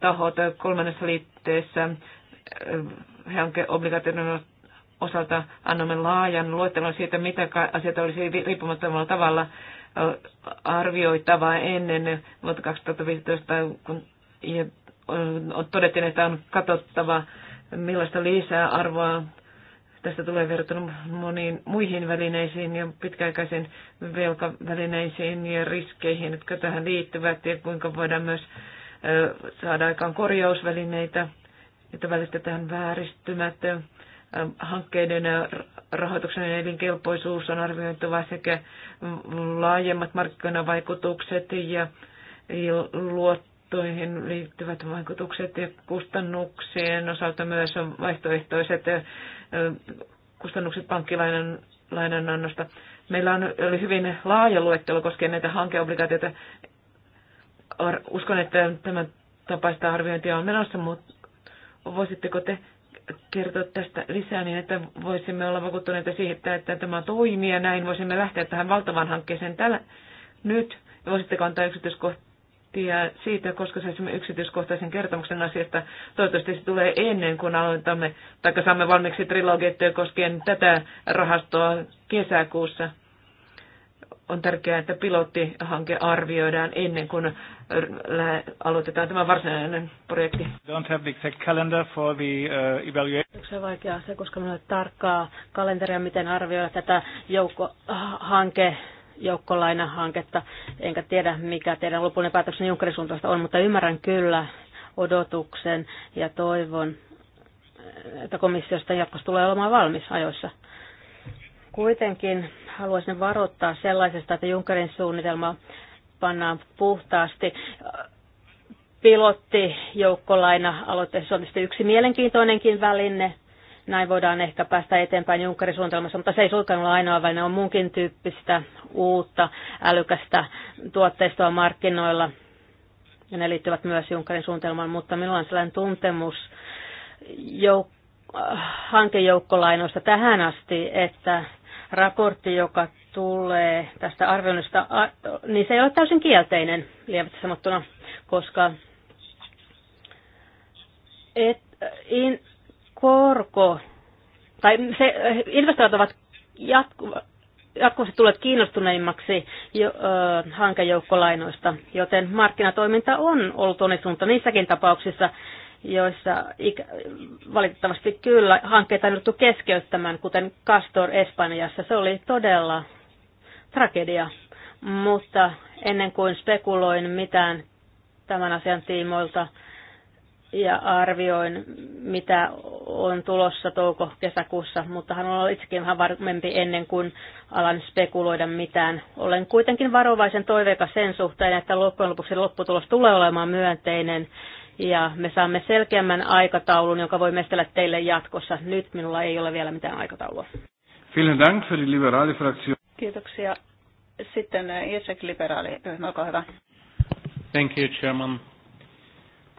tahot kolmannessa liitteessä obligaation osalta annamme laajan luettelon siitä, mitä asioita olisi riippumattomalla tavalla arvioitava ennen vuotta 2015, kun todettiin, että on katsottava, millaista lisäarvoa tästä tulee verrattuna moniin muihin välineisiin ja pitkäaikaisiin velkavälineisiin ja riskeihin, jotka tähän liittyvät ja kuinka voidaan myös saada aikaan korjausvälineitä, että välistetään vääristymät hankkeiden rahoituksen elinkelpoisuus on arvioitava sekä laajemmat markkinavaikutukset ja luottoihin liittyvät vaikutukset ja kustannuksien osalta myös vaihtoehtoiset kustannukset pankkilainan lainanannosta. Meillä on, oli hyvin laaja luettelo koskien näitä hankeobligaatioita. Uskon, että tämän tapaista arviointia on menossa, mutta voisitteko te kertoa tästä lisää niin, että voisimme olla vakuuttuneita siitä, että tämä toimii ja näin voisimme lähteä tähän valtavan hankkeeseen tällä nyt. Voisitteko antaa yksityiskohtia siitä, koska saisimme yksityiskohtaisen kertomuksen asiasta. Toivottavasti se tulee ennen kuin aloitamme, tai saamme valmiiksi trilogiettyä, koskien tätä rahastoa kesäkuussa on tärkeää, että pilottihanke arvioidaan ennen kuin aloitetaan tämä varsinainen projekti. Don't have the exact calendar for the uh, evaluation. Onko se vaikea asia, koska minulla on tarkkaa kalenteria, miten arvioida tätä joukko, äh, hanke, joukkolainahanketta. Enkä tiedä, mikä teidän lopullinen päätöksenne Junckerin suuntaista on, mutta ymmärrän kyllä odotuksen ja toivon, että komissiosta jatkossa tulee olemaan valmis ajoissa. Kuitenkin haluaisin varoittaa sellaisesta, että Junckerin suunnitelma pannaan puhtaasti pilottijoukkolaina aloitteessa on tietysti yksi mielenkiintoinenkin väline. Näin voidaan ehkä päästä eteenpäin Junckerin suunnitelmassa, mutta se ei suinkaan ole ainoa väline, on muunkin tyyppistä uutta älykästä tuotteistoa markkinoilla. Ja ne liittyvät myös Junckerin suunnitelmaan, mutta minulla on sellainen tuntemus jouk- äh, hankejoukkolainoista tähän asti, että raportti, joka tulee tästä arvioinnista, niin se ei ole täysin kielteinen, lievästi sanottuna, koska et, in, korko, tai se, investoijat ovat jatkuva, jatkuvasti tulleet kiinnostuneimmaksi jo, ö, hankejoukkolainoista, joten markkinatoiminta on ollut onnistunutta niissäkin tapauksissa, joissa valitettavasti kyllä hankkeita on jouduttu keskeyttämään, kuten Castor Espanjassa. Se oli todella tragedia, mutta ennen kuin spekuloin mitään tämän asian tiimoilta ja arvioin, mitä on tulossa touko-kesäkuussa, mutta hän on itsekin vähän varmempi ennen kuin alan spekuloida mitään. Olen kuitenkin varovaisen toiveikas sen suhteen, että loppujen lopuksi lopputulos tulee olemaan myönteinen ja me saamme selkeämmän aikataulun, jonka voi mestellä teille jatkossa. Nyt minulla ei ole vielä mitään aikataulua. Vielen Dank für die liberale Fraktion. Kiitoksia. Sitten Irsek eh, liberaaliryhmä, eh, olkaa hyvä. Thank you, Chairman.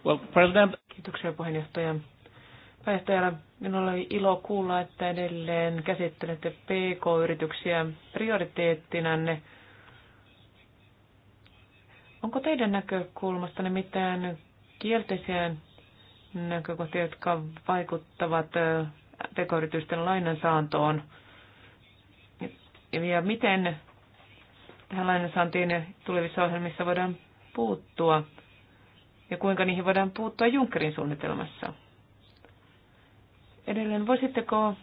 Well, President... Kiitoksia puheenjohtaja. Päihtäjällä minulla oli ilo kuulla, että edelleen käsittelette PK-yrityksiä prioriteettinanne. Onko teidän näkökulmastanne mitään kielteisiä näkökohtia, jotka vaikuttavat pk-yritysten lainansaantoon. Ja miten tähän lainansaantiin tulevissa ohjelmissa voidaan puuttua ja kuinka niihin voidaan puuttua Junckerin suunnitelmassa. Edelleen voisitteko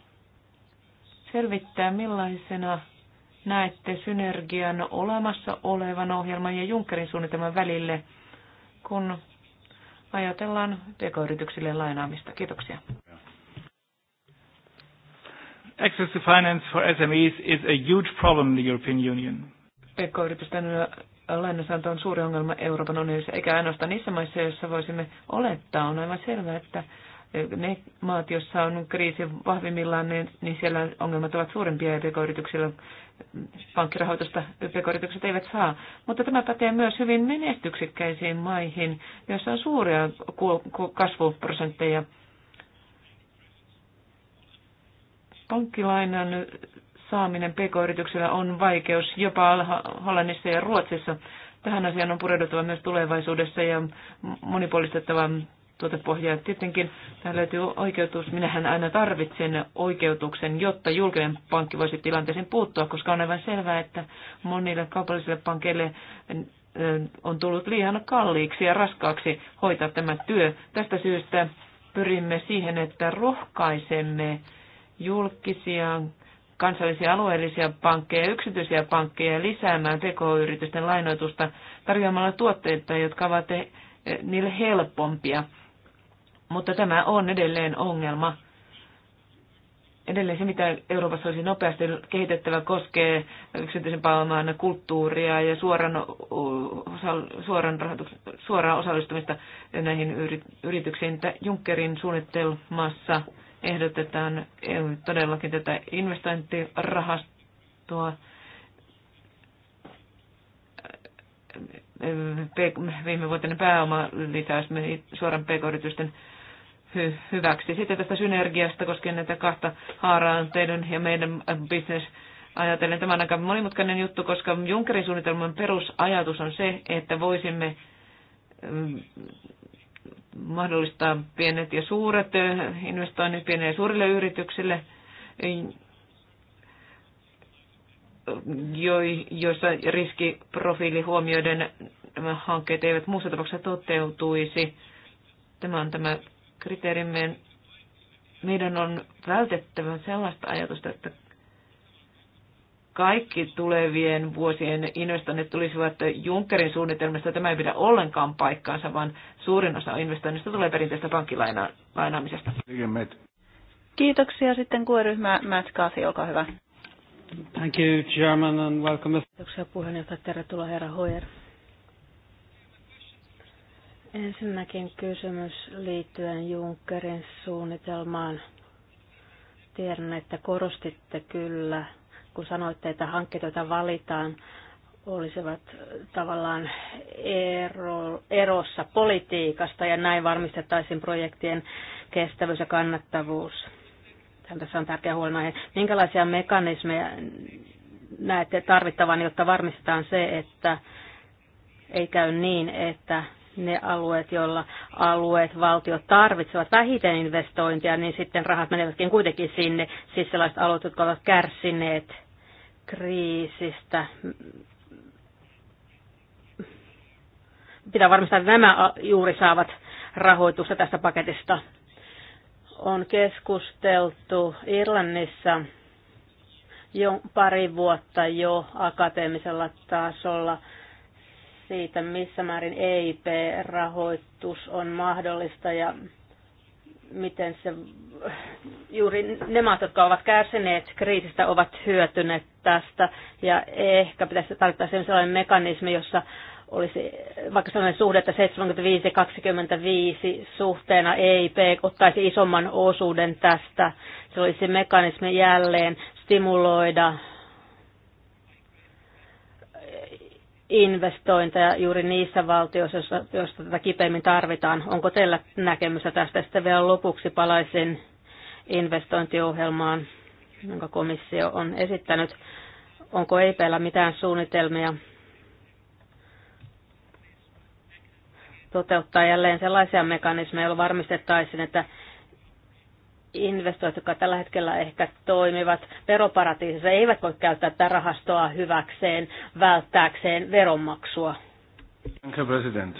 selvittää, millaisena näette synergian olemassa olevan ohjelman ja Junckerin suunnitelman välille, kun ajatellaan pk-yrityksille lainaamista. Kiitoksia. Access to finance for SMEs is a huge problem in the European Union. PK-yritysten lainansaanto on suuri ongelma Euroopan unionissa, eikä ainoastaan niissä maissa, joissa voisimme olettaa. On aivan selvää, että ne maat, joissa on kriisi vahvimmillaan, niin, niin siellä ongelmat ovat suurempia ja pk-yrityksillä pankkirahoitusta pk eivät saa. Mutta tämä pätee myös hyvin menestyksikkäisiin maihin, joissa on suuria kasvuprosentteja. Pankkilainan saaminen pk-yrityksillä on vaikeus jopa Hollannissa ja Ruotsissa. Tähän asiaan on pureuduttava myös tulevaisuudessa ja monipuolistettava tuotepohjaa. Tietenkin täällä löytyy oikeutus. Minähän aina tarvitsen oikeutuksen, jotta julkinen pankki voisi tilanteeseen puuttua, koska on aivan selvää, että monille kaupallisille pankeille eh, on tullut liian kalliiksi ja raskaaksi hoitaa tämä työ. Tästä syystä pyrimme siihen, että rohkaisemme julkisia kansallisia alueellisia pankkeja ja yksityisiä pankkeja lisäämään pk-yritysten lainoitusta tarjoamalla tuotteita, jotka ovat eh, niille helpompia mutta tämä on edelleen ongelma. Edelleen se, mitä Euroopassa olisi nopeasti kehitettävä, koskee yksityisen pääoman kulttuuria ja suoran, suoran, suoraan osallistumista näihin yrityksiin. Junckerin suunnitelmassa ehdotetaan todellakin tätä investointirahastoa viime vuotinen pääoma lisäys suoran pk-yritysten hy- hyväksi. Sitten tästä synergiasta koskien näitä kahta haaraa, teidän ja meidän business ajatellen. Tämä on aika monimutkainen juttu, koska Junckerin suunnitelman perusajatus on se, että voisimme mm, mahdollistaa pienet ja suuret investoinnit pienille ja suurille yrityksille, joissa riskiprofiili huomioiden nämä mm, hankkeet eivät muussa tapauksessa toteutuisi. Tämä on tämä kriteerimme. Meidän on vältettävä sellaista ajatusta, että kaikki tulevien vuosien investoinnit tulisivat Junckerin suunnitelmasta. Tämä ei pidä ollenkaan paikkaansa, vaan suurin osa investoinnista tulee perinteistä pankkilainaamisesta. Kiitoksia sitten kuoryhmä Matt Kasi, olkaa hyvä. Thank you, Chairman, and welcome. Kiitoksia puheenjohtaja. Tervetuloa herra Hoyer. Ensinnäkin kysymys liittyen Junckerin suunnitelmaan. Tiedän, että korostitte kyllä, kun sanoitte, että hankkeet, joita valitaan, olisivat tavallaan ero, erossa politiikasta ja näin varmistettaisiin projektien kestävyys ja kannattavuus. Tässä on tärkeä huolenaihe. Minkälaisia mekanismeja näette tarvittavan, jotta varmistetaan se, että ei käy niin, että ne alueet, joilla alueet, valtiot tarvitsevat vähiten investointia, niin sitten rahat menevätkin kuitenkin sinne, siis sellaiset alueet, jotka ovat kärsineet kriisistä. Pitää varmistaa, että nämä juuri saavat rahoitusta tästä paketista. On keskusteltu Irlannissa jo pari vuotta jo akateemisella tasolla siitä, missä määrin EIP-rahoitus on mahdollista ja miten se, juuri ne maat, jotka ovat kärsineet kriisistä, ovat hyötyneet tästä. Ja ehkä pitäisi tarkoittaa sellainen mekanismi, jossa olisi vaikka sellainen suhde, että 75-25 suhteena EIP ottaisi isomman osuuden tästä. Se olisi mekanismi jälleen stimuloida investointeja juuri niissä valtioissa, joissa, joissa tätä kipeimmin tarvitaan. Onko teillä näkemystä tästä? Sitten vielä lopuksi palaisin investointiohjelmaan, jonka komissio on esittänyt. Onko EIPllä mitään suunnitelmia toteuttaa jälleen sellaisia mekanismeja, joilla varmistettaisiin, että investoijat, jotka tällä hetkellä ehkä toimivat veroparatiisissa, eivät voi käyttää tätä rahastoa hyväkseen välttääkseen veronmaksua. Thank you, President.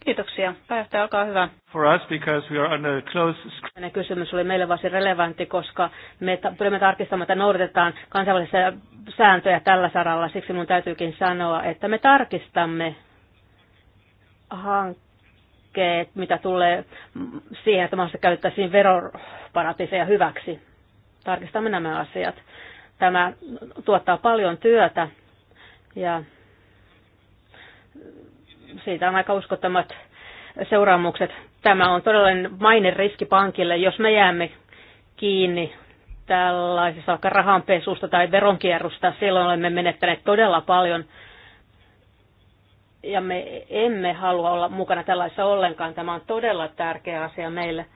Kiitoksia. Pääjohtaja, olkaa hyvä. For us, because we are under close... kysymys oli meille varsin relevantti, koska me pyrimme tarkistamaan, että noudatetaan kansainvälisiä sääntöjä tällä saralla. Siksi minun täytyykin sanoa, että me tarkistamme hankkeen kaikkea, mitä tulee siihen, että maassa käyttäisiin veroparatiiseja hyväksi. Tarkistamme nämä asiat. Tämä tuottaa paljon työtä ja siitä on aika uskottomat seuraamukset. Tämä on todellinen mainen riski pankille, jos me jäämme kiinni tällaisessa rahanpesusta tai veronkierrusta, silloin olemme menettäneet todella paljon ja me emme halua olla mukana tällaisessa ollenkaan. Tämä on todella tärkeä asia meille.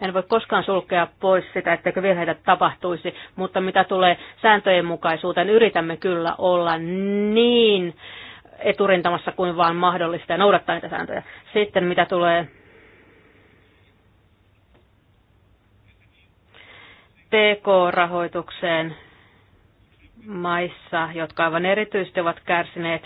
En voi koskaan sulkea pois sitä, etteikö virheitä tapahtuisi, mutta mitä tulee sääntöjen mukaisuuteen, yritämme kyllä olla niin eturintamassa kuin vaan mahdollista ja noudattaa niitä sääntöjä. Sitten mitä tulee PK-rahoitukseen, maissa, jotka aivan erityisesti ovat kärsineet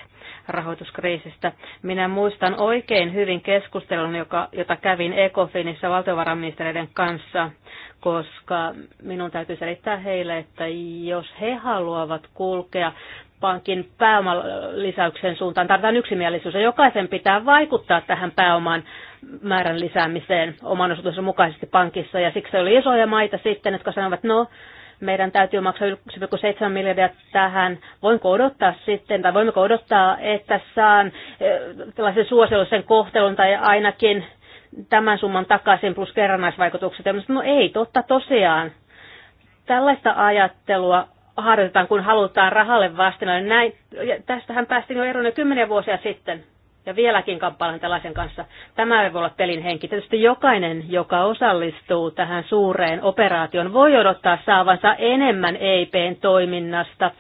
rahoituskriisistä. Minä muistan oikein hyvin keskustelun, joka, jota kävin Ecofinissa valtiovarainministeriöiden kanssa, koska minun täytyy selittää heille, että jos he haluavat kulkea pankin pääomalisäyksen suuntaan tarvitaan yksimielisyys ja jokaisen pitää vaikuttaa tähän pääoman määrän lisäämiseen oman osuutensa mukaisesti pankissa. Ja siksi oli isoja maita sitten, jotka sanovat, no meidän täytyy maksaa 1,7 miljardia tähän. Voinko odottaa sitten, tai voimmeko odottaa, että saan eh, tällaisen suosiollisen kohtelun tai ainakin tämän summan takaisin plus kerrannaisvaikutukset. Ja no ei, totta tosiaan. Tällaista ajattelua harjoitetaan, kun halutaan rahalle vastineen. Näin, tästähän päästiin jo eroon jo kymmeniä vuosia sitten ja vieläkin kamppailen tällaisen kanssa. Tämä ei voi olla pelin henki. Tietysti jokainen, joka osallistuu tähän suureen operaatioon, voi odottaa saavansa enemmän EIPn toiminnasta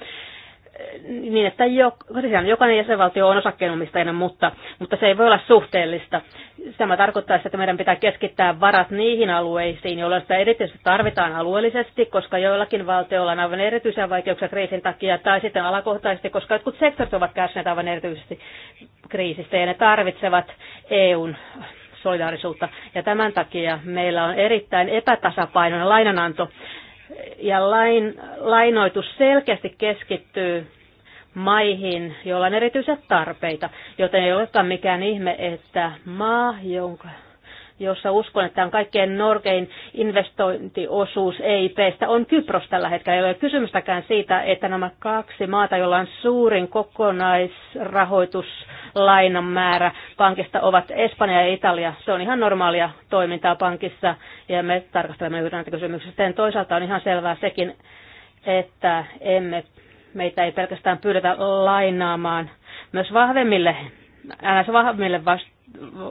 niin, että jo, jokainen jäsenvaltio on osakkeenomistajana, mutta, mutta se ei voi olla suhteellista. Tämä tarkoittaa sitä, että meidän pitää keskittää varat niihin alueisiin, joilla sitä erityisesti tarvitaan alueellisesti, koska joillakin valtioilla on aivan erityisiä vaikeuksia kriisin takia, tai sitten alakohtaisesti, koska jotkut sektorit ovat kärsineet aivan erityisesti kriisistä, ja ne tarvitsevat EUn solidaarisuutta. Ja tämän takia meillä on erittäin epätasapainoinen lainananto ja lain, lainoitus selkeästi keskittyy maihin, joilla on erityisiä tarpeita, joten ei olekaan mikään ihme, että maa, jonka jossa uskon, että on kaikkein norkein investointiosuus EIPstä, on Kypros tällä hetkellä. Ei ole kysymystäkään siitä, että nämä kaksi maata, joilla on suurin kokonaisrahoituslainan määrä pankista, ovat Espanja ja Italia. Se on ihan normaalia toimintaa pankissa ja me tarkastelemme juuri näitä kysymyksiä. Sitten toisaalta on ihan selvää sekin, että emme, meitä ei pelkästään pyydetä lainaamaan myös vahvemmille, ns. vahvemmille vastuulle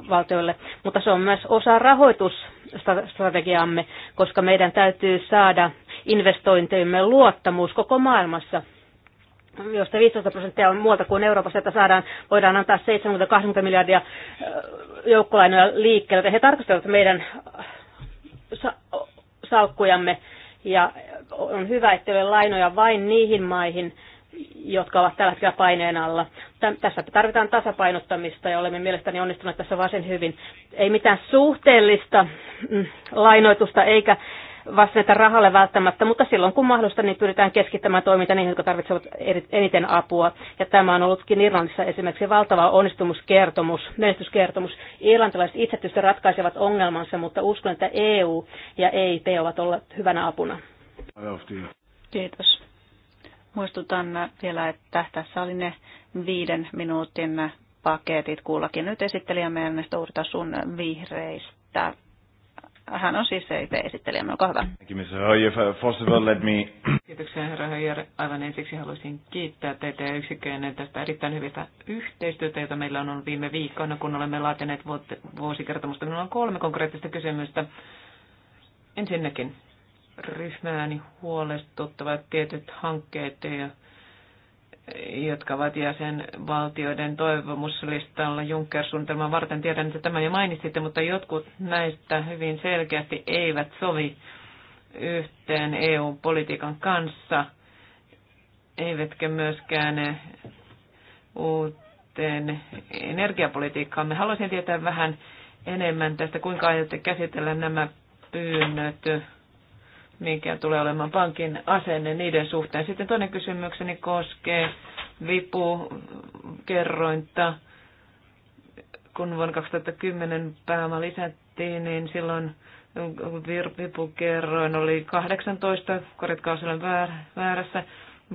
valtioille, mutta se on myös osa rahoitusstrategiaamme, koska meidän täytyy saada investointeimme luottamus koko maailmassa josta 15 prosenttia on muualta kuin Euroopassa, että saadaan, voidaan antaa 70-80 miljardia joukkolainoja liikkeelle. Että he tarkastelevat meidän salkkujamme ja on hyvä, että ole lainoja vain niihin maihin, jotka ovat tällä hetkellä paineen alla. Tässä tarvitaan tasapainottamista ja olemme mielestäni onnistuneet tässä varsin hyvin. Ei mitään suhteellista mm, lainoitusta eikä vastata rahalle välttämättä, mutta silloin kun mahdollista, niin pyritään keskittämään toiminta niihin, jotka tarvitsevat eniten apua. Ja tämä on ollutkin Irlannissa esimerkiksi valtava onnistumuskertomus, menestyskertomus. Irlantilaiset itse tietysti ratkaisevat ongelmansa, mutta uskon, että EU ja EIP ovat olleet hyvänä apuna. Kiitos. Muistutan vielä, että tässä oli ne viiden minuutin paketit kullakin. Nyt esittelijämme Ernesto Urta sun vihreistä. Hän on siis EIP-esittelijämme, olkaa hyvä. Uh, Kiitoksia herra Höijer. Aivan ensiksi haluaisin kiittää teitä ja yksikköjenne tästä erittäin hyvistä yhteistyötä, jota meillä on ollut viime viikkoina, kun olemme laatineet vuosikertomusta. Minulla on kolme konkreettista kysymystä. Ensinnäkin, ryhmääni huolestuttavat tietyt hankkeet, jotka ovat jäsenvaltioiden toivomuslistalla Juncker-suunnitelman varten. Tiedän, että tämä jo mainitsitte, mutta jotkut näistä hyvin selkeästi eivät sovi yhteen EU-politiikan kanssa, eivätkä myöskään uuteen energiapolitiikkaan. Me haluaisin tietää vähän enemmän tästä, kuinka aiotte käsitellä nämä pyynnöt mikä tulee olemaan pankin asenne niiden suhteen. Sitten toinen kysymykseni koskee vipukerrointa. Kun vuonna 2010 pääoma lisättiin, niin silloin vipukerroin oli 18, korjatkaa jos olen väärässä.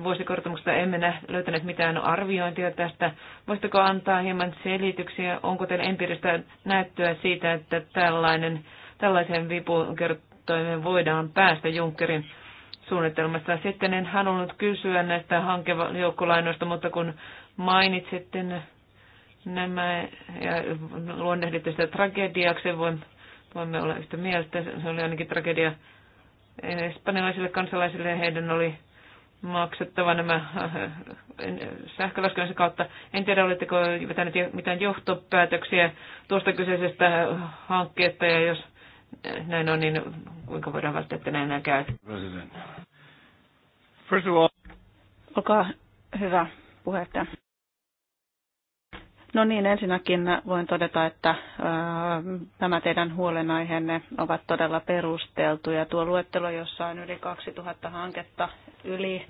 Vuosikortomuksesta emme nä, löytäneet mitään arviointia tästä. Voisitteko antaa hieman selityksiä, onko teillä empiiristä näyttöä siitä, että tällainen, tällaiseen vipukertomukseen toimeen voidaan päästä Junckerin suunnitelmasta. Sitten en halunnut kysyä näistä hankejoukkolainoista, mutta kun mainitsitte nämä ja luonnehditte sitä tragediaksi, voimme olla yhtä mieltä. Se oli ainakin tragedia espanjalaisille kansalaisille ja heidän oli maksettava nämä äh, sähkölaskujensa kautta. En tiedä, oletteko vetäneet mitään johtopäätöksiä tuosta kyseisestä hankkeesta ja jos näin on, niin kuinka voidaan välttää, että näin enää käy? First of all... Olkaa hyvä puheenjohtaja. No niin, ensinnäkin voin todeta, että nämä teidän huolenaiheenne ovat todella perusteltuja. Tuo luettelo, jossa on yli 2000 hanketta yli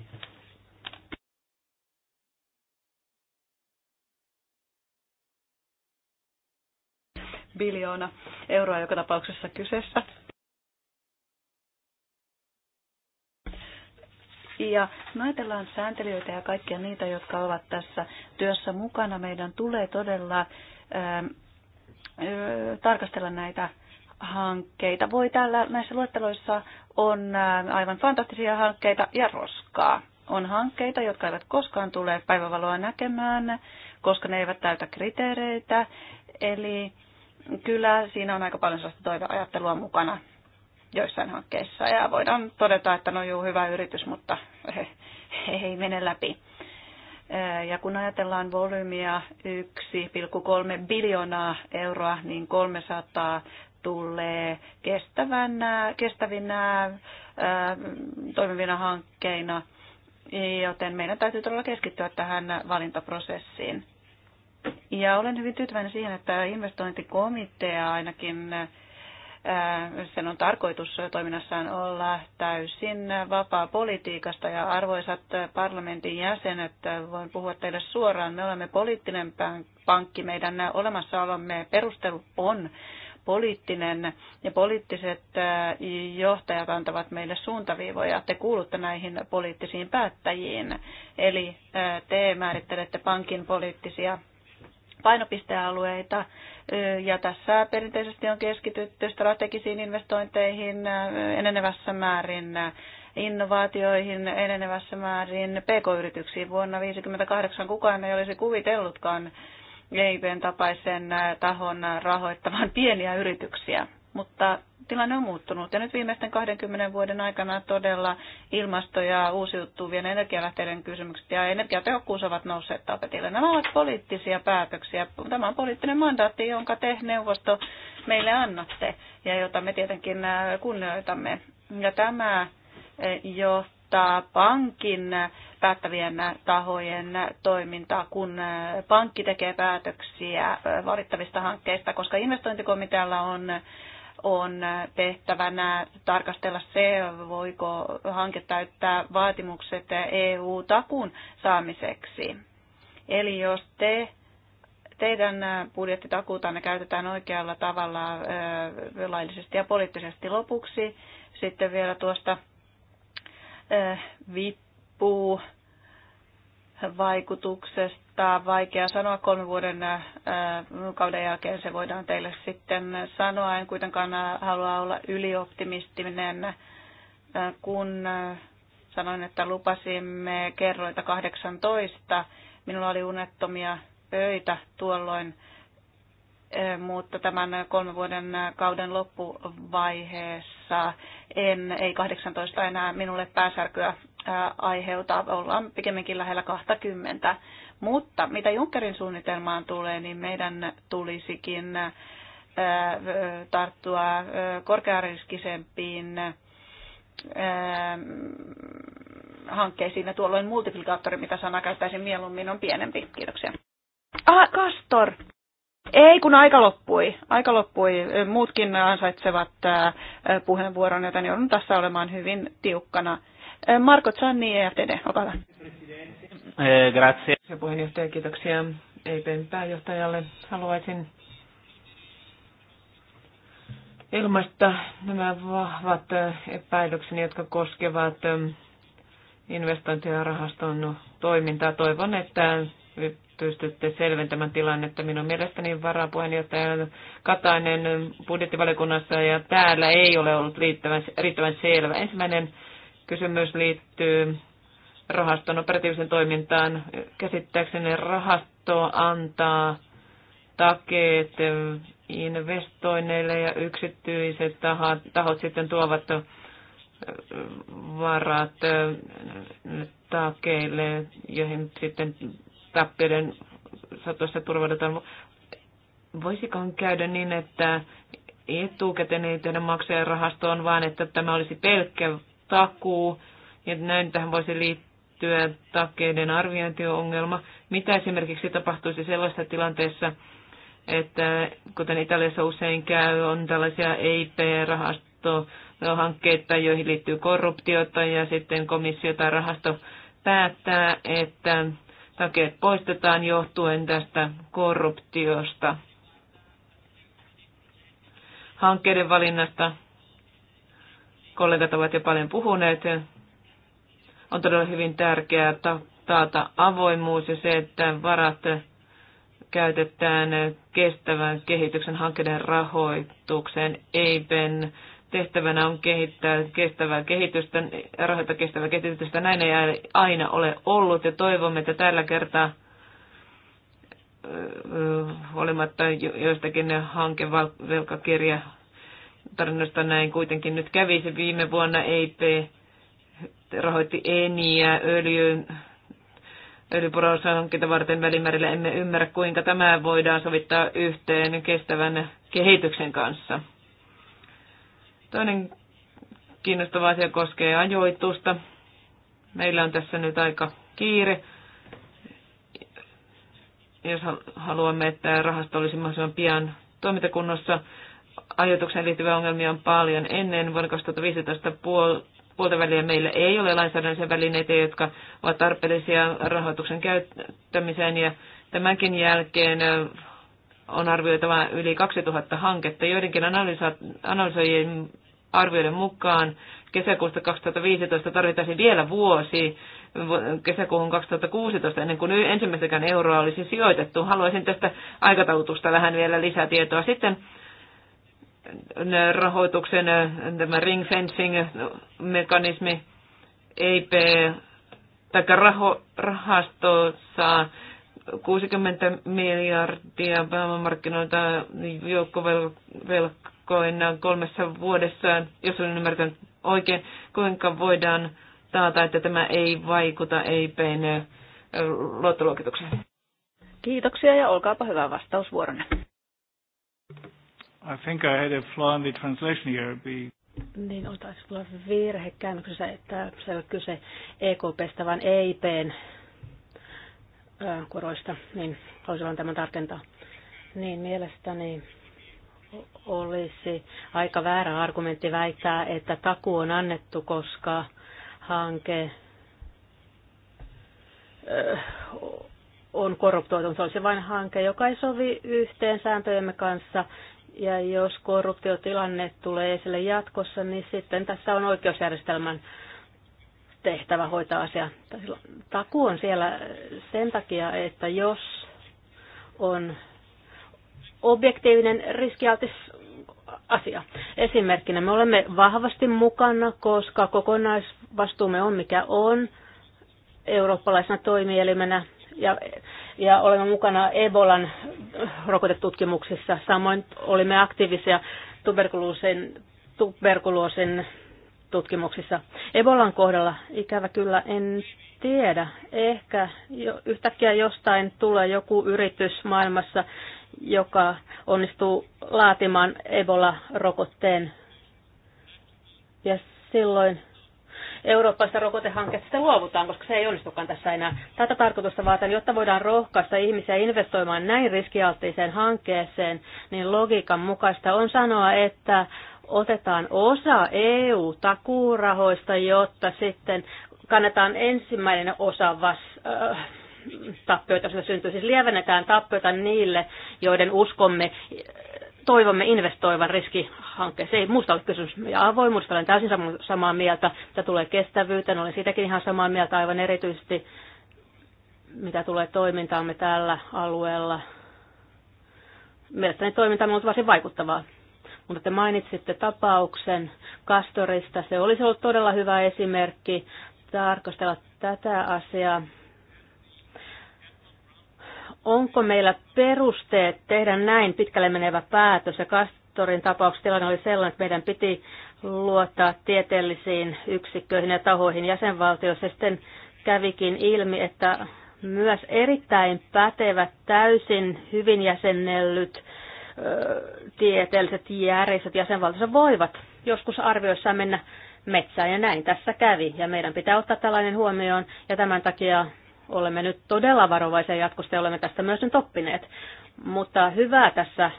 biljoona euroa joka tapauksessa kyseessä. Ja me ajatellaan sääntelijöitä ja kaikkia niitä, jotka ovat tässä työssä mukana. Meidän tulee todella ää, ähm, tarkastella näitä hankkeita. Voi täällä näissä luetteloissa on ähm, aivan fantastisia hankkeita ja roskaa. On hankkeita, jotka eivät koskaan tule päivävaloa näkemään, koska ne eivät täytä kriteereitä. Eli kyllä siinä on aika paljon sellaista toiveajattelua mukana joissain hankkeissa ja voidaan todeta, että no juu, hyvä yritys, mutta ei mene läpi. Ja kun ajatellaan volyymia 1,3 biljoonaa euroa, niin 300 tulee kestävänä, kestävinä ää, toimivina hankkeina, joten meidän täytyy todella keskittyä tähän valintaprosessiin. Ja olen hyvin tyytyväinen siihen, että investointikomitea ainakin äh, sen on tarkoitus toiminnassaan olla täysin vapaa politiikasta ja arvoisat parlamentin jäsenet, voin puhua teille suoraan, me olemme poliittinen pankki, meidän olemassaolomme perustelu on poliittinen ja poliittiset äh, johtajat antavat meille suuntaviivoja. Te kuulutte näihin poliittisiin päättäjiin, eli äh, te määrittelette pankin poliittisia painopistealueita. Ja tässä perinteisesti on keskitytty strategisiin investointeihin enenevässä määrin innovaatioihin enenevässä määrin pk-yrityksiin. Vuonna 1958 kukaan ei olisi kuvitellutkaan EIPn tapaisen tahon rahoittavan pieniä yrityksiä mutta tilanne on muuttunut. Ja nyt viimeisten 20 vuoden aikana todella ilmasto- ja uusiutuvien energialähteiden kysymykset ja energiatehokkuus ovat nousseet tapetille. Nämä ovat poliittisia päätöksiä. Tämä on poliittinen mandaatti, jonka te neuvosto meille annatte ja jota me tietenkin äh, kunnioitamme. Ja tämä äh, johtaa pankin äh, päättävien tahojen toimintaa, kun pankki tekee päätöksiä valittavista hankkeista, koska investointikomitealla on on tehtävänä tarkastella se, voiko hanke täyttää vaatimukset EU-takun saamiseksi. Eli jos te, teidän budjettitakuutanne käytetään oikealla tavalla laillisesti ja poliittisesti lopuksi, sitten vielä tuosta vippuu vaikutuksesta. Vaikea sanoa kolmen vuoden äh, kauden jälkeen se voidaan teille sitten sanoa. En kuitenkaan äh, halua olla ylioptimistinen, äh, kun sanoin, että lupasimme kerroita 18. Minulla oli unettomia öitä tuolloin, mutta tämän kolmen vuoden kauden loppuvaiheessa en, ei 18 enää minulle pääsärkyä aiheuta. Ollaan pikemminkin lähellä 20. Mutta mitä Junckerin suunnitelmaan tulee, niin meidän tulisikin tarttua korkeariskisempiin hankkeisiin, ja tuolloin multiplikaattori, mitä sana käyttäisin mieluummin, on pienempi. Kiitoksia. Ah, Kastor! Ei, kun aika loppui. Aika loppui. Muutkin ansaitsevat puheenvuoron, joten joudun tässä olemaan hyvin tiukkana. Eh, Marko Zanni, EFTD, olkaa hyvä. Eh, grazie. Puheenjohtaja, kiitoksia EPn pääjohtajalle. Haluaisin ilmaista nämä vahvat eh, epäilykseni, jotka koskevat investointirahaston toimintaa. Toivon, että pystytte selventämään tilannetta. Minun mielestäni varapuheenjohtaja Katainen budjettivaliokunnassa ja täällä ei ole ollut riittävän, riittävän selvä. Ensimmäinen kysymys liittyy rahaston operatiivisen toimintaan. Käsittääkseni rahasto antaa takeet investoinneille ja yksityiset tahot, tahot sitten tuovat varat takeille, joihin sitten tappioiden satossa turvaudutaan. Voisikohan käydä niin, että etukäteen ei tehdä maksujen rahastoon, vaan että tämä olisi pelkkä takuu, ja näin tähän voisi liittyä takeiden arviointiongelma. Mitä esimerkiksi tapahtuisi sellaisessa tilanteessa, että kuten Italiassa usein käy, on tällaisia EIP-rahastohankkeita, joihin liittyy korruptiota, ja sitten komissio tai rahasto päättää, että takeet poistetaan johtuen tästä korruptiosta hankkeiden valinnasta kollegat ovat jo paljon puhuneet. On todella hyvin tärkeää taata avoimuus ja se, että varat käytetään kestävän kehityksen hankkeiden rahoitukseen. EIPen tehtävänä on kehittää kestävää kehitystä, rahoittaa kestävää kehitystä. Näin ei aina ole ollut ja toivomme, että tällä kertaa olematta joistakin hankevelkakirja Todennäköisesti näin kuitenkin nyt kävi. Se viime vuonna EIP rahoitti eniä öljyn öljyporoushankinta varten välimerillä emme ymmärrä, kuinka tämä voidaan sovittaa yhteen kestävän kehityksen kanssa. Toinen kiinnostava asia koskee ajoitusta. Meillä on tässä nyt aika kiire. Jos haluamme, että rahasto olisi mahdollisimman pian toimintakunnossa, ajoitukseen liittyviä ongelmia on paljon. Ennen vuonna 2015 puol- puolta väliä meillä ei ole lainsäädännöllisiä välineitä, jotka ovat tarpeellisia rahoituksen käyttämiseen ja tämänkin jälkeen on arvioitava yli 2000 hanketta. Joidenkin analysoijien arvioiden mukaan kesäkuusta 2015 tarvittaisiin vielä vuosi kesäkuuhun 2016 ennen kuin ensimmäistäkään euroa olisi sijoitettu. Haluaisin tästä aikataulutusta vähän vielä lisätietoa. Sitten rahoituksen tämä ring fencing-mekanismi, EIP, tai raho, rahasto saa 60 miljardia pääomamarkkinoilta joukkovelkoina kolmessa vuodessa, jos olen ymmärtänyt oikein, kuinka voidaan taata, että tämä ei vaikuta EIPn luottoluokitukseen. Kiitoksia ja olkaapa hyvä vastausvuoronne. I think I had a flaw in the translation here. Be... Niin, on taisi tulla virhe käännöksessä, että se ei ole kyse EKPstä, vaan EIPn koroista, niin haluaisin vaan tämän tarkentaa. Niin, mielestäni olisi aika väärä argumentti väittää, että taku on annettu, koska hanke on korruptoitunut. Se olisi vain hanke, joka ei sovi yhteen sääntöjemme kanssa ja jos korruptiotilanne tulee esille jatkossa, niin sitten tässä on oikeusjärjestelmän tehtävä hoitaa asia. Taku on siellä sen takia, että jos on objektiivinen riskialtis asia. Esimerkkinä me olemme vahvasti mukana, koska kokonaisvastuumme on mikä on eurooppalaisena toimielimenä ja ja olemme mukana Ebolan rokotetutkimuksissa. Samoin olimme aktiivisia tuberkuloosin, tuberkuloosin tutkimuksissa. Ebolan kohdalla ikävä kyllä en tiedä. Ehkä jo, yhtäkkiä jostain tulee joku yritys maailmassa, joka onnistuu laatimaan Ebola-rokotteen. Ja silloin eurooppaista rokotehanketta sitten luovutaan, koska se ei onnistukaan tässä enää. Tätä tarkoitusta vaatan, jotta voidaan rohkaista ihmisiä investoimaan näin riskialttiiseen hankkeeseen, niin logiikan mukaista on sanoa, että otetaan osa EU-takuurahoista, jotta sitten kannetaan ensimmäinen osa vas, äh, tappioita, joita syntyy. Siis lievennetään tappioita niille, joiden uskomme toivomme investoivan riskihankkeeseen. Ei muusta ole kysymys. Ja avoimuudesta olen täysin samaa mieltä, mitä tulee kestävyyteen. Olen siitäkin ihan samaa mieltä aivan erityisesti, mitä tulee toimintaamme tällä alueella. Mielestäni toimintamme on ollut varsin vaikuttavaa. Mutta te mainitsitte tapauksen Kastorista. Se olisi ollut todella hyvä esimerkki tarkastella tätä asiaa Onko meillä perusteet tehdä näin pitkälle menevä päätös? Ja Kastorin tapauksessa tilanne oli sellainen, että meidän piti luottaa tieteellisiin yksikköihin ja tahoihin jäsenvaltioissa. Sitten kävikin ilmi, että myös erittäin pätevät, täysin hyvin jäsennellyt tieteelliset järjestöt jäsenvaltioissa voivat joskus arvioissaan mennä metsään ja näin tässä kävi. Ja meidän pitää ottaa tällainen huomioon ja tämän takia olemme nyt todella varovaisia jatkosta ja olemme tästä myös nyt oppineet. Mutta hyvää tässä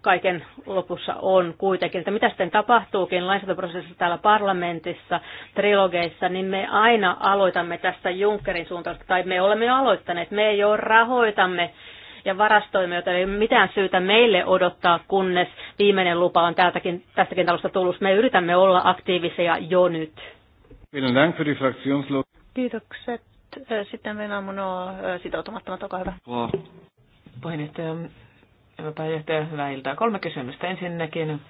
kaiken lopussa on kuitenkin, että mitä sitten tapahtuukin lainsäädäntöprosessissa täällä parlamentissa, trilogeissa, niin me aina aloitamme tästä Junckerin suuntausta, tai me olemme jo aloittaneet, me jo rahoitamme ja varastoimme, joten ei mitään syytä meille odottaa, kunnes viimeinen lupa on täältäkin, tästäkin talosta tullut. Me yritämme olla aktiivisia jo nyt. Kiitokset sitten Venäjä Muno sitoutumattomat, olkaa hyvä. Puheenjohtaja, pääjohtaja, hyvää iltaa. Kolme kysymystä. Ensinnäkin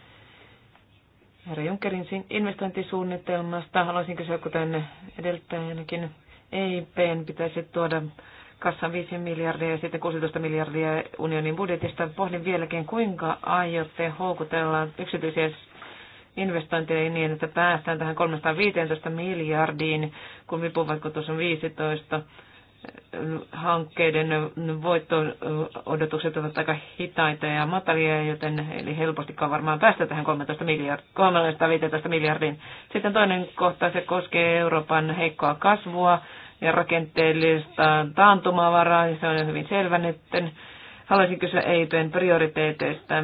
herra Junckerin investointisuunnitelmasta haluaisin kysyä, kuten edeltäjänäkin, EIPn pitäisi tuoda kassan 5 miljardia ja sitten 16 miljardia unionin budjetista. Pohdin vieläkin, kuinka aiotte houkutella yksityisiä investointeja niin, että päästään tähän 315 miljardiin, kun tuossa on 15 hankkeiden voitto-odotukset ovat aika hitaita ja matalia, joten eli helpostikaan varmaan päästä tähän 13 miljard, 315 miljardiin. Sitten toinen kohta, se koskee Euroopan heikkoa kasvua ja rakenteellista taantumavaraa, ja se on hyvin selvä nyt. Haluaisin kysyä EIPn prioriteeteista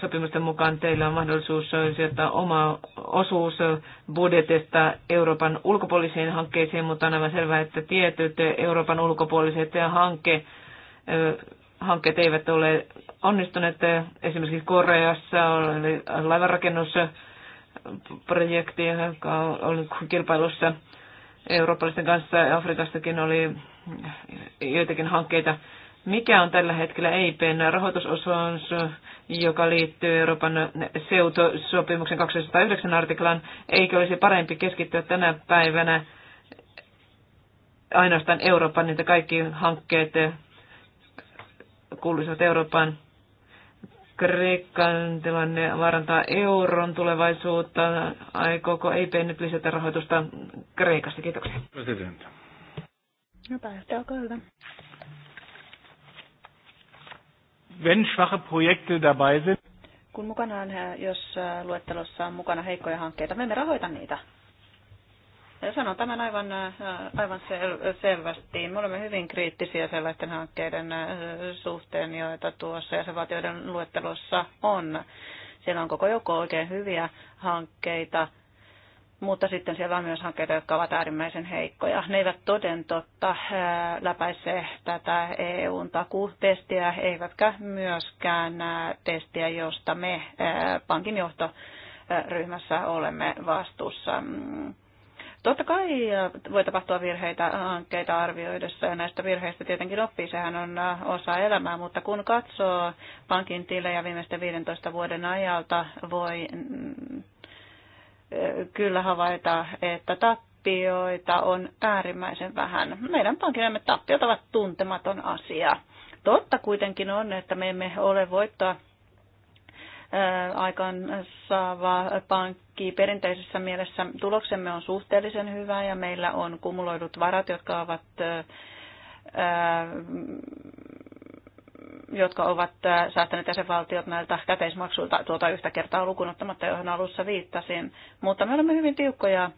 sopimusten mukaan teillä on mahdollisuus sijoittaa oma osuus budjetista Euroopan ulkopuolisiin hankkeisiin, mutta on aivan selvää, että tietyt Euroopan ulkopuoliset hanke, hankkeet eivät ole onnistuneet. Esimerkiksi Koreassa oli laivanrakennusprojekti, joka oli kilpailussa eurooppalaisten kanssa. Afrikastakin oli joitakin hankkeita mikä on tällä hetkellä EIPn rahoitusosuus, joka liittyy Euroopan seutosopimuksen 209 artiklaan? Eikö olisi parempi keskittyä tänä päivänä ainoastaan Euroopan, niitä kaikki hankkeet kuuluisivat Euroopan Kreikan tilanne vaarantaa euron tulevaisuutta. Aikooko EIP nyt lisätä rahoitusta Kreikasta? Kiitoksia. Presidentti. No päästä, olkaa hyvä wenn schwache Projekte dabei sind. Kun on, äh, jos äh, luettelossa on mukana heikkoja hankkeita, me emme rahoita niitä. Ja sanon tämän aivan, äh, aivan sel- selvästi. Me olemme hyvin kriittisiä sellaisten hankkeiden suhteen, joita tuossa jäsenvaltioiden luettelossa on. Siellä on koko joukko oikein hyviä hankkeita, mutta sitten siellä on myös hankkeita, jotka ovat äärimmäisen heikkoja. Ne eivät toden totta äh, läpäise tätä EUn takutestiä, eivätkä myöskään äh, testiä, josta me äh, pankin johtoryhmässä olemme vastuussa. Mm. Totta kai voi tapahtua virheitä hankkeita arvioidessa ja näistä virheistä tietenkin oppii, sehän on osa elämää, mutta kun katsoo pankin tilejä viimeisten 15 vuoden ajalta, voi mm, kyllä havaita, että tappioita on äärimmäisen vähän. Meidän pankillemme tappiot ovat tuntematon asia. Totta kuitenkin on, että me emme ole voittoa aikaan saava pankki perinteisessä mielessä. Tuloksemme on suhteellisen hyvä ja meillä on kumuloidut varat, jotka ovat jotka ovat äh, säästäneet jäsenvaltiot näiltä käteismaksuilta tuota yhtä kertaa lukunottamatta, johon alussa viittasin. Mutta me olemme hyvin tiukkoja äh,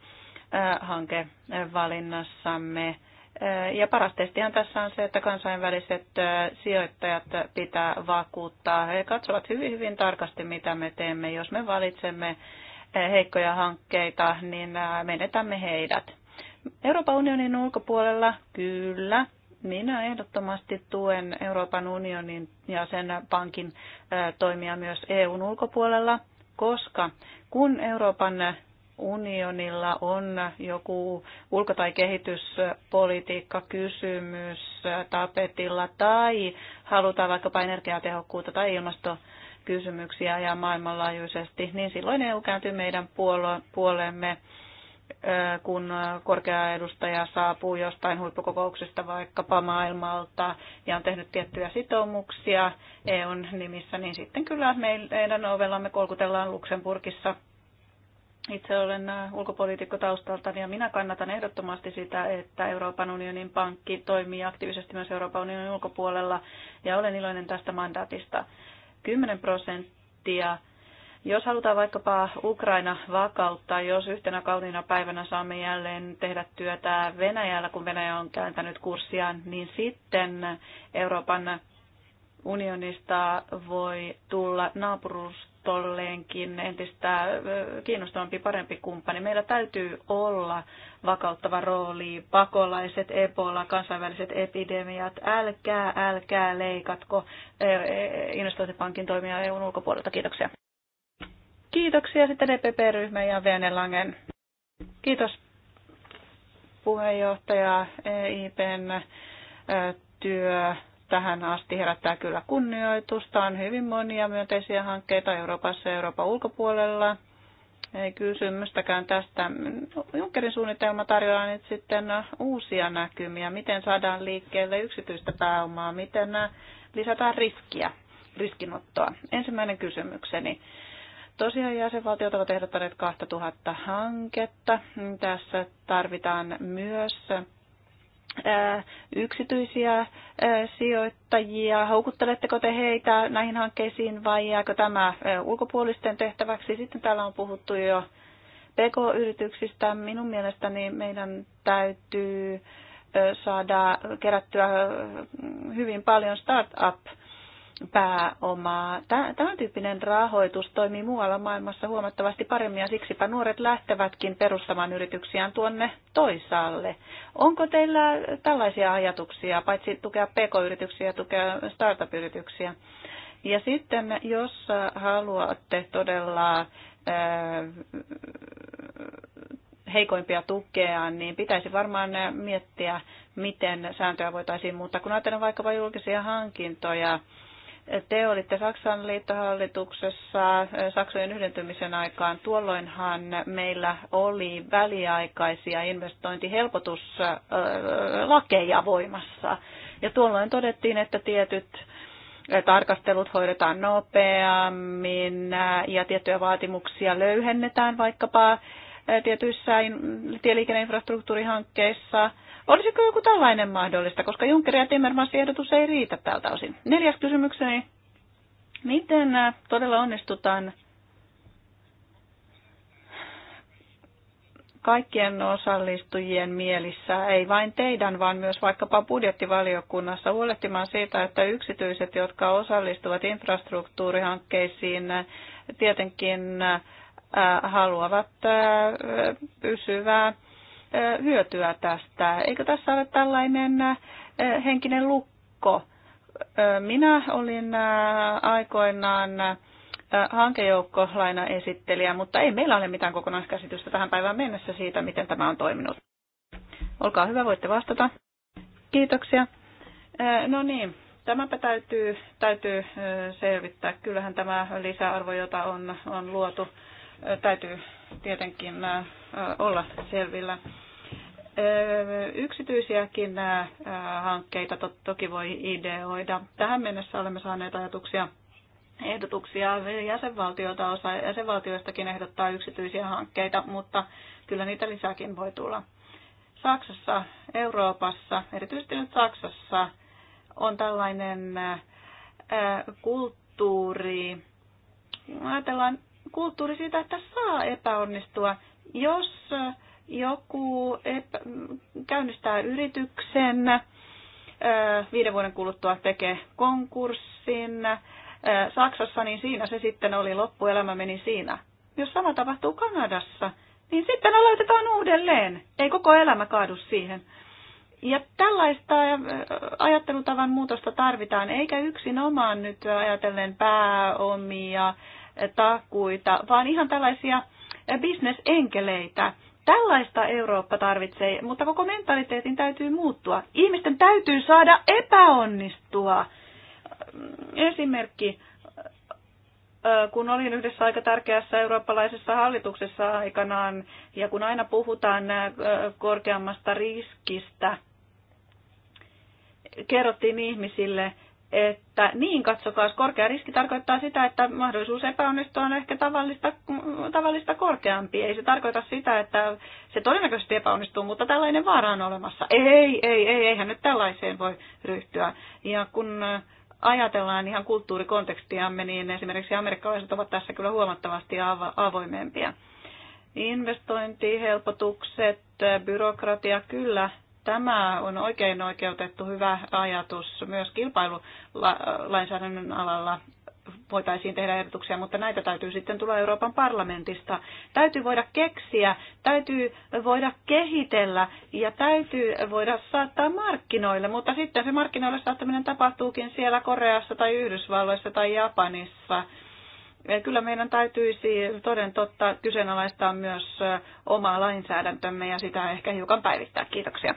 hankevalinnassamme. Äh, ja paras testihan tässä on se, että kansainväliset sijoittajat pitää vakuuttaa. He katsovat hyvin, hyvin tarkasti, mitä me teemme. Jos me valitsemme heikkoja hankkeita, niin menetämme heidät. Euroopan unionin ulkopuolella, kyllä, minä ehdottomasti tuen Euroopan unionin ja sen pankin toimia myös EUn ulkopuolella, koska kun Euroopan unionilla on joku ulko- tai kehityspolitiikka kysymys tapetilla tai halutaan vaikkapa energiatehokkuutta tai kysymyksiä ja maailmanlaajuisesti, niin silloin EU kääntyy meidän puoleemme kun korkea edustaja saapuu jostain huippukokouksesta vaikkapa maailmalta ja on tehnyt tiettyjä sitoumuksia EUn nimissä, niin sitten kyllä meidän ovellamme kolkutellaan Luxemburgissa. Itse olen ulkopoliitikko taustalta ja minä kannatan ehdottomasti sitä, että Euroopan unionin pankki toimii aktiivisesti myös Euroopan unionin ulkopuolella ja olen iloinen tästä mandaatista. 10 prosenttia jos halutaan vaikkapa Ukraina vakauttaa, jos yhtenä kauniina päivänä saamme jälleen tehdä työtä Venäjällä, kun Venäjä on kääntänyt kurssiaan, niin sitten Euroopan unionista voi tulla naapurustolleenkin entistä kiinnostavampi, parempi kumppani. Meillä täytyy olla vakauttava rooli, pakolaiset, Ebola, kansainväliset epidemiat. Älkää, älkää leikatko investointipankin toimia EUn ulkopuolelta. Kiitoksia. Kiitoksia sitten EPP-ryhmä ja Venelangen. Kiitos puheenjohtaja EIP:n työ tähän asti herättää kyllä kunnioitusta. On hyvin monia myönteisiä hankkeita Euroopassa ja Euroopan ulkopuolella. Ei kysymystäkään tästä. Junckerin suunnitelma tarjoaa nyt sitten uusia näkymiä. Miten saadaan liikkeelle yksityistä pääomaa? Miten lisätään riskiä, riskinottoa? Ensimmäinen kysymykseni. Tosiaan jäsenvaltiot ovat ehdottaneet 2000 hanketta. Tässä tarvitaan myös äh, yksityisiä äh, sijoittajia? Houkutteletteko te heitä näihin hankkeisiin vai jääkö tämä äh, ulkopuolisten tehtäväksi? Sitten täällä on puhuttu jo PK-yrityksistä. Minun mielestäni meidän täytyy saada kerättyä hyvin paljon startup pääomaa. Tämän tyyppinen rahoitus toimii muualla maailmassa huomattavasti paremmin ja siksipä nuoret lähtevätkin perustamaan yrityksiään tuonne toisaalle. Onko teillä tällaisia ajatuksia, paitsi tukea pk-yrityksiä ja tukea startup-yrityksiä? Ja sitten, jos haluatte todella äh, heikoimpia tukea, niin pitäisi varmaan miettiä, miten sääntöjä voitaisiin muuttaa. Kun ajatellaan vaikkapa julkisia hankintoja, te olitte Saksan liittohallituksessa Saksojen yhdentymisen aikaan. Tuolloinhan meillä oli väliaikaisia investointihelpotuslakeja voimassa. Ja tuolloin todettiin, että tietyt tarkastelut hoidetaan nopeammin ja tiettyjä vaatimuksia löyhennetään vaikkapa tietyissä tieliikenneinfrastruktuurihankkeissa – Olisiko joku tällainen mahdollista, koska Juncker ja Timmermansin ehdotus ei riitä tältä osin. Neljäs kysymykseni. Miten äh, todella onnistutaan kaikkien osallistujien mielissä, ei vain teidän, vaan myös vaikkapa budjettivaliokunnassa, huolehtimaan siitä, että yksityiset, jotka osallistuvat infrastruktuurihankkeisiin, tietenkin äh, haluavat äh, pysyvää hyötyä tästä. Eikö tässä ole tällainen henkinen lukko? Minä olin aikoinaan esittelijä, mutta ei meillä ole mitään kokonaiskäsitystä tähän päivään mennessä siitä, miten tämä on toiminut. Olkaa hyvä, voitte vastata. Kiitoksia. No niin, tämäpä täytyy, täytyy selvittää. Kyllähän tämä lisäarvo, jota on, on luotu, täytyy tietenkin olla selvillä yksityisiäkin hankkeita toki voi ideoida. Tähän mennessä olemme saaneet ajatuksia ehdotuksia jäsenvaltioita, osa jäsenvaltioistakin ehdottaa yksityisiä hankkeita, mutta kyllä niitä lisääkin voi tulla. Saksassa, Euroopassa, erityisesti nyt Saksassa, on tällainen kulttuuri, ajatellaan kulttuuri siitä, että saa epäonnistua. Jos joku epä, käynnistää yrityksen, viiden vuoden kuluttua tekee konkurssin. Saksassa, niin siinä se sitten oli, loppuelämä meni siinä. Jos sama tapahtuu Kanadassa, niin sitten aloitetaan uudelleen. Ei koko elämä kaadu siihen. Ja tällaista ajattelutavan muutosta tarvitaan, eikä yksin omaan nyt ajatellen pääomia, takuita, vaan ihan tällaisia bisnesenkeleitä, Tällaista Eurooppa tarvitsee, mutta koko mentaliteetin täytyy muuttua. Ihmisten täytyy saada epäonnistua. Esimerkki, äh, kun olin yhdessä aika tärkeässä eurooppalaisessa hallituksessa aikanaan, ja kun aina puhutaan äh, korkeammasta riskistä, kerrottiin ihmisille, että niin katsokaa, korkea riski tarkoittaa sitä, että mahdollisuus epäonnistua on ehkä tavallista, tavallista korkeampi. Ei se tarkoita sitä, että se todennäköisesti epäonnistuu, mutta tällainen vaara on olemassa. Ei, ei, ei, eihän nyt tällaiseen voi ryhtyä. Ja kun äh, ajatellaan ihan kulttuurikontekstiamme, niin esimerkiksi amerikkalaiset ovat tässä kyllä huomattavasti avoimempia. Investointihelpotukset, äh, byrokratia, kyllä Tämä on oikein oikeutettu hyvä ajatus myös kilpailulainsäädännön alalla voitaisiin tehdä ehdotuksia, mutta näitä täytyy sitten tulla Euroopan parlamentista. Täytyy voida keksiä, täytyy voida kehitellä ja täytyy voida saattaa markkinoille, mutta sitten se markkinoille saattaminen tapahtuukin siellä Koreassa tai Yhdysvalloissa tai Japanissa kyllä meidän täytyisi toden totta kyseenalaistaa myös omaa lainsäädäntömme ja sitä ehkä hiukan päivittää. Kiitoksia.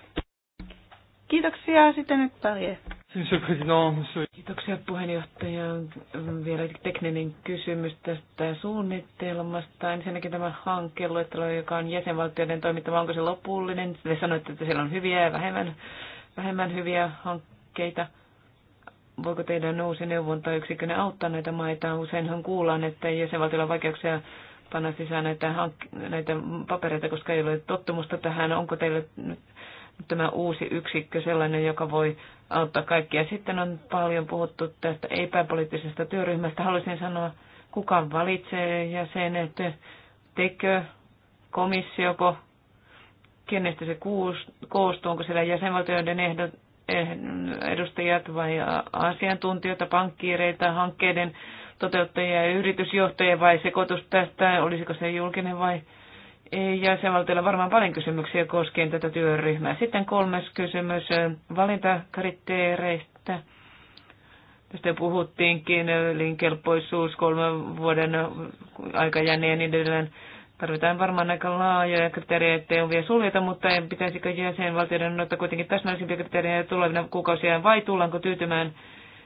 Kiitoksia. Sitten nyt Tarje. Kiitoksia puheenjohtaja. Vielä tekninen kysymys tästä suunnitelmasta. Ensinnäkin tämä hankeluettelo, joka on jäsenvaltioiden toimittava, onko se lopullinen? Te sanoitte, että siellä on hyviä ja vähemmän, vähemmän hyviä hankkeita voiko teidän nousi neuvontayksikönä auttaa näitä maita? Useinhan kuullaan, että jäsenvaltiolla on vaikeuksia panna sisään näitä, hank- näitä papereita, koska ei ole tottumusta tähän. Onko teillä nyt tämä uusi yksikkö sellainen, joka voi auttaa kaikkia? Sitten on paljon puhuttu tästä epäpoliittisesta työryhmästä. Haluaisin sanoa, kuka valitsee jäsenet, tekö, komissioko, kenestä se koostuu, onko siellä jäsenvaltioiden ehdot, Eh, edustajat vai asiantuntijoita, pankkiireita, hankkeiden toteuttajia ja yritysjohtajia vai sekoitus tästä, olisiko se julkinen vai ei. Jäsenvaltioilla varmaan paljon kysymyksiä koskien tätä työryhmää. Sitten kolmas kysymys eh, valintakriteereistä. Tästä puhuttiinkin, elinkelpoisuus, eh, kolmen vuoden aikajänne ja niin edelleen Tarvitaan varmaan aika laajoja kriteerejä, ettei on vielä suljeta, mutta en pitäisikö jäsenvaltioiden noita kuitenkin täsmällisimpiä kriteerejä tulevina kuukausina vai tullaanko tyytymään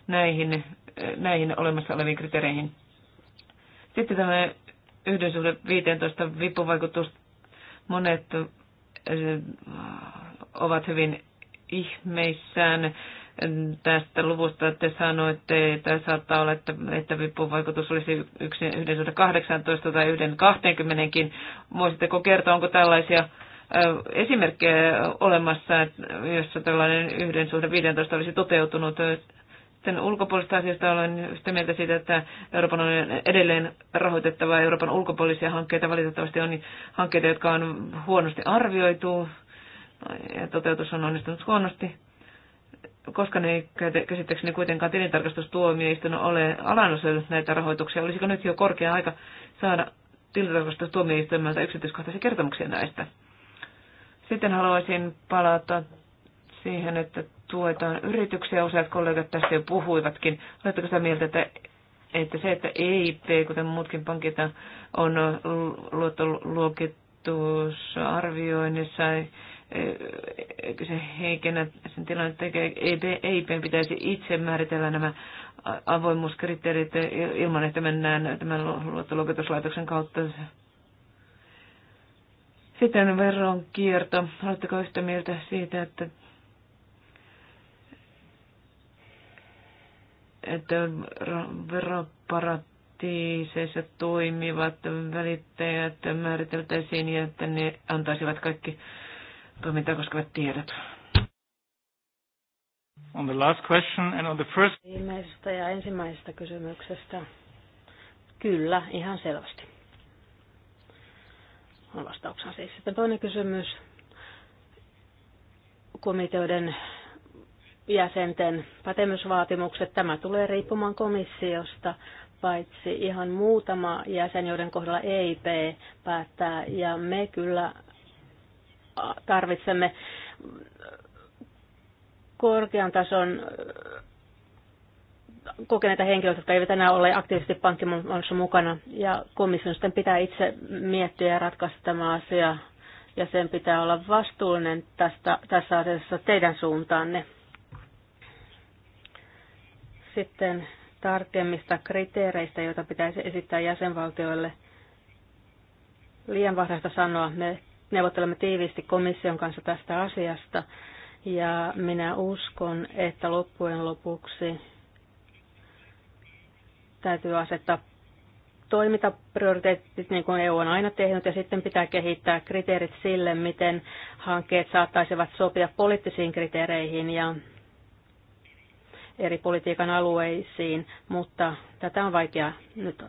näihin, näihin olemassa oleviin kriteereihin? Sitten tämä yhden suhde 15 vipuvaikutus. Monet ovat hyvin ihmeissään tästä luvusta te sanoitte, että saattaa olla, että, että vipuvaikutus olisi 1,18 tai 1,20kin. Voisitteko kertoa, onko tällaisia esimerkkejä olemassa, jossa tällainen yhden suhde 15 olisi toteutunut? Sen ulkopuolista asiasta olen yhtä mieltä siitä, että Euroopan on edelleen rahoitettava Euroopan ulkopuolisia hankkeita. Valitettavasti on niin hankkeita, jotka on huonosti arvioitu ja toteutus on onnistunut huonosti koska ne käsittääkseni kuitenkaan tilintarkastustuomioistuin ole alannut näitä rahoituksia. Olisiko nyt jo korkea aika saada tilintarkastustuomioistuimelta yksityiskohtaisia kertomuksia näistä? Sitten haluaisin palata siihen, että tuetaan yrityksiä. Useat kollegat tästä jo puhuivatkin. Oletteko sitä mieltä, että, että se, että EIP, kuten muutkin pankit, on luottoluokitusarvioinnissa, eikö se heikennä sen tilannetta, EIP e e pitäisi itse määritellä nämä avoimuuskriteerit ilman, että mennään tämän luottoluokituslaitoksen kautta. Sitten veronkierto. Oletteko yhtä mieltä siitä, että, että veroparatiiseissa toimivat välittäjät määriteltäisiin ja että ne antaisivat kaikki toimintaa koskevat tiedot. On the last question and on the first... Viimeisestä ja ensimmäisestä kysymyksestä. Kyllä, ihan selvästi. On vastauksena siis. Sitten toinen kysymys. Komiteoiden jäsenten pätemysvaatimukset. Tämä tulee riippumaan komissiosta, paitsi ihan muutama jäsen, joiden kohdalla EIP päättää, ja me kyllä tarvitsemme korkean tason äh, kokeneita henkilöitä, jotka eivät enää ole aktiivisesti pankkimaailmassa mukana. Ja komission sitten pitää itse miettiä ja ratkaista tämä asia. Ja sen pitää olla vastuullinen tästä, tässä asiassa teidän suuntaanne. Sitten tarkemmista kriteereistä, joita pitäisi esittää jäsenvaltioille. Liian varhaista sanoa, me neuvottelemme tiiviisti komission kanssa tästä asiasta ja minä uskon, että loppujen lopuksi täytyy asettaa toimintaprioriteetit, niin kuin EU on aina tehnyt, ja sitten pitää kehittää kriteerit sille, miten hankkeet saattaisivat sopia poliittisiin kriteereihin ja eri politiikan alueisiin, mutta tätä on vaikea nyt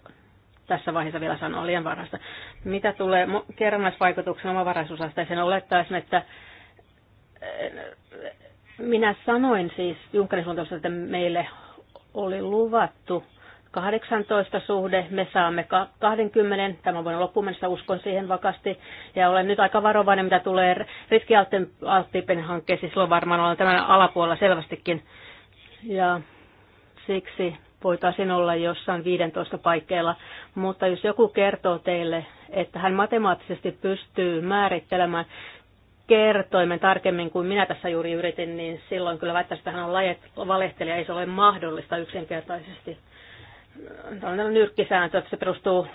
tässä vaiheessa vielä sanoa liian varhaista. Mitä tulee kerrannaisvaikutuksen omavaraisuusasteeseen, olettaisin, että eh, minä sanoin siis Junckerin suuntaan, että meille oli luvattu 18 suhde, me saamme 20, tämän vuoden loppuun mennessä uskon siihen vakasti. Ja olen nyt aika varovainen, mitä tulee riskialttiipen hankkeeseen, silloin varmaan olen tämän alapuolella selvästikin. Ja siksi voitaisiin olla jossain 15 paikkeilla, mutta jos joku kertoo teille, että hän matemaattisesti pystyy määrittelemään kertoimen tarkemmin kuin minä tässä juuri yritin, niin silloin kyllä väittäisin, että hän on valehtelija, ei se ole mahdollista yksinkertaisesti. Tämä on nyrkkisääntö, että se perustuu,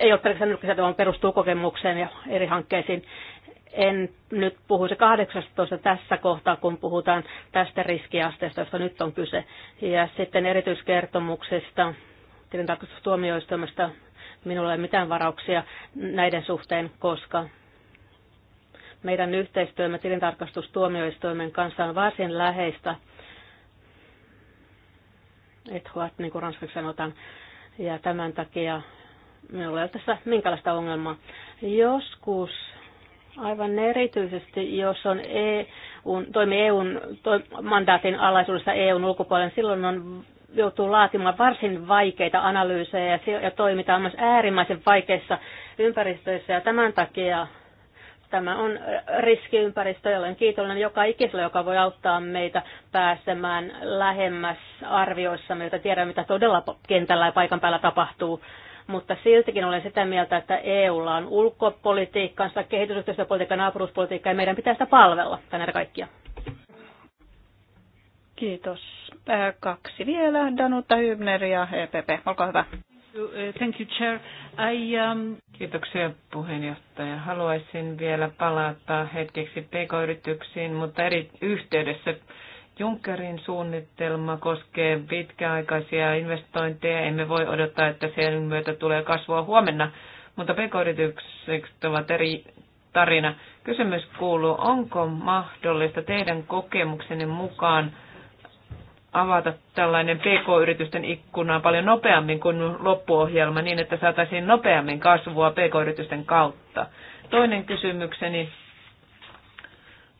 ei ole pelkästään nyrkkisääntö, vaan perustuu kokemukseen ja eri hankkeisiin. En nyt puhuisi 18 tässä kohtaa, kun puhutaan tästä riskiasteesta, josta nyt on kyse. Ja sitten erityiskertomuksesta, tilintarkastustuomioistuimesta, minulla ei ole mitään varauksia näiden suhteen, koska meidän yhteistyömme tilintarkastustuomioistuimen kanssa on varsin läheistä. Ethoat, niin kuin ranskaksi sanotaan. Ja tämän takia minulla ei ole tässä minkälaista ongelmaa. Joskus Aivan erityisesti, jos on EU, toimi EUn toi, mandaatin alaisuudessa EUn ulkopuolella, silloin on, joutuu laatimaan varsin vaikeita analyysejä ja, ja toimitaan myös äärimmäisen vaikeissa ympäristöissä. Ja tämän takia tämä on riskiympäristö, ja kiitollinen joka ikisellä, joka voi auttaa meitä pääsemään lähemmäs arvioissa. jotta tiedämme, mitä todella kentällä ja paikan päällä tapahtuu mutta siltikin olen sitä mieltä, että EUlla on ulkopolitiikkansa, kehitysyhteistyöpolitiikka, naapuruuspolitiikka ja meidän pitää sitä palvella tänään kaikkia. Kiitos. Äh, kaksi vielä, Danuta Hybner ja EPP. Olkaa hyvä. Thank you, Chair. I, um... Kiitoksia puheenjohtaja. Haluaisin vielä palata hetkeksi pk-yrityksiin, mutta eri yhteydessä Junckerin suunnitelma koskee pitkäaikaisia investointeja. Emme voi odottaa, että sen myötä tulee kasvua huomenna, mutta pk-yritykset ovat eri tarina. Kysymys kuuluu, onko mahdollista teidän kokemuksenne mukaan avata tällainen pk-yritysten ikkuna paljon nopeammin kuin loppuohjelma niin, että saataisiin nopeammin kasvua pk-yritysten kautta? Toinen kysymykseni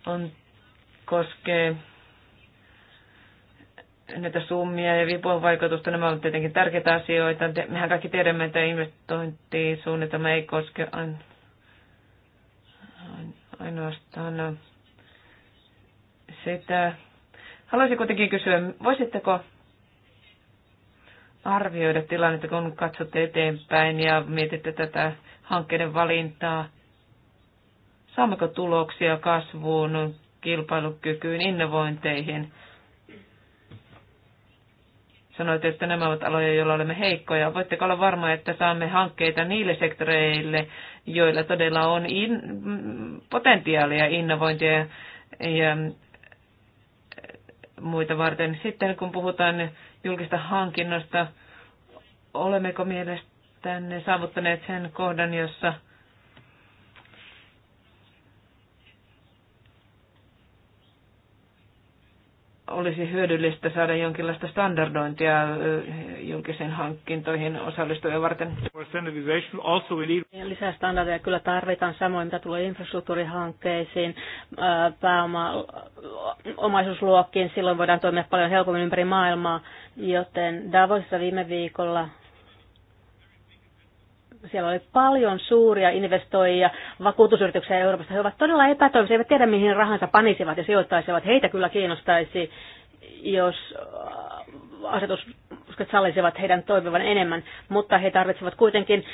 on, koskee näitä summia ja vipon vaikutusta, nämä ovat tietenkin tärkeitä asioita. Mehän kaikki tiedämme, että investointisuunnitelma ei koske ainoastaan sitä. Haluaisin kuitenkin kysyä, voisitteko arvioida tilannetta, kun katsotte eteenpäin ja mietitte tätä hankkeiden valintaa? Saammeko tuloksia kasvuun, kilpailukykyyn, innovointeihin? Sanoit että nämä ovat aloja, joilla olemme heikkoja. Voitteko olla varma, että saamme hankkeita niille sektoreille, joilla todella on in, potentiaalia innovointia ja, ja muita varten. Sitten kun puhutaan julkista hankinnosta, olemmeko mielestänne saavuttaneet sen kohdan, jossa olisi hyödyllistä saada jonkinlaista standardointia julkisen hankintoihin osallistujien varten. Lisää standardeja kyllä tarvitaan, samoin mitä tulee infrastruktuurihankkeisiin, pääoma, omaisuusluokkiin, silloin voidaan toimia paljon helpommin ympäri maailmaa, joten Davosissa viime viikolla siellä oli paljon suuria investoijia, vakuutusyrityksiä Euroopasta. He ovat todella epätoivoisia, eivät tiedä mihin rahansa panisivat ja sijoittaisivat. Heitä kyllä kiinnostaisi, jos asetukset sallisivat heidän toimivan enemmän, mutta he tarvitsevat kuitenkin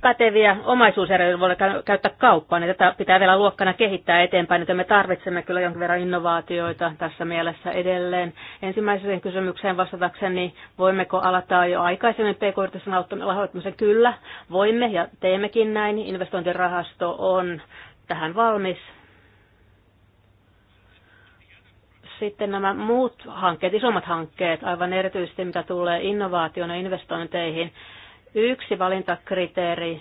päteviä omaisuuseroja, joita voidaan käyttää kauppaan. Ja tätä pitää vielä luokkana kehittää eteenpäin, että me tarvitsemme kyllä jonkin verran innovaatioita tässä mielessä edelleen. Ensimmäiseen kysymykseen vastatakseni, voimmeko alata jo aikaisemmin pk-yritysten rahoittamisen? Kyllä, voimme ja teemmekin näin. Investointirahasto on tähän valmis Sitten nämä muut hankkeet, isommat hankkeet, aivan erityisesti mitä tulee innovaation ja investointeihin. Yksi valintakriteeri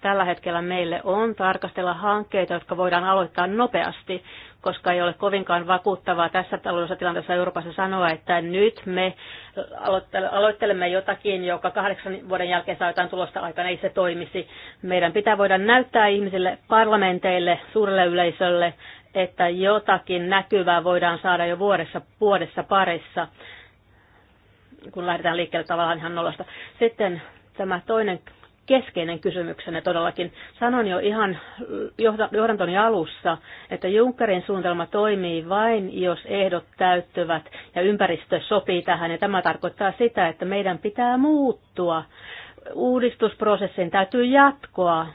tällä hetkellä meille on tarkastella hankkeita, jotka voidaan aloittaa nopeasti, koska ei ole kovinkaan vakuuttavaa tässä taloudellisessa tilanteessa Euroopassa sanoa, että nyt me aloittelemme jotakin, joka kahdeksan vuoden jälkeen saa jotain tulosta aikana, ei se toimisi. Meidän pitää voida näyttää ihmisille, parlamenteille, suurelle yleisölle, että jotakin näkyvää voidaan saada jo vuodessa, vuodessa parissa, kun lähdetään liikkeelle tavallaan ihan nollasta. Sitten tämä toinen keskeinen kysymyksenne todellakin. Sanon jo ihan johdantoni alussa, että Junckerin suunnitelma toimii vain, jos ehdot täyttyvät ja ympäristö sopii tähän. Ja tämä tarkoittaa sitä, että meidän pitää muuttua. Uudistusprosessin täytyy jatkoa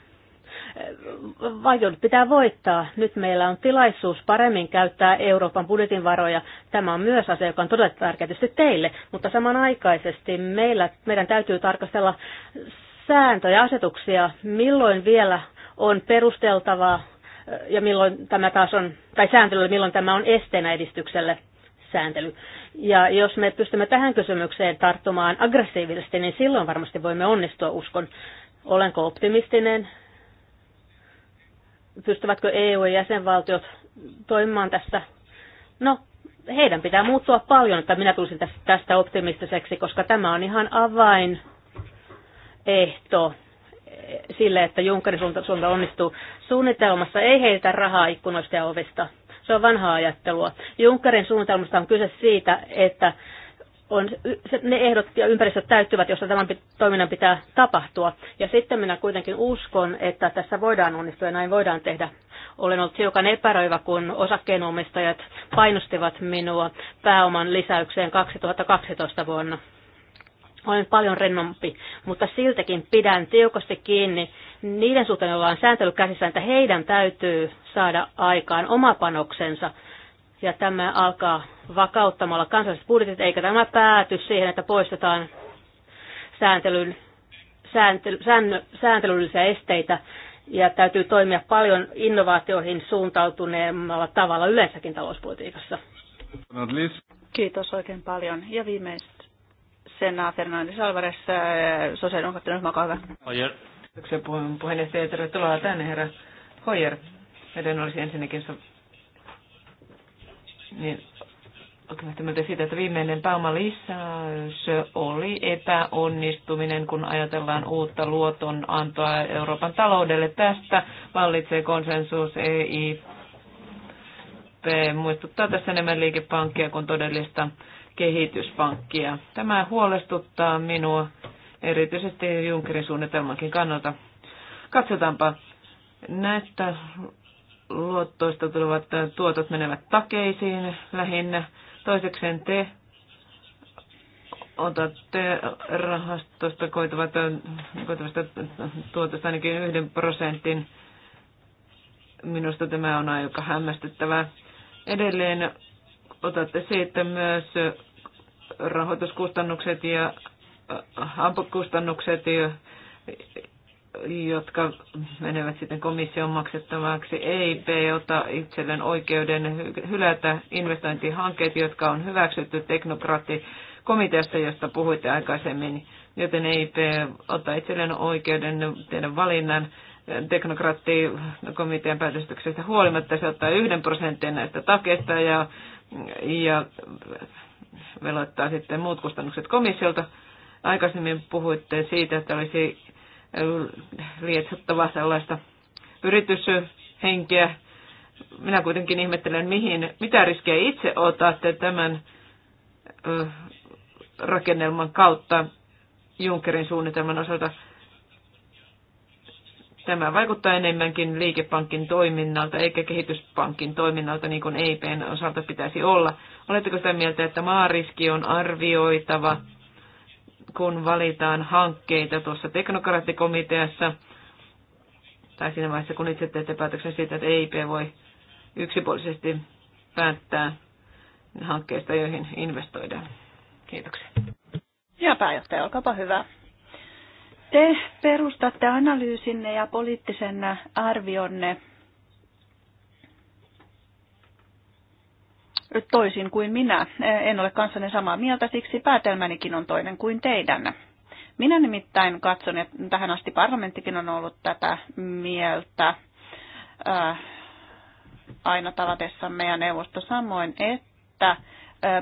vaikeudet pitää voittaa. Nyt meillä on tilaisuus paremmin käyttää Euroopan budjetin varoja. Tämä on myös asia, joka on todella tärkeä teille, mutta samanaikaisesti meillä, meidän täytyy tarkastella sääntöjä, asetuksia, milloin vielä on perusteltavaa äh, ja milloin tämä taas on, tai sääntelyllä milloin tämä on esteenä edistykselle sääntely. Ja jos me pystymme tähän kysymykseen tarttumaan aggressiivisesti, niin silloin varmasti voimme onnistua, uskon. Olenko optimistinen? pystyvätkö EU- ja jäsenvaltiot toimimaan tässä? No, heidän pitää muuttua paljon, että minä tulisin tästä optimistiseksi, koska tämä on ihan ehto sille, että Junckerin suunta, suunta onnistuu. Suunnitelmassa ei heitä rahaa ikkunoista ja ovista. Se on vanhaa ajattelua. Junckerin suunnitelmasta on kyse siitä, että on, ne ehdot ja ympäristöt täyttyvät, jossa tämän toiminnan pitää tapahtua. Ja sitten minä kuitenkin uskon, että tässä voidaan onnistua ja näin voidaan tehdä. Olen ollut hiukan epäröivä, kun osakkeenomistajat painostivat minua pääoman lisäykseen 2012 vuonna. Olen paljon rennompi, mutta siltikin pidän tiukasti kiinni niiden suhteen, joilla on sääntely käsissä, että heidän täytyy saada aikaan oma panoksensa – ja tämä alkaa vakauttamalla kansalliset budjetit, eikä tämä pääty siihen, että poistetaan sääntelyn, sääntely, säännö, sääntelyllisiä esteitä ja täytyy toimia paljon innovaatioihin suuntautuneemmalla tavalla yleensäkin talouspolitiikassa. Kiitos oikein paljon. Ja viimeiset Senna Fernandes Alvarez, sosiaalidemokraattinen ryhmä, olkaa hyvä. Hoyer. Kiitoksia puheenjohtaja tervetuloa tänne herra Hoyer. Meidän olisi ensinnäkin niin olette mieltä siitä, että viimeinen pääomalisäys oli epäonnistuminen, kun ajatellaan uutta luotonantoa Euroopan taloudelle. Tästä vallitsee konsensus EIP. Muistuttaa tässä enemmän liikepankkia kuin todellista kehityspankkia. Tämä huolestuttaa minua erityisesti Junckerin suunnitelmankin kannalta. Katsotaanpa näistä luottoista tulevat tuotot menevät takeisiin lähinnä. Toisekseen te otatte rahastosta koituvat, koituvasta tuotosta ainakin yhden prosentin. Minusta tämä on aika hämmästyttävää. Edelleen otatte siitä myös rahoituskustannukset ja äh, hampukustannukset jotka menevät sitten komission maksettavaksi. EIP ota itselleen oikeuden hylätä investointihankkeet, jotka on hyväksytty teknokraattikomiteasta, josta puhuitte aikaisemmin. Joten EIP ottaa itselleen oikeuden tehdä valinnan teknokraattikomitean päätöksestä huolimatta. Se ottaa yhden prosentin näistä takeista ja, ja veloittaa sitten muut kustannukset komissiolta. Aikaisemmin puhuitte siitä, että olisi lietsottava sellaista yrityshenkeä. Minä kuitenkin ihmettelen, mihin, mitä riskejä itse otatte tämän rakennelman kautta Junckerin suunnitelman osalta. Tämä vaikuttaa enemmänkin liikepankin toiminnalta eikä kehityspankin toiminnalta, niin kuin EIPn osalta pitäisi olla. Oletteko sitä mieltä, että maariski on arvioitava? Mm kun valitaan hankkeita tuossa teknokraattikomiteassa, tai siinä vaiheessa, kun itse teette päätöksen siitä, että EIP voi yksipuolisesti päättää hankkeista, joihin investoidaan. Kiitoksia. Ja pääjohtaja, olkaapa hyvä. Te perustatte analyysinne ja poliittisen arvionne toisin kuin minä. Eh, en ole kanssanne samaa mieltä, siksi päätelmänikin on toinen kuin teidän. Minä nimittäin katson, että tähän asti parlamenttikin on ollut tätä mieltä eh, aina tavatessamme ja neuvosto samoin, että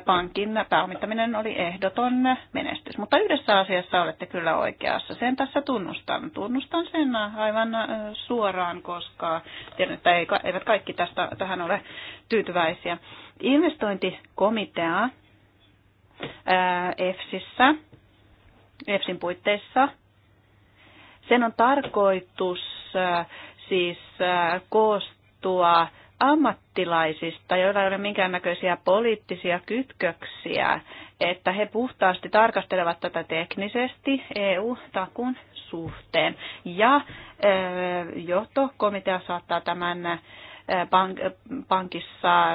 pankin pääomittaminen oli ehdoton menestys. Mutta yhdessä asiassa olette kyllä oikeassa. Sen tässä tunnustan. Tunnustan sen aivan suoraan, koska tiedän, että eivät kaikki tästä, tähän ole tyytyväisiä. Investointikomitea EFSissä, EFSin puitteissa, sen on tarkoitus siis koostua ammattilaisista, joilla ei ole minkäännäköisiä poliittisia kytköksiä, että he puhtaasti tarkastelevat tätä teknisesti EU-takun suhteen. Ja johtokomitea saattaa tämän pankissa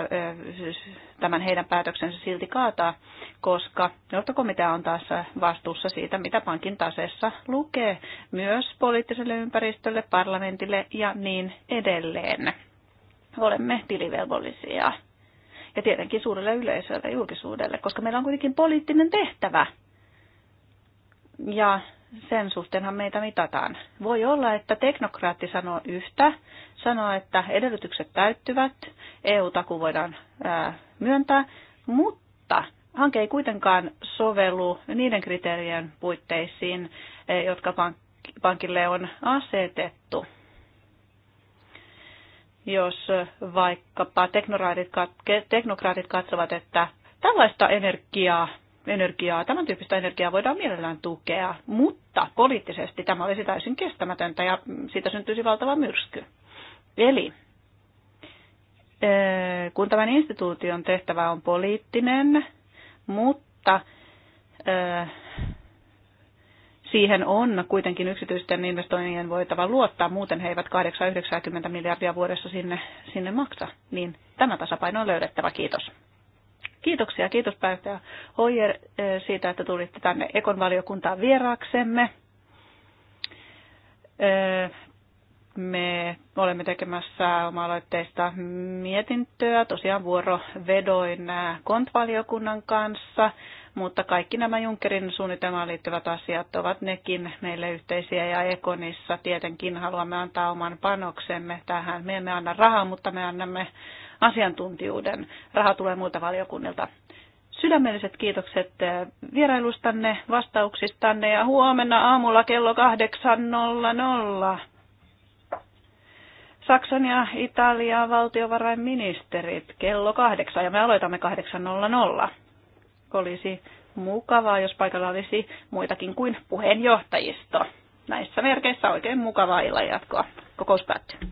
tämän heidän päätöksensä silti kaataa, koska johtokomitea on taas vastuussa siitä, mitä pankin tasessa lukee myös poliittiselle ympäristölle, parlamentille ja niin edelleen olemme tilivelvollisia. Ja tietenkin suurelle yleisölle ja julkisuudelle, koska meillä on kuitenkin poliittinen tehtävä. Ja sen suhteenhan meitä mitataan. Voi olla, että teknokraatti sanoo yhtä, sanoo, että edellytykset täyttyvät, EU-taku voidaan ää, myöntää, mutta hanke ei kuitenkaan sovellu niiden kriteerien puitteisiin, eh, jotka pankille on asetettu jos vaikkapa teknokraatit katsovat, että tällaista energiaa, energiaa, tämän tyyppistä energiaa voidaan mielellään tukea, mutta poliittisesti tämä olisi täysin kestämätöntä ja siitä syntyisi valtava myrsky. Eli kun tämän instituution tehtävä on poliittinen, mutta siihen on kuitenkin yksityisten investoinnien voitava luottaa, muuten he eivät 8 miljardia vuodessa sinne, sinne maksa. Niin tämä tasapaino on löydettävä. Kiitos. Kiitoksia, kiitos pääjohtaja Hoyer eh, siitä, että tulitte tänne Ekon valiokuntaan vieraaksemme. Eh, me olemme tekemässä oma-aloitteista mietintöä tosiaan vuorovedoin eh, kontvaliokunnan kanssa mutta kaikki nämä Junckerin suunnitelmaan liittyvät asiat ovat nekin meille yhteisiä ja Ekonissa tietenkin haluamme antaa oman panoksemme tähän. Me emme anna rahaa, mutta me annamme asiantuntijuuden. Raha tulee muilta valiokunnilta. Sydämelliset kiitokset eh, vierailustanne, vastauksistanne ja huomenna aamulla kello 8.00. Saksan ja Italian valtiovarainministerit kello kahdeksan ja me aloitamme 8.00. Olisi mukavaa, jos paikalla olisi muitakin kuin puheenjohtajisto. Näissä merkeissä oikein mukavaa illanjatkoa. Kokous päättyy.